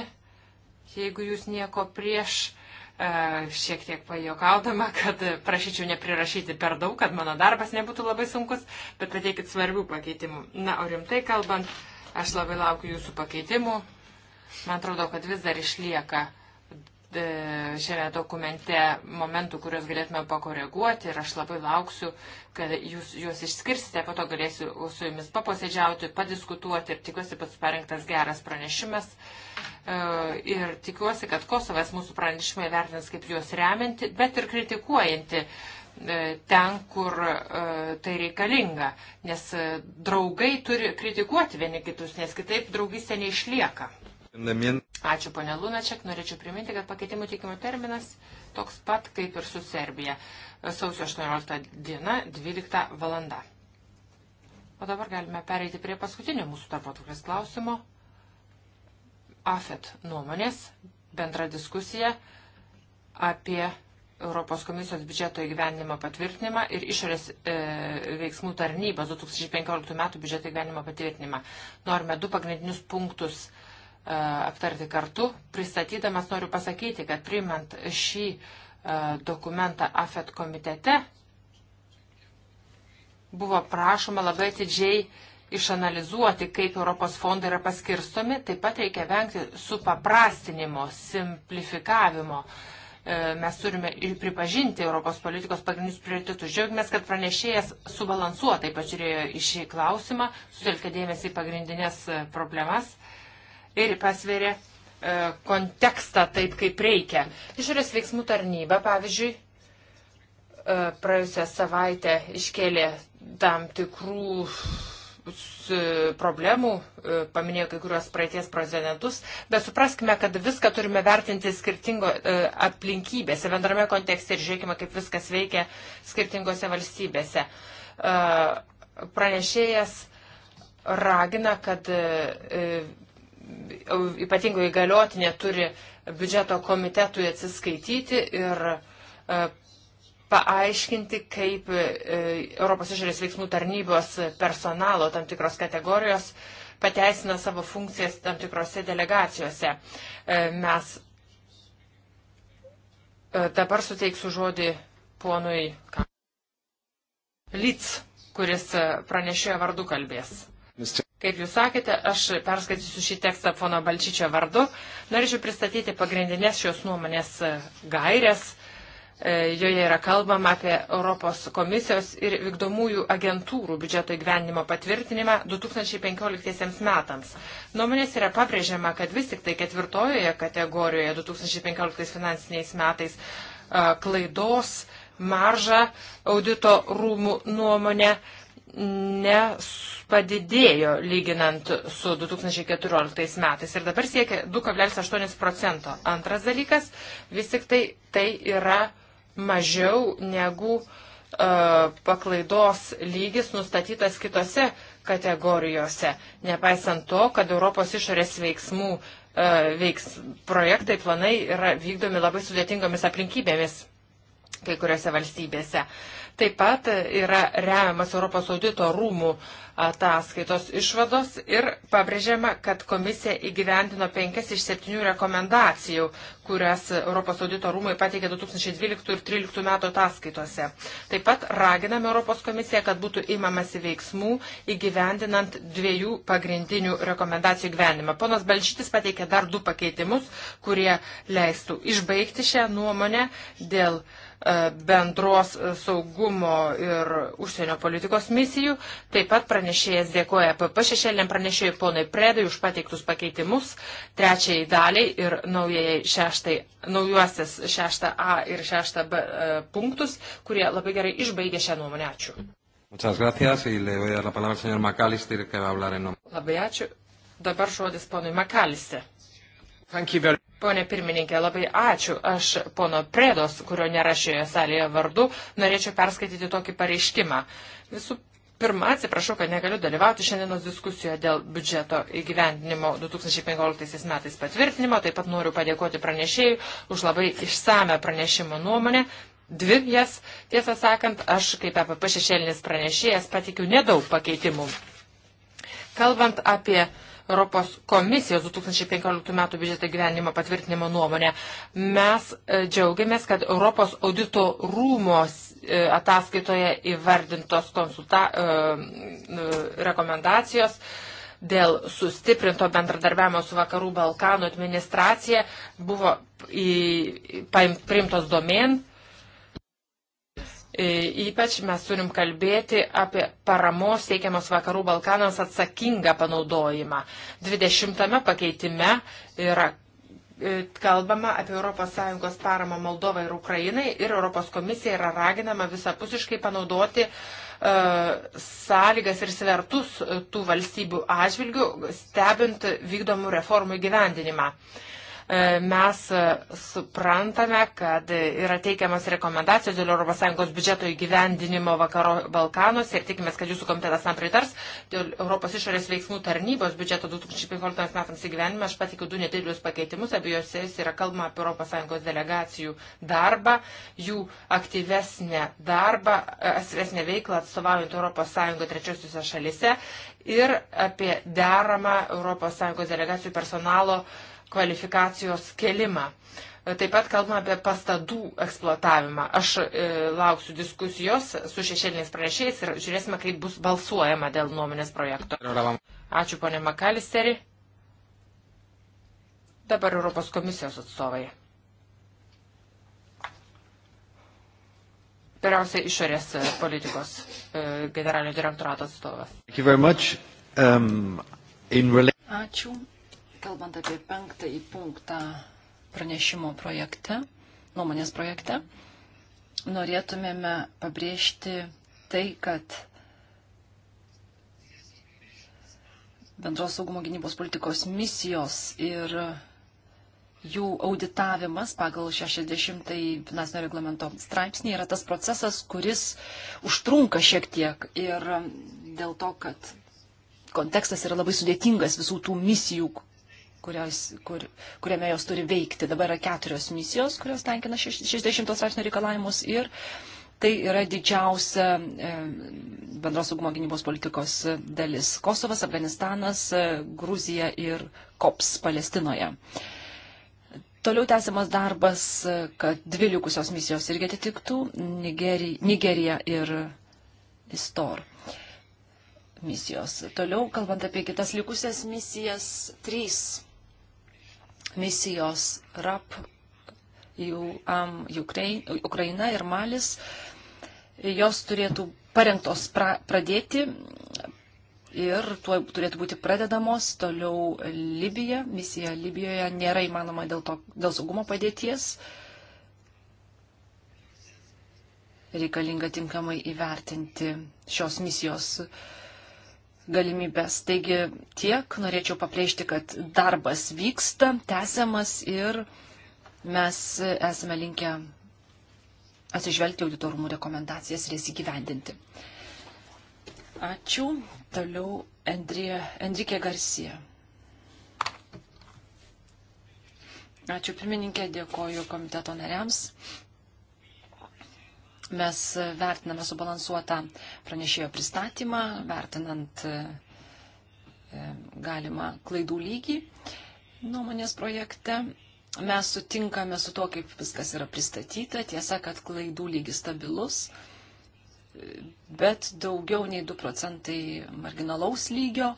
jeigu jūs nieko prieš, e, šiek tiek pajokaudama, kad prašyčiau neprirašyti per daug, kad mano darbas nebūtų labai sunkus, bet pateikit svarbių pakeitimų. Na, o rimtai kalbant, aš labai laukiu jūsų pakeitimų. Man atrodo, kad vis dar išlieka uh, E, šiame dokumente momentų, kuriuos galėtume pakoreguoti ir aš labai lauksiu, kad jūs juos išskirsite, po to galėsiu su jumis paposėdžiauti, padiskutuoti ir tikiuosi pats parengtas geras pranešimas. E, ir tikiuosi, kad Kosovas mūsų pranešimai vertins kaip juos remianti, bet ir kritikuojanti e, ten, kur tai reikalinga, nes draugai turi kritikuoti vieni kitus, nes kitaip draugystė neišlieka. Ačiū, ponė Lunačiak. Norėčiau priminti, kad pakeitimų teikimo terminas toks pat kaip ir su Serbija. Sausio 18 diena, 12 valanda. O dabar galime pereiti prie paskutinio mūsų darbotvarkės klausimo. AFET nuomonės, bendra diskusija apie Europos komisijos biudžeto įgyvenimo patvirtinimą ir išorės e, veiksmų tarnybos 2015 metų biudžeto įgyvenimo patvirtinimą. Norime du pagrindinius punktus E, aptarti kartu. Pristatydamas noriu pasakyti, kad priimant šį e, dokumentą AFET komitete buvo prašoma labai atidžiai išanalizuoti, kaip Europos fondai yra paskirstomi. Taip pat reikia vengti supaprastinimo, simplifikavimo. E, mes turime ir pripažinti Europos politikos pagrindinius prioritetus. Žiūrėkime, kad pranešėjas subalansuotai pažiūrėjo į šį klausimą, sutelkė dėmesį į pagrindinės problemas ir pasveria e, kontekstą taip, kaip reikia. Išorės veiksmų tarnyba, pavyzdžiui, e, praėjusią savaitę iškėlė tam tikrų problemų, e, paminėjau kai kuriuos praeities prezidentus, bet supraskime, kad viską turime vertinti skirtingo aplinkybėse, bendrame kontekste ir žiūrėkime, kaip viskas veikia skirtingose valstybėse. Pranešėjas ragina, kad ypatingai įgaliotinė turi biudžeto komitetui atsiskaityti ir e, paaiškinti, kaip e, Europos išorės veiksmų tarnybos personalo tam tikros kategorijos pateisina savo funkcijas tam tikrose delegacijose. E, mes dabar suteiksiu žodį ponui Lyts, kuris pranešėjo vardu kalbės. Kaip jūs sakėte, aš perskaitysiu šį tekstą pono Balčyčio vardu. Norėčiau pristatyti pagrindinės šios nuomonės e, gairės. E, joje yra kalbama apie Europos komisijos ir vykdomųjų agentūrų biudžeto įgyvenimo patvirtinimą 2015 metams. Nuomonės yra pabrėžiama, kad vis tik tai ketvirtojoje kategorijoje 2015 finansiniais metais e, klaidos marža audito rūmų nuomonė nespadidėjo lyginant su 2014 metais ir dabar siekia 2,8 procento. Antras dalykas, vis tik tai, tai yra mažiau negu uh, paklaidos lygis nustatytas kitose kategorijose, nepaisant to, kad Europos išorės veiksmų uh, veiks projektai, planai yra vykdomi labai sudėtingomis aplinkybėmis kai kuriuose valstybėse. Uh, Taip pat yra remiamas Europos audito rūmų ataskaitos išvados ir pabrėžiama, kad komisija įgyvendino penkias iš septynių rekomendacijų, kurias Europos audito rūmai pateikė 2012 ir 2013 metų ataskaitose. Taip pat raginame Europos komisiją, kad būtų įmamasi veiksmų įgyvendinant dviejų pagrindinių rekomendacijų gyvenimą. Ponas Balšytis pateikė dar du pakeitimus, kurie leistų išbaigti šią nuomonę dėl uh, E, bendros e, saugumo ir užsienio politikos misijų. Taip pat pranešėjas dėkoja e PP šešėlėm pranešėjai ponai Predai už pateiktus pakeitimus trečiai daliai ir naujai šeštai, naujuosias 6A ir 6B punktus, kurie labai gerai išbaigė šią nuomonę. Ačiū. Muchas gracias y le voy a dar la palabra al señor McAllister que va a hablar en nombre. Labai ačiū. Dabar žodis ponui McAllister. Pone pirmininkė, labai ačiū. Aš pono Predos, kurio nėra šioje salėje vardu, norėčiau perskaityti tokį pareiškimą. Visų pirma, atsiprašau, kad negaliu dalyvauti šiandienos diskusijoje dėl biudžeto įgyvendinimo 2015 metais patvirtinimo. Taip pat noriu padėkoti pranešėjui už labai išsame pranešimo nuomonę. Dvi jas, tiesą sakant, aš kaip APP e šešėlinis pranešėjas patikiu nedaug pakeitimų. Kalbant apie uh, Europos komisijos 2015 m. biudžeto gyvenimo patvirtinimo nuomonę. Mes e, džiaugiamės, kad Europos audito rūmos e, ataskaitoje įvardintos konsulta, e, rekomendacijos dėl sustiprinto bendradarbiavimo su Vakarų Balkanų administracija buvo į, paim, priimtos domen E, ypač mes turim kalbėti apie paramos teikiamos Vakarų Balkanams atsakingą panaudojimą. 20 pakeitime yra e, kalbama apie ES paramą Moldovai ir Ukrainai ir ES komisija yra raginama visapusiškai panaudoti uh, sąlygas ir svertus tų valstybių atžvilgių, stebint vykdomų reformų įgyvendinimą. Uh, E, mes e, suprantame, kad yra teikiamas rekomendacijos dėl ES biudžeto įgyvendinimo Vakaro Balkanuose ir tikimės, kad jūsų komitetas tam pritars. Dėl Europos išorės veiksmų tarnybos biudžeto 2015 metams įgyvendinimo aš patikiu du nedidelius pakeitimus, abiejose jis yra kalbama apie ES delegacijų darbą, jų aktyvesnę darbą, e, aktyvesnę veiklą atstovaujant ES trečiosiuose šalise ir apie deramą ES delegacijų personalo uh, kvalifikacijos kelimą. Taip pat kalbame apie pastatų eksploatavimą. Aš e, lauksiu diskusijos su šešėliniais pranešėjais ir žiūrėsime, kaip bus balsuojama dėl nuomonės projekto. Ačiū, ponė Makalisteri. Dabar Europos komisijos atstovai. Pirmiausia, išorės politikos e, generalinio direktorato atstovas. Um, Ačiū kalbant apie penktąjį punktą pranešimo projekte, nuomonės projekte, norėtumėme pabrėžti tai, kad bendros saugumo gynybos politikos misijos ir jų auditavimas pagal 60 finansinio reglamento straipsnį yra tas procesas, kuris užtrunka šiek tiek ir dėl to, kad kontekstas yra labai sudėtingas visų tų misijų, kurios, kur, kuriame jos turi veikti. Dabar yra keturios misijos, kurios tenkina 60 straipsnio reikalavimus ir tai yra didžiausia e, bendros saugumo gynybos politikos dalis. Kosovas, Afganistanas, e, Gruzija ir COPS Palestinoje. Toliau tęsiamas darbas, e, kad dvi likusios misijos irgi atitiktų Nigeri, Nigerija ir Istor misijos. Toliau, kalbant apie kitas likusias misijas, trys misijos RAP jų, um, Ukrain, Ukraina ir Malis. Jos turėtų parengtos pra, pradėti ir tuo turėtų būti pradedamos. Toliau Libija. Misija Libijoje nėra įmanoma dėl, to, dėl saugumo padėties. Reikalinga tinkamai įvertinti šios misijos uh, galimybės. Taigi tiek norėčiau paplėšti, kad darbas vyksta, tęsiamas ir mes esame linkę atsižvelgti auditorumų rekomendacijas ir jas įgyvendinti. Ačiū. Toliau Endrija, Endrikė Garcija. Ačiū pirmininkė, dėkoju komiteto nariams Mes vertiname subalansuotą pranešėjo pristatymą, vertinant e, galima klaidų lygį nuomonės projekte. Mes sutinkame su to, kaip viskas yra pristatyta. Tiesa, kad klaidų lygis stabilus, bet daugiau nei 2 procentai marginalaus lygio.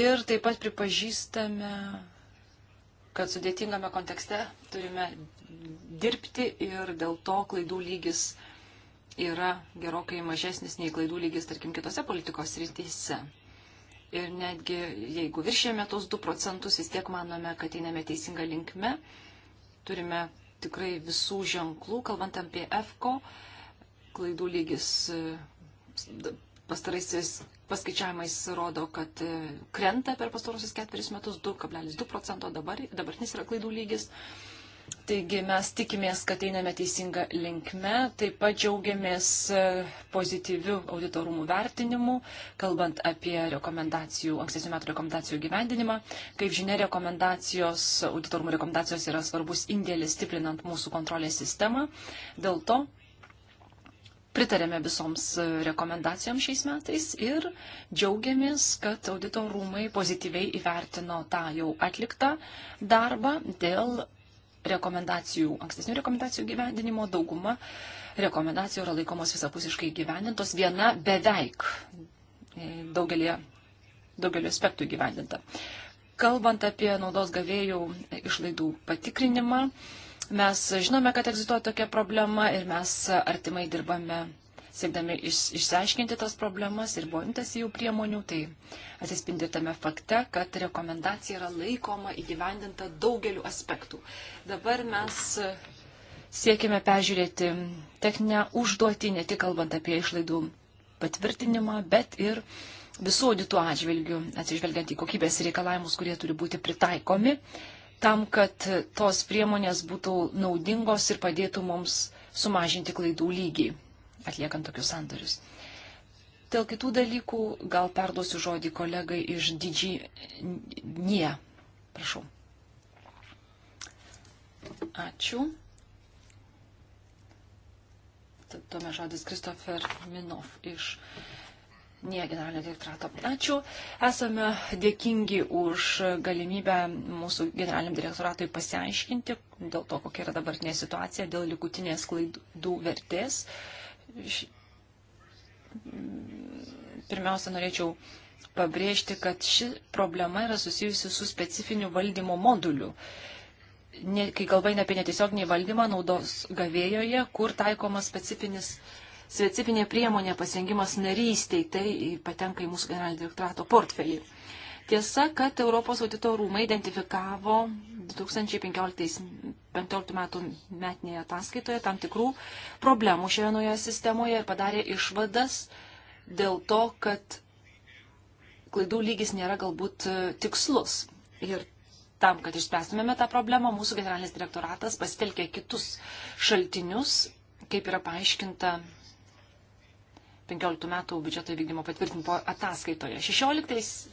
Ir taip pat pripažįstame, kad sudėtingame kontekste turime dirbti ir dėl to klaidų lygis stabilus yra gerokai mažesnis nei klaidų lygis, tarkim, kitose politikos rytise. Ir netgi jeigu viršėjame tos 2 procentus, vis tiek manome, kad einame teisinga linkme. Turime tikrai visų ženklų, kalbant apie EFKO, klaidų lygis e, pastaraisiais paskaičiavimais rodo, kad e, krenta per pastarosius ketveris metus 2,2 procento, dabar, dabartinis yra klaidų lygis. Dabar Taigi mes tikimės, kad einame teisinga linkme, taip pat džiaugiamės e, pozityviu auditorumų vertinimu, kalbant apie rekomendacijų, ankstesnių metų rekomendacijų gyvendinimą. Kaip žinia, rekomendacijos, auditorumų rekomendacijos yra svarbus indėlis stiprinant mūsų kontrolės sistemą. Dėl to pritarėme visoms e, rekomendacijoms šiais metais ir džiaugiamės, kad audito rūmai pozityviai įvertino tą jau atliktą darbą dėl rekomendacijų, ankstesnių rekomendacijų gyvendinimo, dauguma rekomendacijų yra laikomos visapusiškai gyvendintos, viena beveik e, daugelį, daugelį aspektų gyvendinta. Kalbant apie naudos gavėjų išlaidų patikrinimą, mes žinome, kad egzistuoja tokia problema ir mes artimai dirbame siekdami iš, išsiaiškinti tas problemas ir buvo imtasi jų priemonių, tai atsispindi ir tame fakte, kad rekomendacija yra laikoma įgyvendinta daugeliu aspektų. Dabar mes siekime peržiūrėti techninę užduotį, ne tik kalbant apie išlaidų patvirtinimą, bet ir visų auditų atžvilgių, atsižvelgiant į kokybės reikalavimus, kurie turi būti pritaikomi, tam, kad tos priemonės būtų naudingos ir padėtų mums sumažinti klaidų lygį atliekant tokius sandorius. Dėl kitų dalykų gal perduosiu žodį kolegai iš didžiai nie. Prašau. Ačiū. Tuomet žodis Kristofer Minov iš nie generalinio direktorato. Ačiū. Esame dėkingi už galimybę mūsų generaliniam direktoratui pasiaiškinti dėl to, kokia yra dabartinė situacija, dėl likutinės klaidų vertės. Uh, pirmiausia, norėčiau pabrėžti, kad ši problema yra susijusi su specifiniu valdymo moduliu. Ne, kai kalba eina apie netiesioginį valdymą naudos gavėjoje, kur taikomas specifinis, specifinė priemonė pasiengimas narystiai, tai patenka į mūsų generalinio direktorato portfelį. Tiesa, kad Europos audito rūmai identifikavo 2015 metų metinėje ataskaitoje tam tikrų problemų šioje naujoje sistemoje ir padarė išvadas dėl to, kad klaidų lygis nėra galbūt e, tikslus. Ir tam, kad išspręstumėme tą problemą, mūsų generalinis direktoratas pasitelkė kitus šaltinius, kaip yra paaiškinta 15 metų biudžeto įvykdymo patvirtinimo ataskaitoje. 16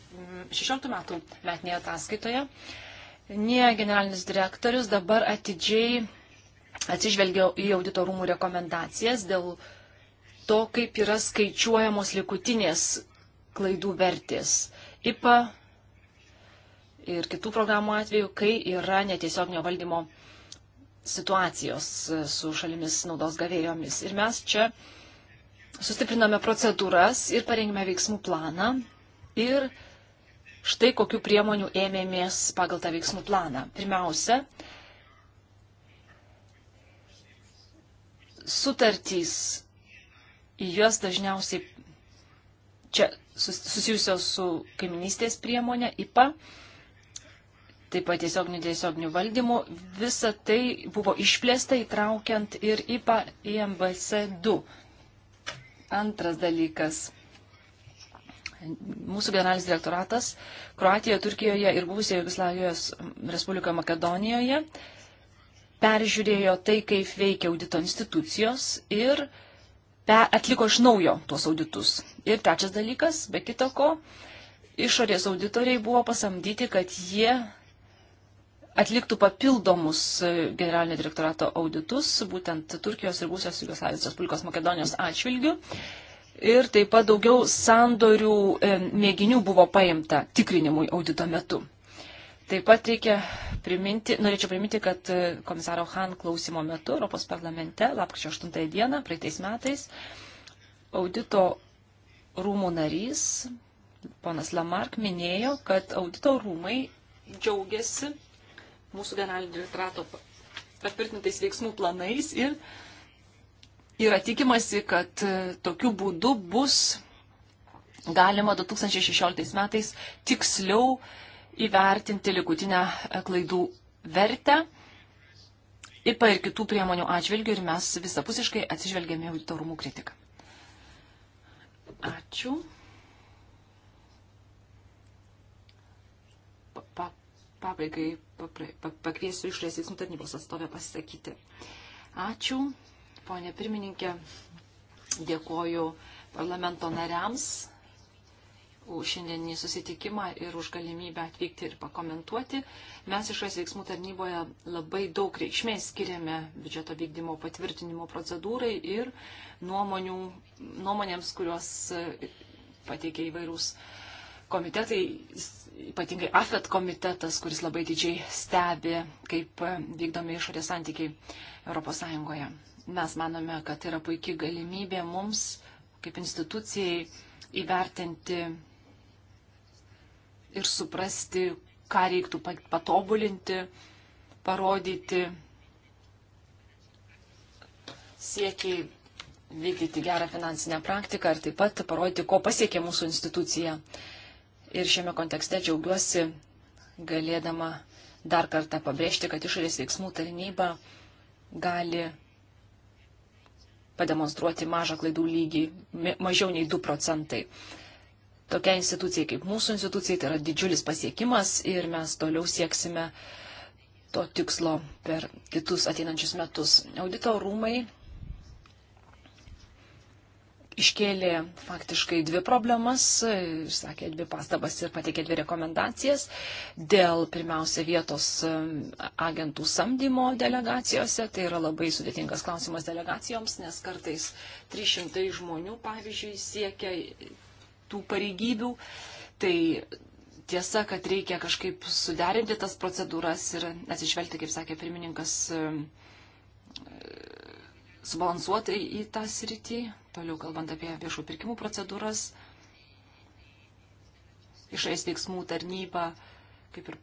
16 metų metinėje ataskaitoje. Nie generalinis direktorius dabar atidžiai atsižvelgia į auditorumų rekomendacijas dėl to, kaip yra skaičiuojamos likutinės klaidų vertės. IPA ir kitų programų atveju, kai yra netiesioginio valdymo situacijos e, su šalimis naudos gavėjomis. Ir mes čia sustipriname procedūras ir parengėme veiksmų planą ir Štai kokiu priemonių ėmėmės pagal tą veiksmų planą. Pirmiausia, sutartys į juos dažniausiai čia susijusios su kaiminystės priemonė, IPA, taip pat tiesioginių tiesioginių valdymų, visa tai buvo išplėsta įtraukiant ir IPA IMBC 2. Antras dalykas mūsų generalinis direktoratas Kroatijoje, Turkijoje ir buvusioje Jugoslavijos Respublikoje Makedonijoje peržiūrėjo tai, kaip veikia audito institucijos ir atliko iš naujo tuos auditus. Ir trečias dalykas, be kita ko, išorės auditoriai buvo pasamdyti, kad jie atliktų papildomus generalinio direktorato auditus, būtent Turkijos ir būsios Jugoslavijos Respublikos Makedonijos atšvilgių ir taip pat daugiau sandorių e, mėginių buvo paimta tikrinimui audito metu. Taip pat reikia priminti, norėčiau priminti, kad e, komisaro Han klausimo metu Europos parlamente, lapkričio 8 dieną, praeitais metais, audito rūmų narys, ponas Lamark, minėjo, kad audito rūmai džiaugiasi mūsų generalinio direktorato patvirtintais veiksmų planais ir uh, yra tikimasi, kad e, tokiu būdu bus galima 2016 metais tiksliau įvertinti likutinę e, klaidų vertę. IPA ir kitų priemonių atžvilgių ir mes visapusiškai atsižvelgėme į auditorumų kritiką. Ačiū. Pa, pa, pabaigai pakviesiu išrėsės tarnybos atstovę pasisakyti. Ačiū ponė pirmininkė. Dėkoju parlamento nariams už šiandienį susitikimą ir už galimybę atvykti ir pakomentuoti. Mes išorės veiksmų tarnyboje labai daug reikšmės skiriame biudžeto vykdymo patvirtinimo procedūrai ir nuomonių, nuomonėms, kurios pateikia įvairūs komitetai, ypatingai AFET komitetas, kuris labai didžiai stebi, kaip vykdomi išorės santykiai ES. Mes manome, kad yra puikia galimybė mums kaip institucijai įvertinti ir suprasti, ką reiktų patobulinti, parodyti siekiai vykdyti gerą finansinę praktiką ir taip pat parodyti, ko pasiekė mūsų institucija. Ir šiame kontekste džiaugiuosi galėdama dar kartą pabrėžti, kad išorės veiksmų tarnyba gali pademonstruoti mažą klaidų lygį, mažiau nei 2 procentai. Tokia institucija kaip mūsų institucija tai yra didžiulis pasiekimas ir mes toliau sieksime to tikslo per kitus ateinančius metus. Audito rūmai iškėlė faktiškai dvi problemas, išsakė dvi pastabas ir pateikė dvi rekomendacijas dėl pirmiausia vietos e, agentų samdymo delegacijose. Tai yra labai sudėtingas klausimas delegacijoms, nes kartais 300 žmonių, pavyzdžiui, siekia tų pareigybių. Tai tiesa, kad reikia kažkaip suderinti tas procedūras ir atsižvelgti, kaip sakė pirmininkas, e, e, subalansuotai į tą sritį, Toliau kalbant apie viešų pirkimų procedūras, išais veiksmų tarnyba, kaip ir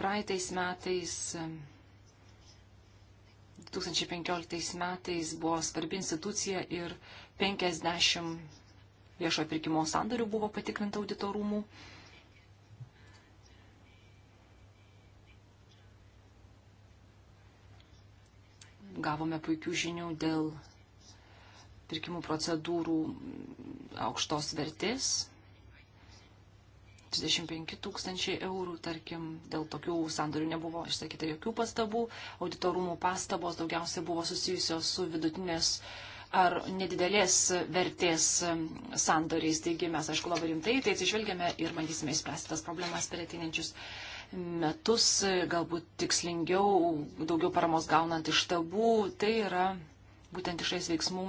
praeitais metais, 2015 metais buvo svarbi institucija ir 50 viešo pirkimo sandorių buvo patikrinta auditorumų. Gavome puikių žinių dėl pirkimų procedūrų aukštos vertės. 35 tūkstančiai eurų, tarkim, dėl tokių sandorių nebuvo išsakyta jokių pastabų. Auditorumų pastabos daugiausia buvo susijusios su vidutinės ar nedidelės vertės sandoriais. Taigi mes, aišku, labai rimtai tai atsižvelgiame ir bandysime įspręsti tas problemas per ateinančius metus, galbūt tikslingiau, daugiau paramos gaunant iš tabų. Tai yra būtent išais veiksmų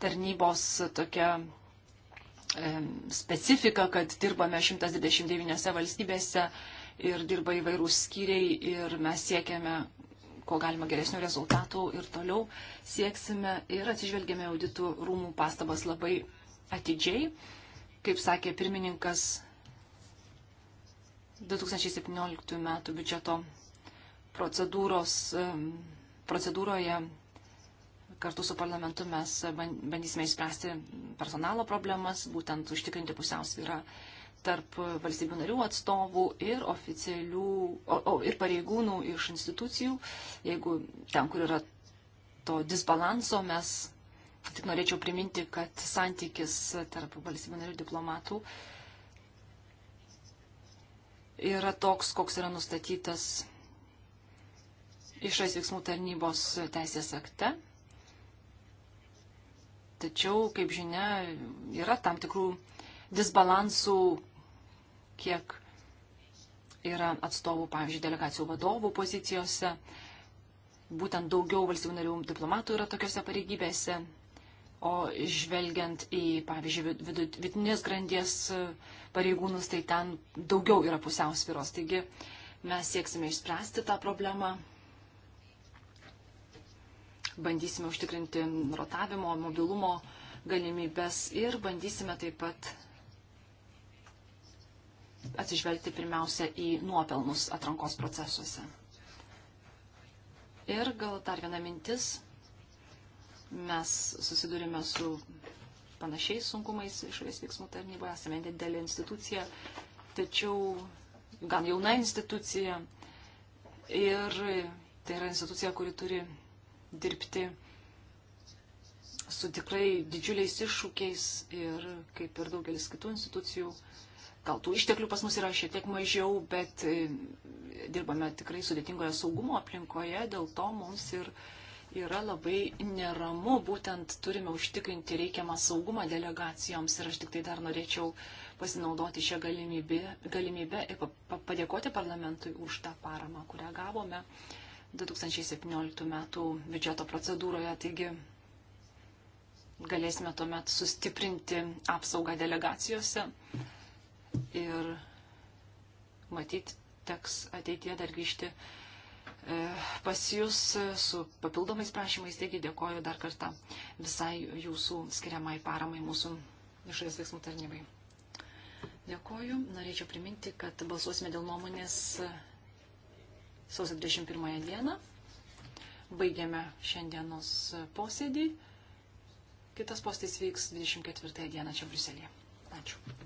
tarnybos tokia e, specifika, kad dirbame 129 valstybėse ir dirba įvairūs skyriai ir mes siekiame ko galima geresnių rezultatų ir toliau sieksime ir atsižvelgėme auditų rūmų pastabas labai atidžiai. Kaip sakė pirmininkas 2017 m. biudžeto procedūros, e, procedūroje kartu su parlamentu mes bandysime išspręsti personalo problemas, būtent užtikrinti pusiausvyrą tarp valstybių narių atstovų ir oficialių, o, o, ir pareigūnų iš institucijų. Jeigu ten, kur yra to disbalanso, mes tik norėčiau priminti, kad santykis tarp valstybių narių diplomatų yra toks, koks yra nustatytas išorės veiksmų tarnybos teisės akte. Tačiau, kaip žinia, yra tam tikrų disbalansų, kiek yra atstovų, pavyzdžiui, delegacijų vadovų pozicijose. Būtent daugiau valstybių narių diplomatų yra tokiuose pareigybėse. O žvelgiant į, pavyzdžiui, vidutinės grandies e, pareigūnus, tai ten daugiau yra pusiausviros. Taigi mes sieksime išspręsti tą problemą bandysime užtikrinti rotavimo, mobilumo galimybės ir bandysime taip pat atsižvelgti pirmiausia į nuopelnus atrankos procesuose. Ir gal dar viena mintis. Mes susidurime su panašiais sunkumais išorės veiksmų tarnyboje, esame didelė institucija, tačiau gan jauna institucija. Ir tai yra institucija, kuri turi dirbti su tikrai didžiuliais iššūkiais ir kaip ir daugelis kitų institucijų. Gal tų išteklių pas mus yra šiek tiek mažiau, bet e, dirbame tikrai sudėtingoje saugumo aplinkoje, dėl to mums ir yra labai neramu, būtent turime užtikrinti reikiamą saugumą delegacijoms ir aš tik tai dar norėčiau pasinaudoti šią galimybę, galimybę ir padėkoti parlamentui už tą paramą, kurią gavome. Uh, 2017 metų biudžeto procedūroje, taigi galėsime tuomet sustiprinti apsaugą delegacijose ir matyt teks ateitie dar grįžti e, pas jūs su papildomais prašymais, taigi dėkoju dar kartą visai jūsų skiriamai paramai mūsų išorės veiksmų tarnybai. Dėkoju. Norėčiau priminti, kad balsuosime dėl nuomonės sausio 21 dieną. Baigiame šiandienos posėdį. Kitas postis vyks 24 dieną čia Briuselėje. Ačiū.